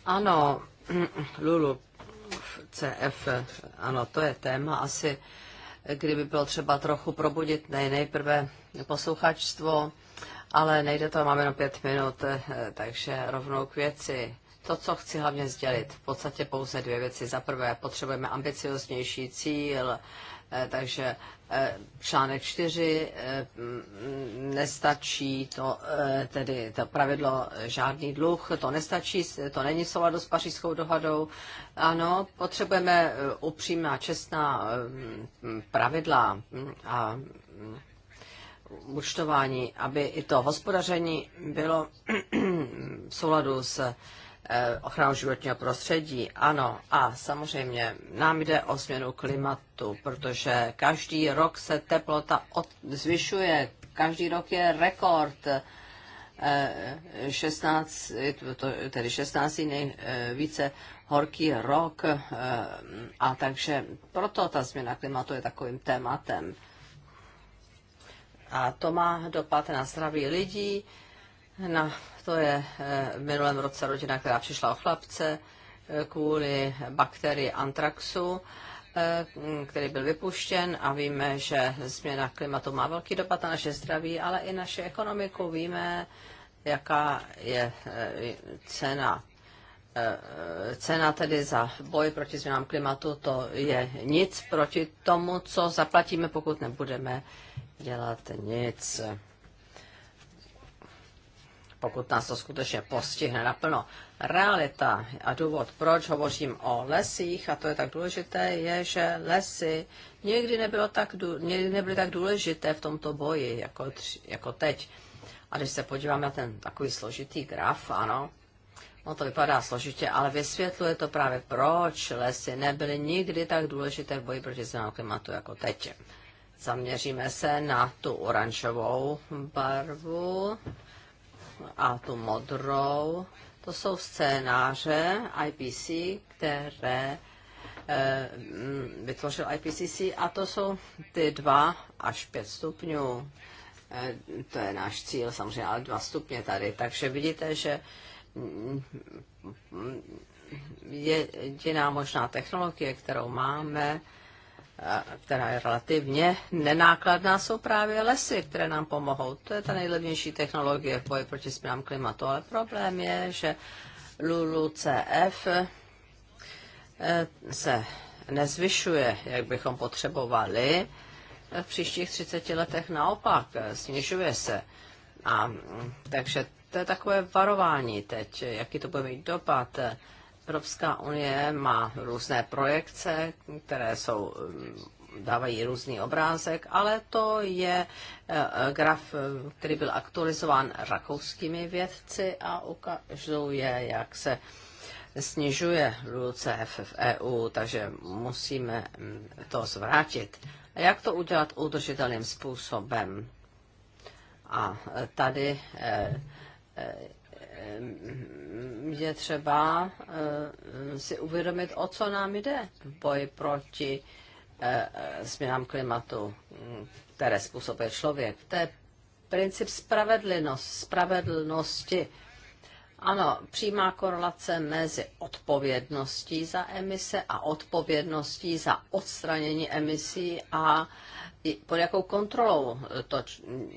Ano, Lulu, CF, ano, to je téma asi, kdyby bylo třeba trochu probudit nej, nejprve posluchačstvo, ale nejde to, máme jenom pět minut, eh, takže rovnou k věci. To, co chci hlavně sdělit, v podstatě pouze dvě věci. Za prvé, potřebujeme ambicioznější cíl, eh, takže eh, článek 4 eh, mm, nestačí, to, tedy to pravidlo žádný dluh, to nestačí, to není v souladu s pařížskou dohodou. Ano, potřebujeme upřímná, čestná mm, pravidla mm, a účtování, aby i to hospodaření bylo v souladu s Eh, ochranu životního prostředí, ano. A samozřejmě nám jde o změnu klimatu, protože každý rok se teplota od, zvyšuje, každý rok je rekord. 16, eh, tedy 16 nejvíce eh, horký rok a takže proto ta změna klimatu je takovým tématem. A to má dopad na zdraví lidí, na to je eh, v minulém roce rodina, která přišla o chlapce eh, kvůli bakterii antraxu, eh, který byl vypuštěn a víme, že změna klimatu má velký dopad na naše zdraví, ale i naše ekonomiku. Víme, jaká je cena cena tedy za boj proti změnám klimatu, to je nic proti tomu, co zaplatíme, pokud nebudeme dělat nic pokud nás to skutečně postihne naplno. Realita a důvod, proč hovořím o lesích, a to je tak důležité, je, že lesy někdy, nebylo tak, někdy nebyly tak důležité v tomto boji jako, jako teď. A když se podíváme na ten takový složitý graf, ano, No to vypadá složitě, ale vysvětluje to právě, proč lesy nebyly nikdy tak důležité v boji proti změnám klimatu jako teď. Zaměříme se na tu oranžovou barvu, a tu modrou, to jsou scénáře IPC, které eh, mm, vytvořil IPCC a to jsou ty dva až pět stupňů. Eh, to je náš cíl samozřejmě, ale dva stupně tady. Takže vidíte, že mm, mm, jediná možná technologie, kterou máme, která je relativně nenákladná, jsou právě lesy, které nám pomohou. To je ta nejlevnější technologie v boji proti změnám klimatu. Ale problém je, že LULUCF e, se nezvyšuje, jak bychom potřebovali. E, v příštích 30 letech naopak e, snižuje se. A, takže to je takové varování teď, jaký to bude mít dopad. Evropská unie má různé projekce, které jsou mm, dávají různý obrázek, ale to je eh, graf, eh, který byl aktualizován rakouskými vědci a ukazuje, jak se snižuje LULCF v EU, takže musíme mm, to zvrátit. A jak to udělat udržitelným způsobem? A eh, tady je třeba eh, si uvědomit, o co nám jde v boji proti eh, změnám klimatu, které způsobuje člověk. To je princip spravedlnost, spravedlnosti. Ano, přímá korelace mezi odpovědností za emise a odpovědností za odstranění emisí a pod jakou kontrolou to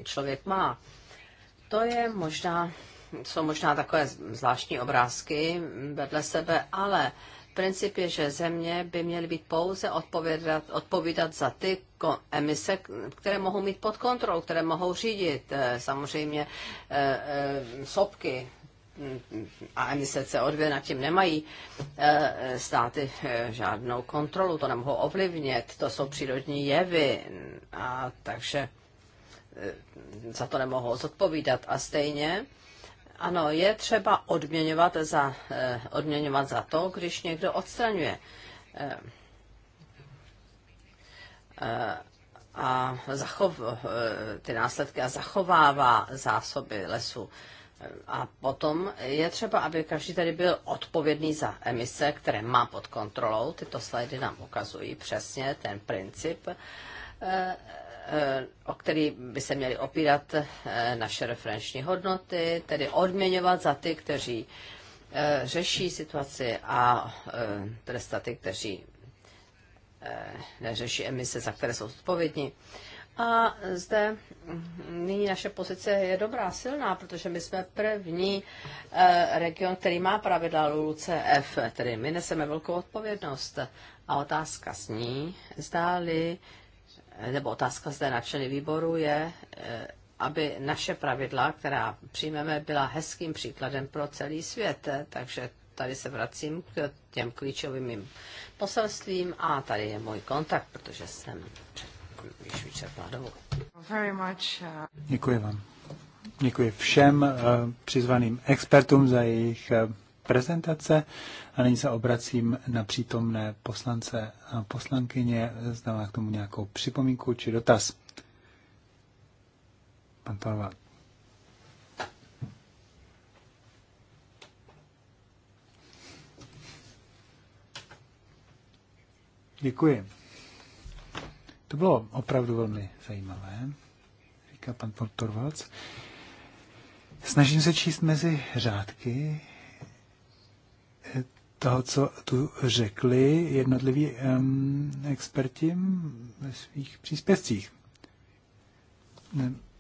člověk má. To je možná jsou možná takové zvláštní obrázky vedle sebe, ale princip je, že země by měly být pouze odpovědat, odpovídat za ty emise, které mohou mít pod kontrolou, které mohou řídit. Eh, samozřejmě eh, eh, sopky hm, a emise CO2 nad tím nemají státy žádnou kontrolu, to nemohou ovlivnit, to jsou přírodní jevy, a takže za to nemohou zodpovídat. A stejně ano, je třeba odměňovat za, eh, odměňovat za to, když někdo odstraňuje. Eh, eh, a zachov, ty následky a zachovává zásoby lesu, A potom je třeba, aby každý tady byl odpovědný za emise, které má pod kontrolou. Tyto slajdy nám ukazují přesně ten princip Eh, o který by se měly opírat eh, naše referenční hodnoty, tedy odměňovat za ty, kteří eh, řeší situaci a trestat ty, kteří neřeší emise, za které jsou odpovědní. A zde nyní naše pozice je dobrá, silná, protože my jsme první region, který má pravidla LULCF, tedy my neseme velkou odpovědnost. A otázka zní, zdáli nebo otázka zde na členy výboru je, eh, aby naše pravidla, která přijmeme, byla hezkým příkladem pro celý svět. Takže tady se vracím k těm klíčovým poselstvím a tady je můj kontakt, protože jsem již vyčerpala dobu. Uh, Děkuji vám. Děkuji všem eh, přizvaným expertům za jejich eh, prezentace a nyní se obracím na přítomné poslance a poslankyně, zda má k tomu nějakou připomínku či dotaz. Pan Torvald. Děkuji. To bylo opravdu velmi zajímavé, říká pan Torvalds. Snažím se číst mezi řádky, toho, co tu řekli jednotliví um, experti ve svých příspěvcích.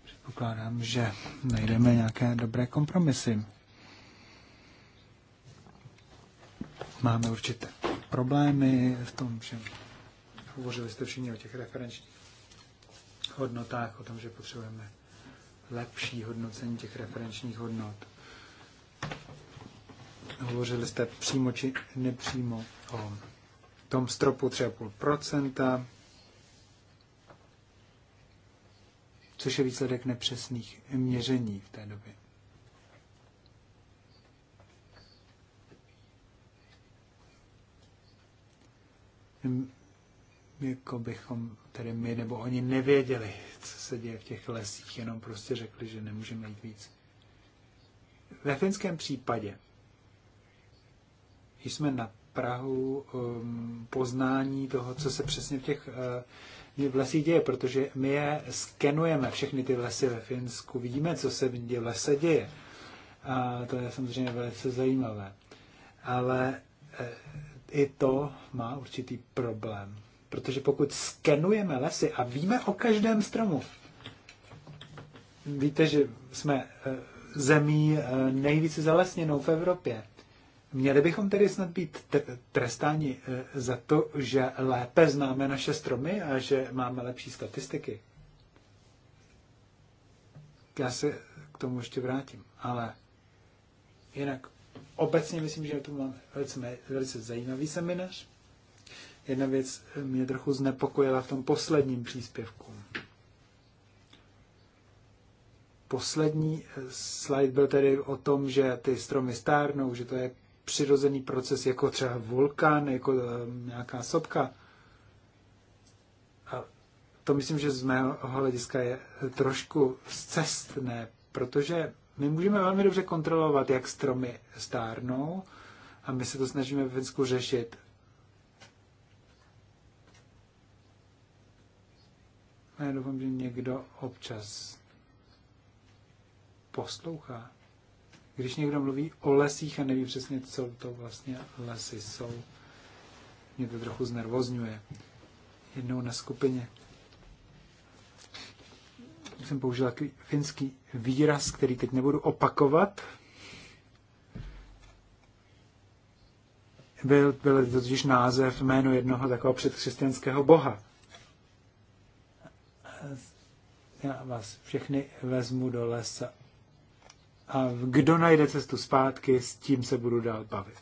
předpokládám, že najdeme nějaké dobré kompromisy. Máme určité problémy v tom, že hovořili jste všichni o těch referenčních hodnotách, o tom, že potřebujeme lepší hodnocení těch referenčních hodnot. Hovořili jste přímo či nepřímo o tom stropu 3,5%, což je výsledek nepřesných měření v té době. jako bychom tedy my nebo oni nevěděli, co se děje v těch lesích, jenom prostě řekli, že nemůžeme jít víc. Ve finském případě jsme na Prahu um, poznání toho, co se přesně v těch uh, v lesích děje, protože my je skenujeme, všechny ty lesy ve Finsku, vidíme, co se v lese děje. A to je samozřejmě velice zajímavé. Ale uh, i to má určitý problém. Protože pokud skenujeme lesy a víme o každém stromu, víte, že jsme eh, zemí nejvíce zalesněnou v Evropě, Měli bychom tedy snad být trestáni e, za to, že lépe známe naše stromy a že máme lepší statistiky. Já se k tomu ještě vrátím, ale jinak obecně myslím, že tu máme velice, velice zajímavý seminář. Jedna věc mě trochu znepokojila v tom posledním příspěvku. Poslední e, slide byl tedy o tom, že ty stromy stárnou, že to je přirozený proces, jako třeba vulkan, jako eh, nějaká sopka. A to myslím, že z mého hlediska je trošku zcestné, protože my můžeme velmi dobře kontrolovat, jak stromy stárnou a my se to snažíme v Finsku řešit. A já doufám, že někdo občas poslouchá. Když někdo mluví o lesích a neví přesně, co to vlastně lesy jsou, mě to trochu znervozňuje. Jednou na skupině jsem použil takový finský výraz, který teď nebudu opakovat. Byl, byl to totiž název jméno jednoho takového předkřesťanského boha. Já vás všechny vezmu do lesa a kdo najde cestu zpátky, s tím se budu dál bavit.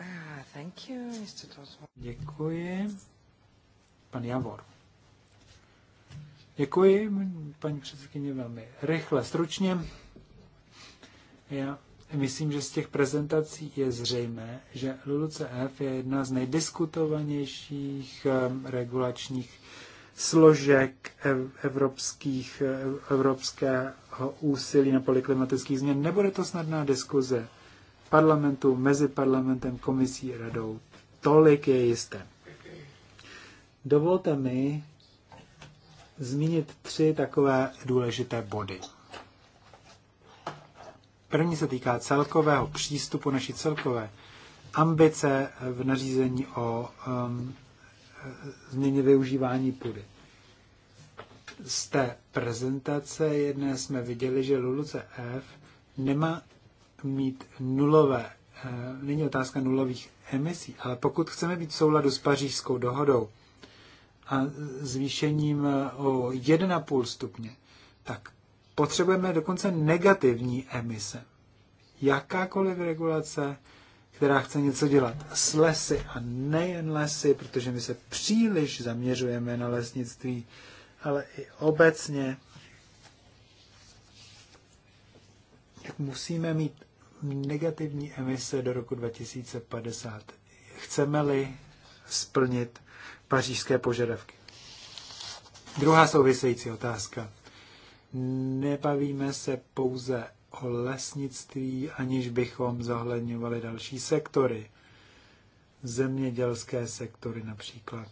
Ah, thank you, Mr. Děkuji. Pan Javor. Děkuji, paní předsedkyně, velmi rychle, stručně. Já myslím, že z těch prezentací je zřejmé, že LULCF je jedna z nejdiskutovanějších eh, regulačních složek evropských, evropského úsilí na poliklimatických změn. Nebude to snadná diskuze parlamentu, mezi parlamentem, komisí a radou. Tolik je jisté. Dovolte mi zmínit tři takové důležité body. První se týká celkového přístupu naší celkové ambice v nařízení o um, změně využívání půdy. Z té prezentace jedné jsme viděli, že F nemá mít nulové, eh, není otázka nulových emisí, ale pokud chceme být v souladu s pařížskou dohodou a zvýšením eh, o 1,5 stupně, tak potřebujeme dokonce negativní emise. Jakákoliv regulace která chce něco dělat s lesy a nejen lesy, protože my se příliš zaměřujeme na lesnictví, ale i obecně, tak musíme mít negativní emise do roku 2050. Chceme-li splnit pařížské požadavky. Druhá související otázka. Nebavíme se pouze o lesnictví, aniž bychom zohledňovali další sektory, zemědělské sektory například,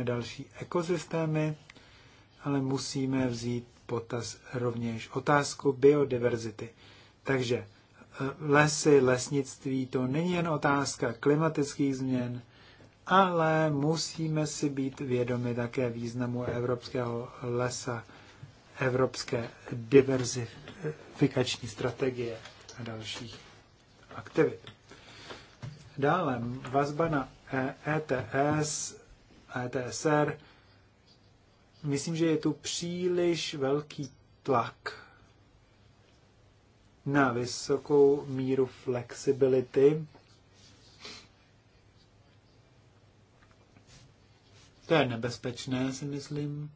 a další ekosystémy, ale musíme vzít potaz rovněž otázku biodiverzity. Takže e, lesy, lesnictví, to není jen otázka klimatických změn, ale musíme si být vědomi také významu evropského lesa, evropské diverzity identifikační strategie a dalších aktivit. Dále vazba na ETS, ETSR. Myslím, že je tu příliš velký tlak na vysokou míru flexibility. To je nebezpečné, si myslím.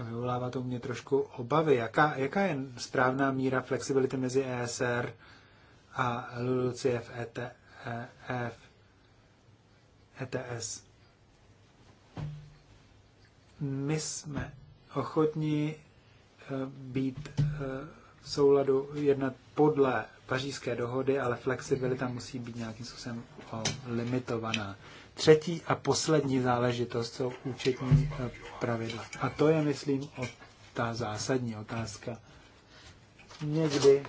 A vyvolává to u mě trošku obavy. Jaká, jaká je správná míra flexibility mezi ESR a LULUCF ETF, e ETS? My jsme ochotni eh, být eh, v souladu jednat podle pařížské dohody, ale flexibilita musí být nějakým způsobem limitovaná. Třetí a poslední záležitost jsou účetní eh, pravidla. A to je, myslím, ta zásadní otázka. Někdy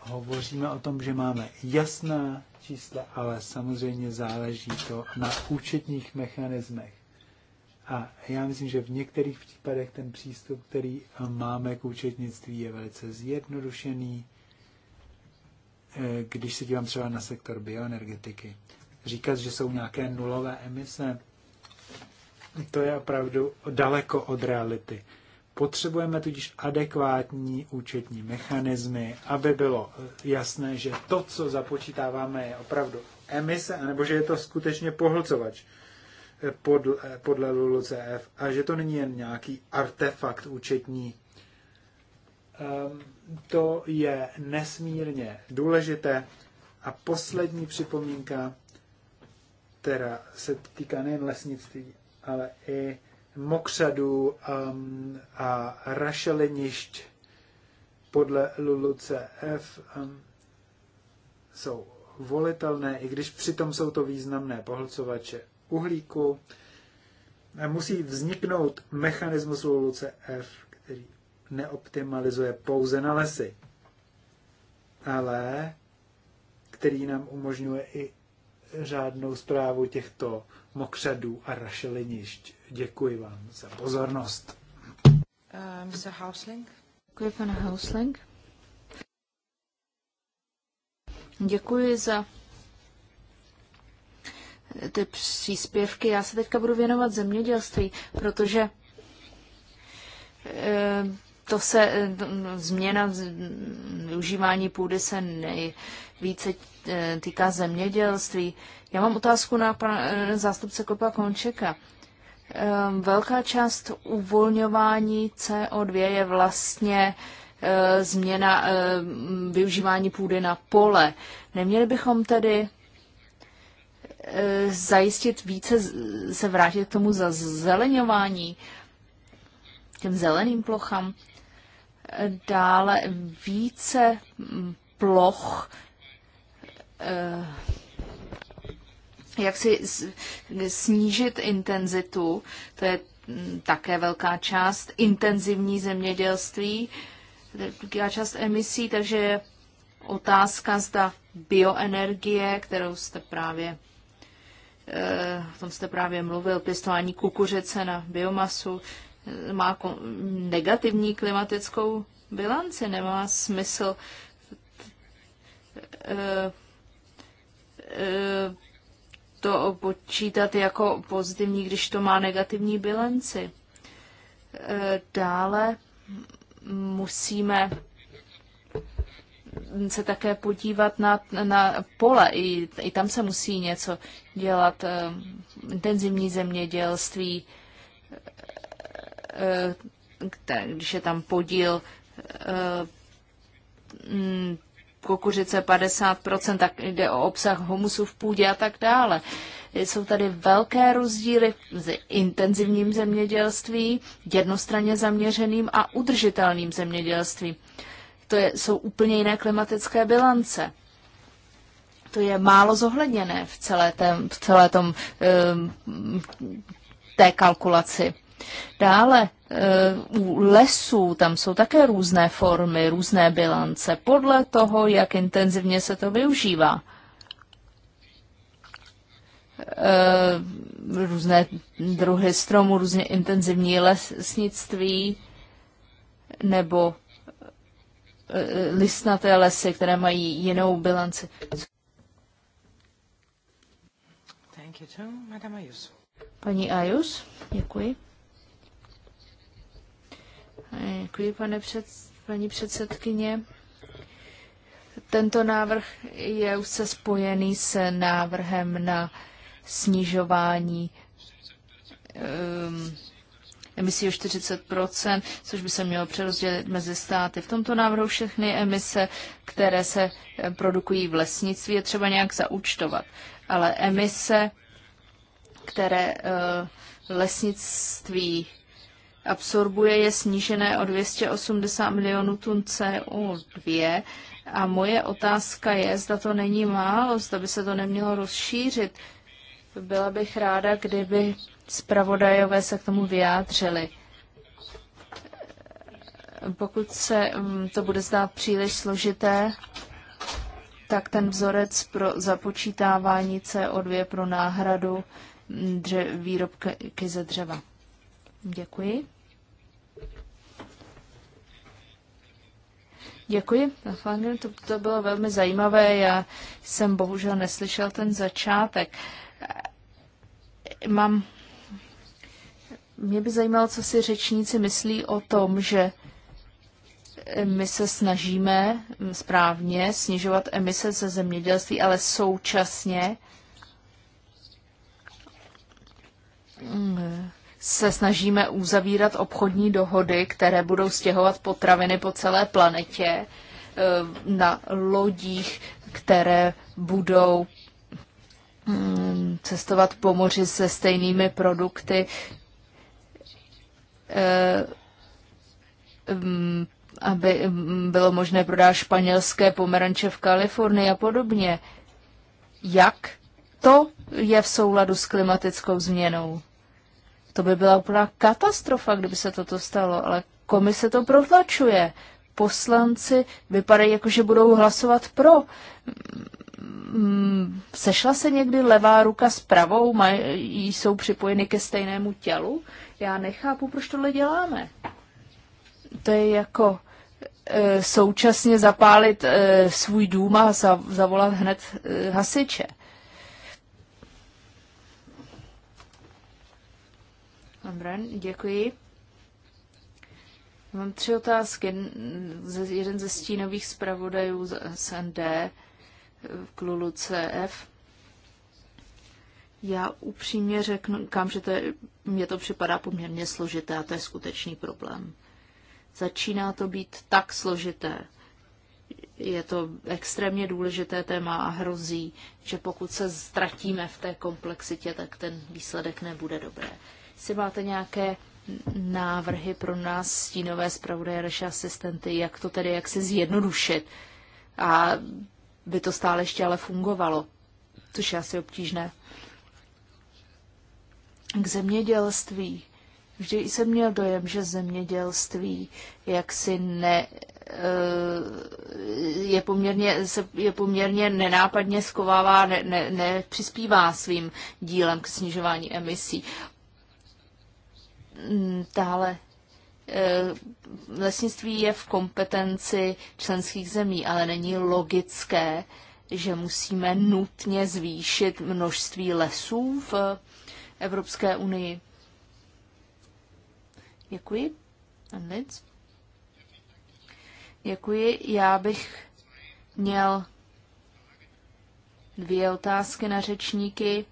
hovoříme o tom, že máme jasná čísla, ale samozřejmě záleží to na účetních mechanismech. A já myslím, že v některých případech ten přístup, který eh, máme k účetnictví, je velice zjednodušený, eh, když se dívám třeba na sektor bioenergetiky říkat, že jsou nějaké nulové emise, to je opravdu daleko od reality. Potřebujeme tudíž adekvátní účetní mechanismy, aby bylo jasné, že to, co započítáváme, je opravdu emise, anebo že je to skutečně pohlcovač podle, podle LULUCF a že to není jen nějaký artefakt účetní. Ehm, to je nesmírně důležité. A poslední připomínka která se týká nejen lesnictví, ale i mokřadů um, a rašelinišť podle LULUCF um, jsou volitelné, i když přitom jsou to významné pohlcovače uhlíku. Musí vzniknout mechanismus LULUCF, který neoptimalizuje pouze na lesy, ale který nám umožňuje i řádnou zprávu těchto mokřadů a rašelinišť. Děkuji vám za pozornost. Uh, Děkuji, pane Hausling. Děkuji za ty příspěvky. Já se teďka budu věnovat zemědělství, protože eh, to se, eh, to, no, změna využívání půdy se nejvíce eh, týká zemědělství. Já mám otázku na pan, eh, zástupce Kopa Končeka. Ehm, velká část uvolňování CO2 je vlastně změna využívání půdy na pole. Neměli bychom tedy zajistit více, se vrátit k tomu zazeleňování, těm zeleným plochám dále více ploch eh, jak si snížit intenzitu, to je mm, také velká část, intenzivní zemědělství, velká část emisí, takže otázka zda bioenergie, kterou jste právě eh, o tom jste právě mluvil, pěstování kukuřice na biomasu, má negativní klimatickou bilanci. Nemá smysl eh, eh, to počítat jako pozitivní, když to má negativní bilanci. Eh, dále musíme se také podívat na, na pole. I, I tam se musí něco dělat. Intenzivní zemědělství, Eh, když je tam podíl eh, mm, kukuřice 50%, tak jde o obsah humusu v půdě a tak dále. Jsou tady velké rozdíly mezi intenzivním zemědělství, jednostranně zaměřeným a udržitelným zemědělstvím. To je, jsou úplně jiné klimatické bilance. To je málo zohledněné v celé, tém, v celé tom, um, té kalkulaci. Dále eh, u lesů tam jsou také různé formy, různé bilance podle toho, jak intenzivně se to využívá. Eh, různé druhy stromů, různě intenzivní lesnictví nebo eh, listnaté lesy, které mají jinou bilanci. Paní Ayus, děkuji. Děkuji, pane před, paní předsedkyně. Tento návrh je už se spojený s návrhem na snižování um, emisí o 40 což by se mělo přerozdělit mezi státy. V tomto návrhu všechny emise, které se eh, produkují v lesnictví, je třeba nějak zaúčtovat. Ale emise, které eh, lesnictví absorbuje je snížené o 280 milionů tun CO2. A moje otázka je, zda to není málo, zda by se to nemělo rozšířit. Byla bych ráda, kdyby zpravodajové se k tomu vyjádřili. Pokud se mm, to bude zdát příliš složité, tak ten vzorec pro započítávání CO2 pro náhradu dře- výrobky ze dřeva. Děkuji. Děkuji. To, to bylo velmi zajímavé. Já jsem bohužel neslyšel ten začátek. Mám... Mě by zajímalo, co si řečníci myslí o tom, že my se snažíme správně snižovat emise ze zemědělství, ale současně se snažíme uzavírat obchodní dohody, které budou stěhovat potraviny po celé planetě eh, na lodích, které budou mm, cestovat po moři se stejnými produkty. Eh, mm, aby mm, bylo možné prodat španělské pomeranče v Kalifornii a podobně. Jak to je v souladu s klimatickou změnou? To by byla úplná katastrofa, kdyby se toto stalo, ale komise to protlačuje. Poslanci vypadají jako, že budou hlasovat pro. Mm, sešla se někdy levá ruka s pravou, mají, jsou připojeny ke stejnému tělu? Já nechápu, proč tohle děláme. To je jako e, současně zapálit e, svůj dům a za, zavolat hned e, hasiče. Ambren, děkuji. Mám tři otázky. Jeden ze stínových zpravodajů z SND Klulu CF. Já upřímně řeknu, kam, že to je, mě to připadá poměrně složité a to je skutečný problém. Začíná to být tak složité. Je to extrémně důležité téma a hrozí, že pokud se ztratíme v té komplexitě, tak ten výsledek nebude dobré jestli máte nějaké návrhy pro nás, stínové zpravodaje, naše asistenty, jak to tedy, jak se zjednodušit. A by to stále ještě ale fungovalo, což je asi obtížné. K zemědělství. Vždy jsem měl dojem, že zemědělství jaksi ne, eh, je poměrně, se, je poměrně nenápadně schovává, ne, ne, přispívá svým dílem k snižování emisí. Mm, dále eh, lesnictví je v kompetenci členských zemí, ale není logické, že musíme nutně zvýšit množství lesů v Evropské unii. Děkuji. Anlic. Děkuji. Já bych měl dvě otázky na řečníky.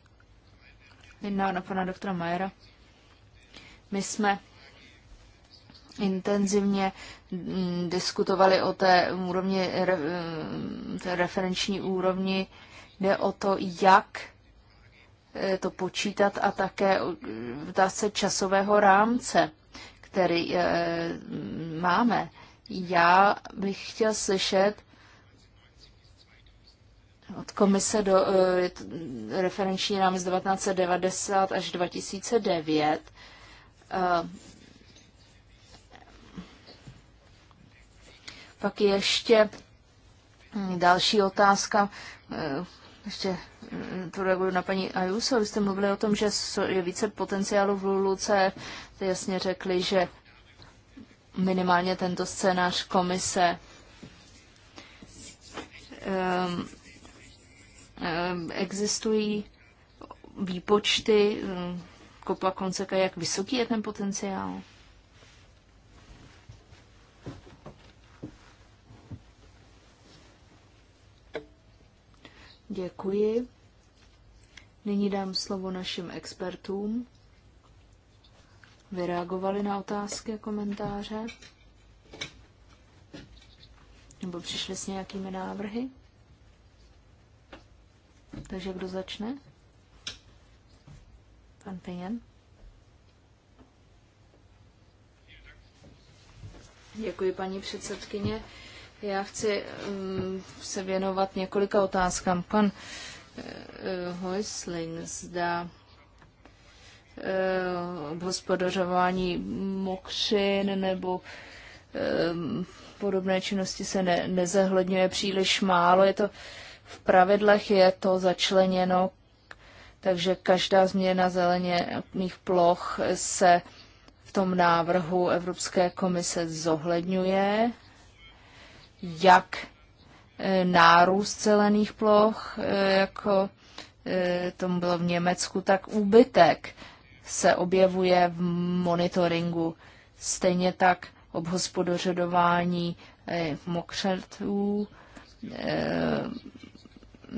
Jedna na pana doktora Majera. My jsme intenzivně mm, diskutovali o té úrovni, mm, té referenční úrovni, jde o to, jak eh, to počítat a také se časového rámce, který eh, mm, máme. Já bych chtěl slyšet od komise do eh, referenční rámce 1990 až 2009, Eh, pak ještě hm, další otázka, eh, ještě hm, to reaguju na paní Ayuso. Vy jste mluvili o tom, že je více potenciálu v Luluce. Jste jasně řekli, že minimálně tento scénář komise ehm, ehm, existují výpočty, hm, kopla konceka, jak vysoký je ten potenciál? Děkuji. Nyní dám slovo našim expertům. Vyreagovali na otázky a komentáře? Nebo přišli s nějakými návrhy? Takže kdo začne? Pan Peněn. Děkuji, paní předsedkyně. Já chci um, se věnovat několika otázkám. Pan uh, Hoisling zda uh, eh, hospodařování mokřin nebo um, podobné činnosti se ne, nezahledňuje příliš málo. Je to v pravidlech je to začleněno takže každá změna mých ploch se v tom návrhu Evropské komise zohledňuje, jak e, nárůst zelených ploch, e, jako e, tomu bylo v Německu, tak úbytek se objevuje v monitoringu. Stejně tak obhospodařování mokřetů,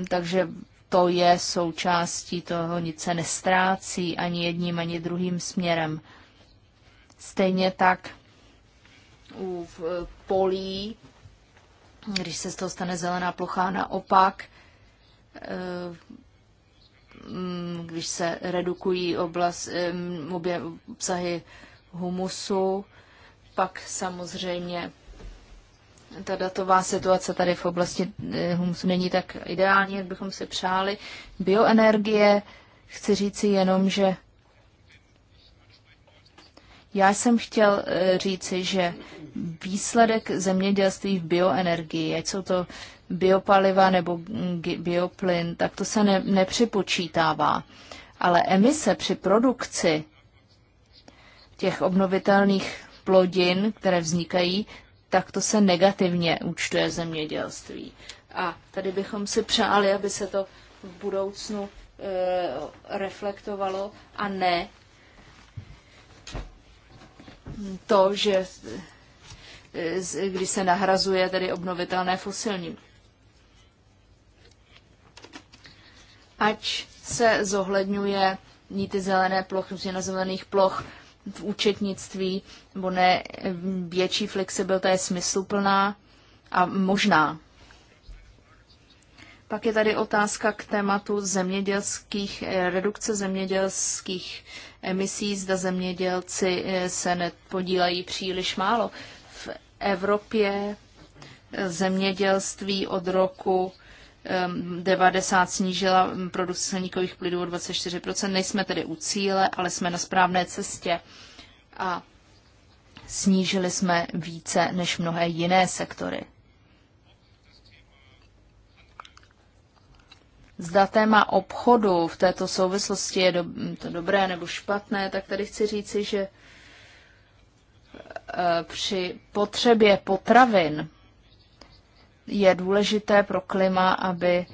takže to je součástí toho, nic se nestrácí ani jedním, ani druhým směrem. Stejně tak u polí, když se z toho stane zelená plocha, naopak, eh, mm, když se redukují oblast, eh, obsahy humusu, pak samozřejmě ta datová situace tady v oblasti eh, humusu není tak ideální, jak bychom si přáli. Bioenergie, chci říci jenom, že já jsem chtěl eh, říci, že výsledek zemědělství v bioenergii, ať jsou to biopaliva nebo mm, bioplyn, tak to se ne, nepřipočítává. Ale emise při produkci těch obnovitelných plodin, které vznikají, tak to se negativně účtuje zemědělství. A tady bychom si přáli, aby se to v budoucnu e, reflektovalo a ne to, že eh, když se nahrazuje tedy obnovitelné fosilní. Ať se zohledňuje ní ty zelené plochy, na zelených ploch, v účetnictví, nebo ne, větší flexibilita je smysluplná a možná. Pak je tady otázka k tématu zemědělských, eh, redukce zemědělských emisí, zda zemědělci eh, se nepodílají příliš málo. V Evropě eh, zemědělství od roku 90 ehm, snížila produkci silníkových plynů o 24%. Nejsme tedy u cíle, ale jsme na správné cestě a snížili jsme více než mnohé jiné sektory. Zda téma obchodu v této souvislosti je do, to dobré nebo špatné, tak tady chci říci, že eh, při potřebě potravin je důležité pro klima, aby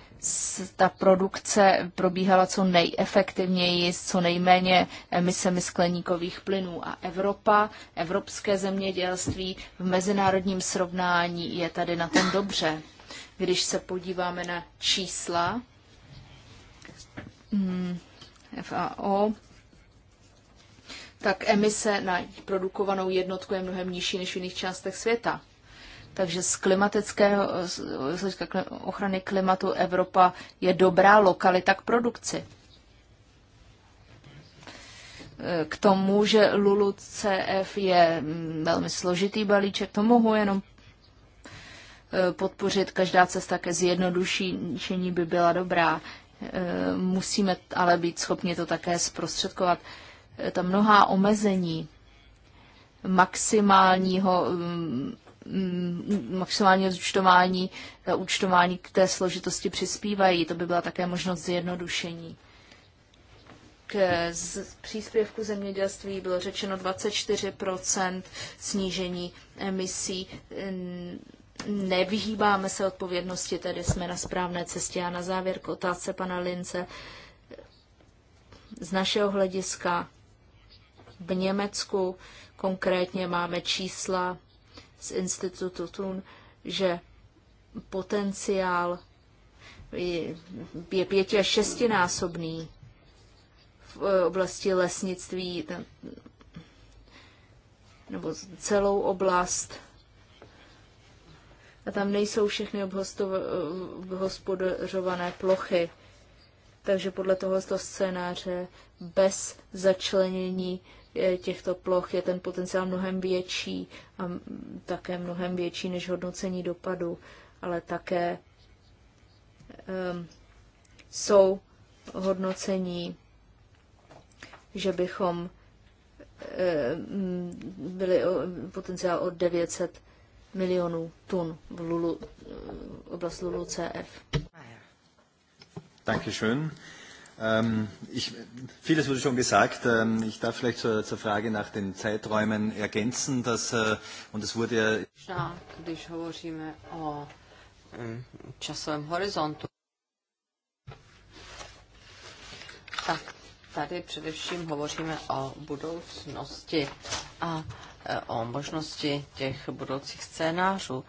ta produkce probíhala co nejefektivněji, s co nejméně emisemi skleníkových plynů. A Evropa, evropské zemědělství v mezinárodním srovnání je tady na tom dobře. Když se podíváme na čísla mm, FAO, tak emise na produkovanou jednotku je mnohem nižší než v jiných částech světa. Takže z klimatického, z ochrany klimatu Evropa je dobrá lokalita k produkci. K tomu, že Lulu CF je mm, velmi složitý balíček, to mohu jenom e, podpořit. Každá cesta ke zjednodušení by byla dobrá. E, musíme ale být schopni to také zprostředkovat. E, ta mnohá omezení maximálního mm, Mm, maximálního zúčtování, eh, účtování k té složitosti přispívají. To by byla také možnost zjednodušení. K z příspěvku zemědělství bylo řečeno 24 snížení emisí. Nevyhýbáme se odpovědnosti, tedy jsme na správné cestě. A na závěr k otázce pana Lince. Z našeho hlediska v Německu konkrétně máme čísla z institutu TUN, že potenciál je pěti až šestinásobný v oblasti lesnictví nebo celou oblast. A tam nejsou všechny obhospodařované plochy. Takže podle tohoto scénáře bez začlenění Eh, těchto ploch je ten potenciál mnohem větší a také mnohem větší než hodnocení dopadu, ale také um, jsou hodnocení, že bychom eh, byli potenciál od 900 milionů tun v Lulu, oblast Lulu CF. Dankeschön. Ähm, ich, vieles wurde schon gesagt. Ähm, ich darf vielleicht zur, zur Frage nach den Zeiträumen ergänzen, dass, äh, und es wurde ja... Hm, tak tady především hovoříme o budoucnosti a e, o možnosti těch budoucích scénářů.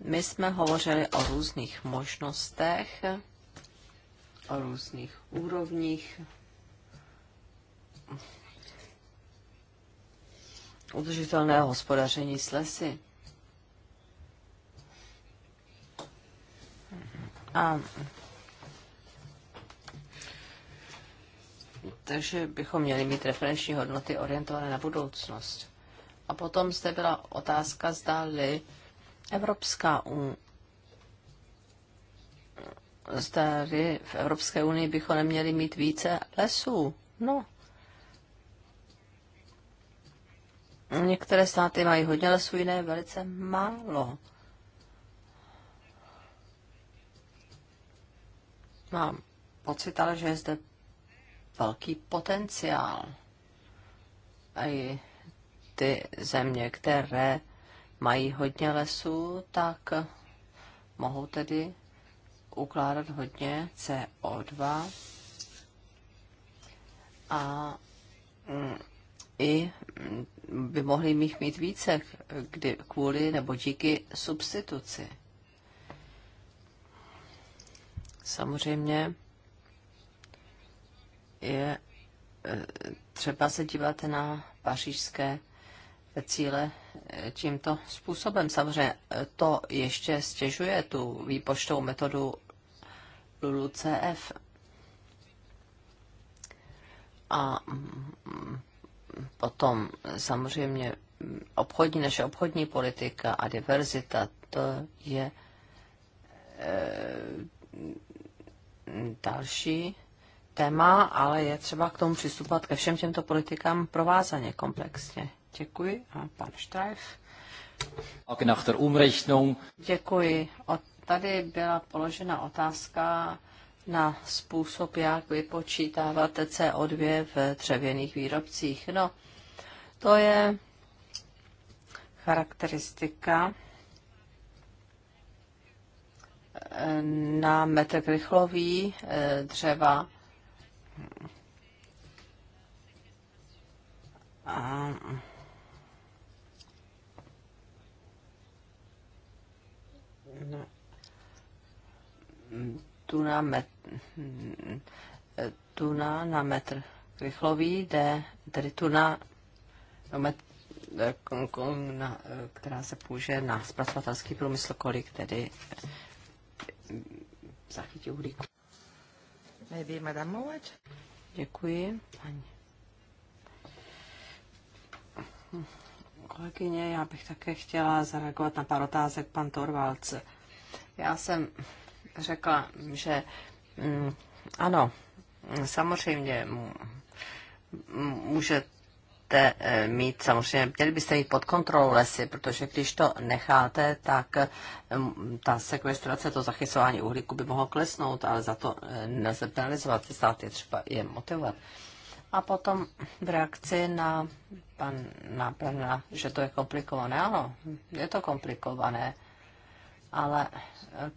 My jsme hovořili o různých možnostech, různých úrovních. Udržitelné hospodaření s lesy. A takže bychom měli mít referenční hodnoty orientované na budoucnost. A potom zde byla otázka, zda-li Evropská zdali v Evropské unii bychom neměli mít více lesů. No, Některé státy mají hodně lesů, jiné velice málo. Mám pocit ale, že je zde velký potenciál. A i ty země, které mají hodně lesů, tak mohou tedy ukládat hodně CO2 a mm, i mm, by mohli jich mít více kdy, kvůli nebo díky substituci. Samozřejmě je e, třeba se dívat na pařížské cíle e, tímto způsobem. Samozřejmě e, to ještě stěžuje tu výpočtovou metodu LULUCF. A mm, potom samozřejmě obchodní, naše obchodní politika a diverzita, to je e, další téma, ale je třeba k tomu přistupovat ke všem těmto politikám provázaně komplexně. Děkuji a pan Štrajf. Děkuji. Tady byla položena otázka na způsob, jak vypočítávat CO2 v dřevěných výrobcích. No, to je charakteristika na metr krychlový eh, dřeva. A No tuna, met, tuna na metr krychlový jde, tedy tuna no met, eh, na, eh, která se použije na zpracovatelský průmysl, kolik tedy eh, zachytí uhlíku. Maybe Madame Mowat. Děkuji. Paní. Kolegyně, já bych také chtěla zareagovat na pár otázek pan Torvalce. Já jsem řekla, že mm, ano, samozřejmě můžete eh, mít, samozřejmě měli byste mít pod kontrolou lesy, protože když to necháte, tak mm, ta sekvestrace, to zachycování uhlíku by mohlo klesnout, ale za to eh, nelze penalizovat, ty je třeba je motivovat. A potom v reakci na pan Perna, že to je komplikované, ano, je to komplikované, ale eh,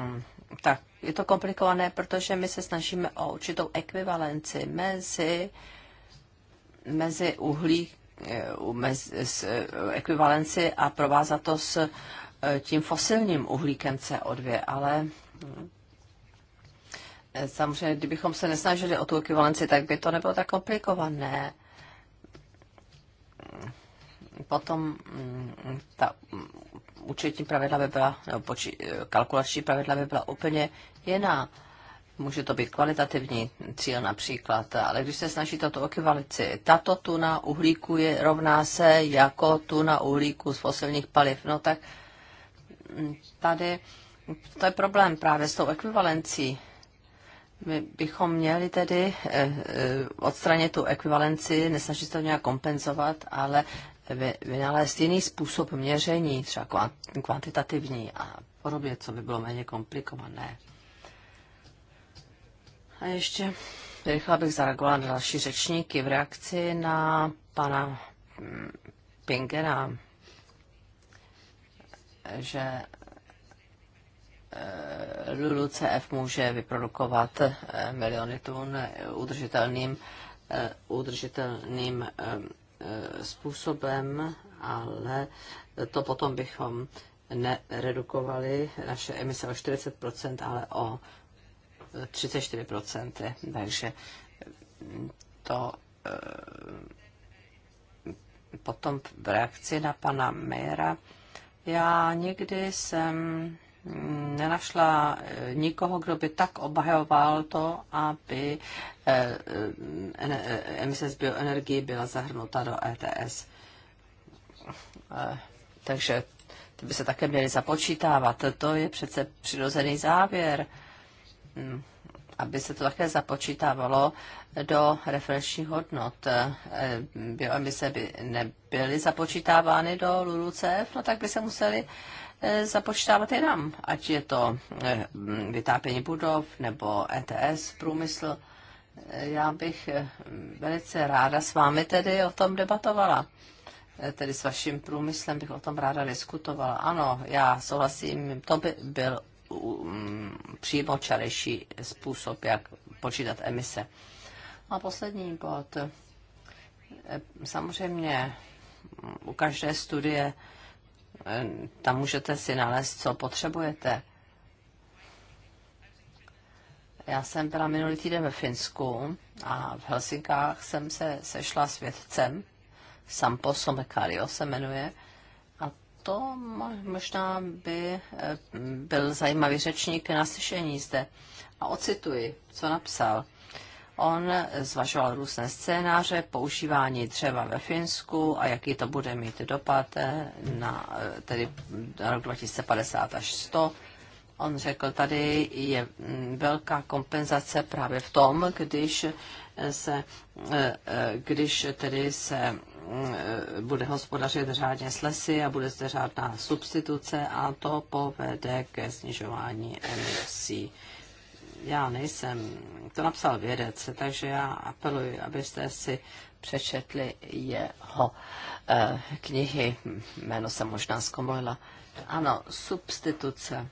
mm, tak je to komplikované, protože my se snažíme o určitou ekvivalenci mezi, mezi uhlík, eh, mezi, s, eh, ekvivalenci a provázat to s eh, tím fosilním uhlíkem CO2, ale samozřejmě, kdybychom se nesnažili o tu ekvivalenci, tak by to nebylo tak komplikované. Potom mm, ta účetní pravidla by byla, nebo poči, kalkulační pravidla by byla úplně jiná. Může to být kvalitativní cíl například, ale když se snažíte o to tato tuna uhlíku je rovná se jako tuna uhlíku z fosilních paliv, no tak mm, tady to je problém právě s tou ekvivalencí. My bychom měli tedy eh, eh, odstranit tu ekvivalenci, nesnažit se to nějak kompenzovat, ale vynalézt jiný způsob měření, třeba kvantitativní a podobně, co by bylo méně komplikované. A ještě rychle bych zareagovala na další řečníky v reakci na pana mm, Pingera, že eh, LULCF může vyprodukovat eh, miliony tun udržitelným, eh, udržitelným Eh, způsobem, ale to potom bychom neredukovali naše emise o 40%, ale o 34%. Takže to eh, potom v reakci na pana Mejera. Já nikdy jsem nenašla nikoho, kdo by tak obhajoval to, aby Eh, eh, eh, emise z bioenergii byla zahrnuta do ETS. Takže ty by se také měly započítávat. To je přece přirozený závěr, hm, aby se to také započítávalo do referenčních hodnot. Bioemise by nebyly započítávány do LULUCF, no tak by se museli započítávat jinam, ať je to vytápění budov nebo ETS, průmysl já bych eh, velice ráda s vámi tedy o tom debatovala. Eh, tedy s vaším průmyslem bych o tom ráda diskutovala. Ano, já souhlasím, to by byl mm, přímo čarejší způsob, jak počítat emise. A poslední bod. Eh, samozřejmě mm, u každé studie tam můžete si nalézt, co potřebujete. Já jsem byla minulý týden ve Finsku a v Helsinkách jsem se sešla s vědcem, Sampo Somekario se jmenuje, a to možná by eh, byl zajímavý řečník na slyšení zde. A ocituji, co napsal. On zvažoval různé scénáře používání dřeva ve Finsku a jaký to bude mít dopad eh, na eh, tedy na rok 2050 až 100 On řekl, tady je mm, velká kompenzace právě v tom, když se, eh, eh, když tedy se mm, eh, bude hospodařit řádně s lesy a bude zde řádná substituce a to povede ke snižování emisí. Já nejsem, to napsal vědec, takže já apeluji, abyste si přečetli jeho knihy. Jméno se možná zkomolila. Ano, substituce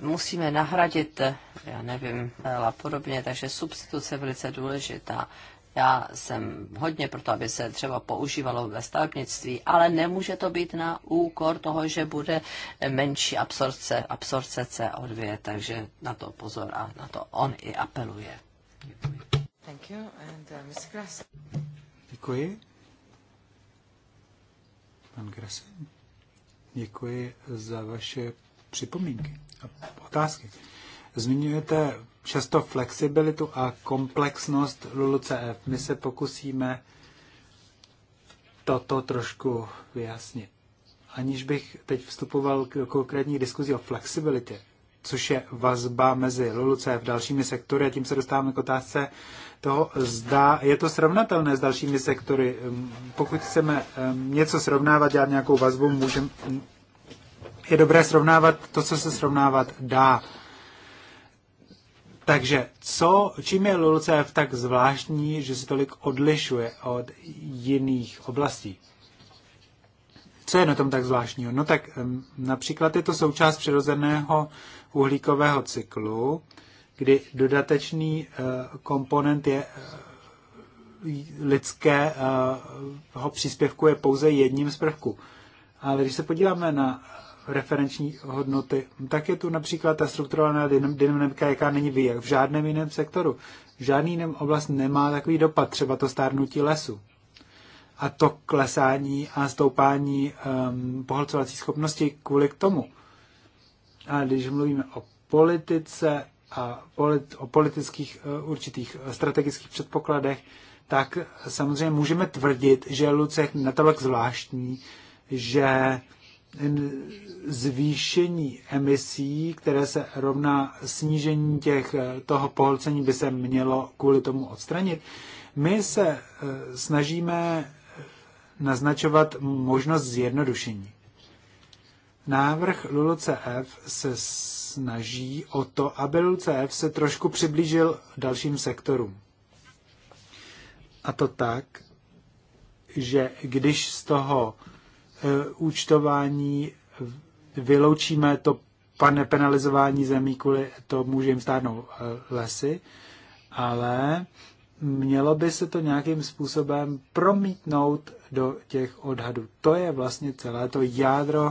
musíme nahradit, já nevím, a podobně, takže substituce je velice důležitá. Já jsem hodně proto, aby se třeba používalo ve stavebnictví, ale nemůže to být na úkor toho, že bude menší absorce, absorce CO2, takže na to pozor a na to on i apeluje. Thank you. And, uh, Mr. Grass. Děkuji. Pan Grasen, děkuji za vaše připomínky otázky. Zmiňujete často flexibilitu a komplexnost LULUCF. My se pokusíme toto trošku vyjasnit. Aniž bych teď vstupoval k konkrétní diskuzi o flexibilitě, což je vazba mezi LULUCF a dalšími sektory, a tím se dostáváme k otázce toho, zda je to srovnatelné s dalšími sektory. Pokud chceme eh, něco srovnávat, dělat nějakou vazbu, můžeme, je dobré srovnávat to, co se srovnávat dá. Takže co, čím je LULCF tak zvláštní, že se tolik odlišuje od jiných oblastí? Co je na tom tak zvláštního? No tak například je to součást přirozeného uhlíkového cyklu, kdy dodatečný eh, komponent je eh, lidského eh, příspěvku je pouze jedním z prvků. Ale když se podíváme na referenční hodnoty, tak je tu například ta strukturovaná dynamika, jaká není v žádném jiném sektoru. Žádný jiném oblast nemá takový dopad, třeba to stárnutí lesu. A to klesání a stoupání um, pohlcovací schopnosti kvůli k tomu. A když mluvíme o politice a polit, o politických uh, určitých strategických předpokladech, tak samozřejmě můžeme tvrdit, že Lucek natolik zvláštní, že zvýšení emisí, které se rovná snížení těch, eh, toho pohlcení by se mělo kvůli tomu odstranit. My se eh, snažíme eh, naznačovat možnost zjednodušení. Návrh LULCF se snaží o to, aby LULCF se trošku přiblížil dalším sektorům. A to tak, že když z toho Eh, účtování, vyloučíme to pane penalizování zemí kvůli tomu, že jim stárnou eh, lesy, ale mělo by se to nějakým způsobem promítnout do těch odhadů. To je vlastně celé to jádro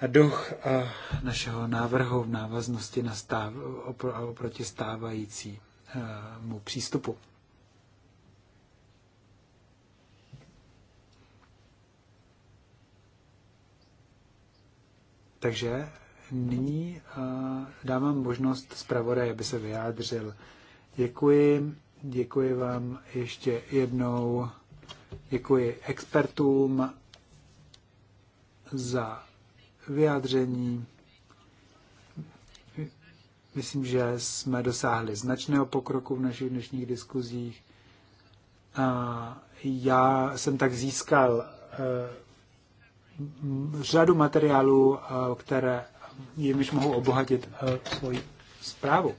a duch eh, našeho návrhu v návaznosti na stáv, oproti stávajícímu přístupu. Takže nyní dávám možnost zpravodaji, aby se vyjádřil. Děkuji, děkuji vám ještě jednou, děkuji expertům za vyjádření. Myslím, že jsme dosáhli značného pokroku v našich dnešních diskuzích. Já jsem tak získal eh, řadu materiálů, eh, které jimž mohou obohatit eh, svoji zprávu.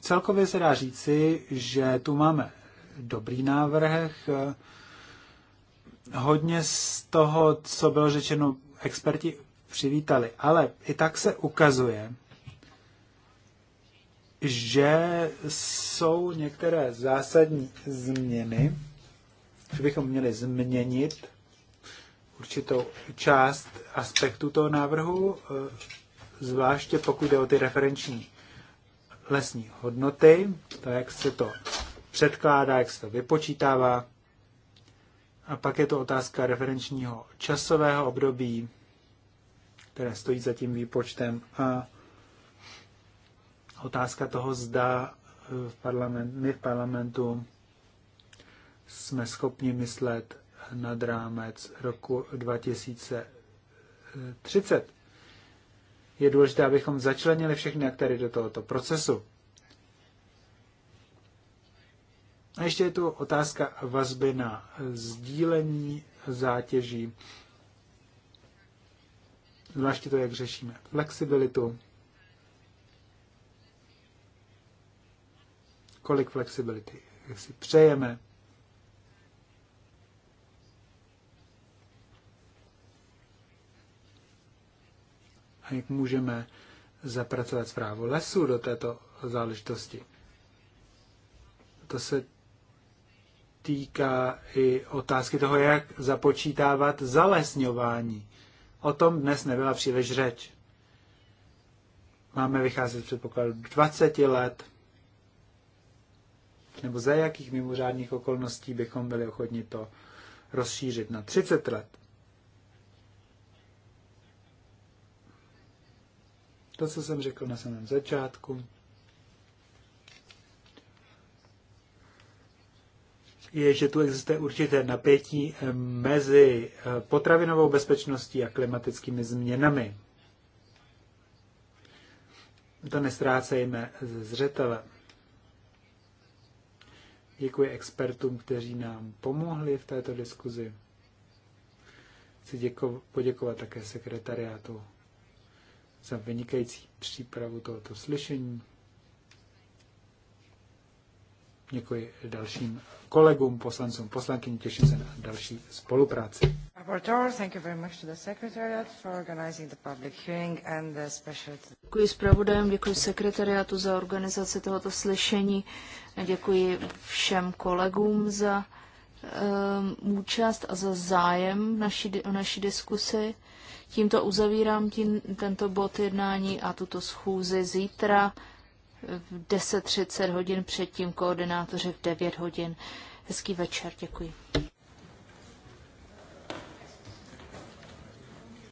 Celkově se dá říci, že tu máme dobrý návrh. Eh, hodně z toho, co bylo řečeno, experti přivítali, ale i tak se ukazuje, že jsou některé zásadní změny, že bychom měli změnit určitou část aspektu toho návrhu, e, zvláště pokud jde o ty referenční lesní hodnoty, to, jak se to předkládá, jak se to vypočítává. A pak je to otázka referenčního časového období, které stojí za tím výpočtem a otázka toho, zda v parlament, my v parlamentu jsme schopni myslet nad rámec roku 2030. Je důležité, abychom začlenili všechny aktéry do tohoto procesu. A ještě je tu otázka vazby na sdílení zátěží, zvláště to, jak řešíme flexibilitu, kolik flexibility jak si přejeme, a jak můžeme zapracovat zprávu lesů do této záležitosti. To se týká i otázky toho, jak započítávat zalesňování. O tom dnes nebyla příliš řeč. Máme vycházet z předpokladu 20 let, nebo za jakých mimořádných okolností bychom byli ochotni to rozšířit na 30 let. To, co jsem řekl na samém začátku, je, že tu existuje určité napětí mezi eh, potravinovou bezpečností a klimatickými změnami. To nestrácejme ze zřetele. Děkuji expertům, kteří nám pomohli v této diskuzi. Chci děko- poděkovat také sekretariátu za vynikající přípravu tohoto slyšení. Děkuji dalším kolegům, poslancům, poslankyni, těším se na další spolupráci. Děkuji zpravodajům, děkuji sekretariátu za organizaci tohoto slyšení, děkuji všem kolegům za um, účast a za zájem naší, o naší diskusi. Tímto uzavírám tím, tento bod jednání a tuto schůzi zítra v 10.30 hodin předtím koordinátoři v 9 hodin. Hezký večer, děkuji.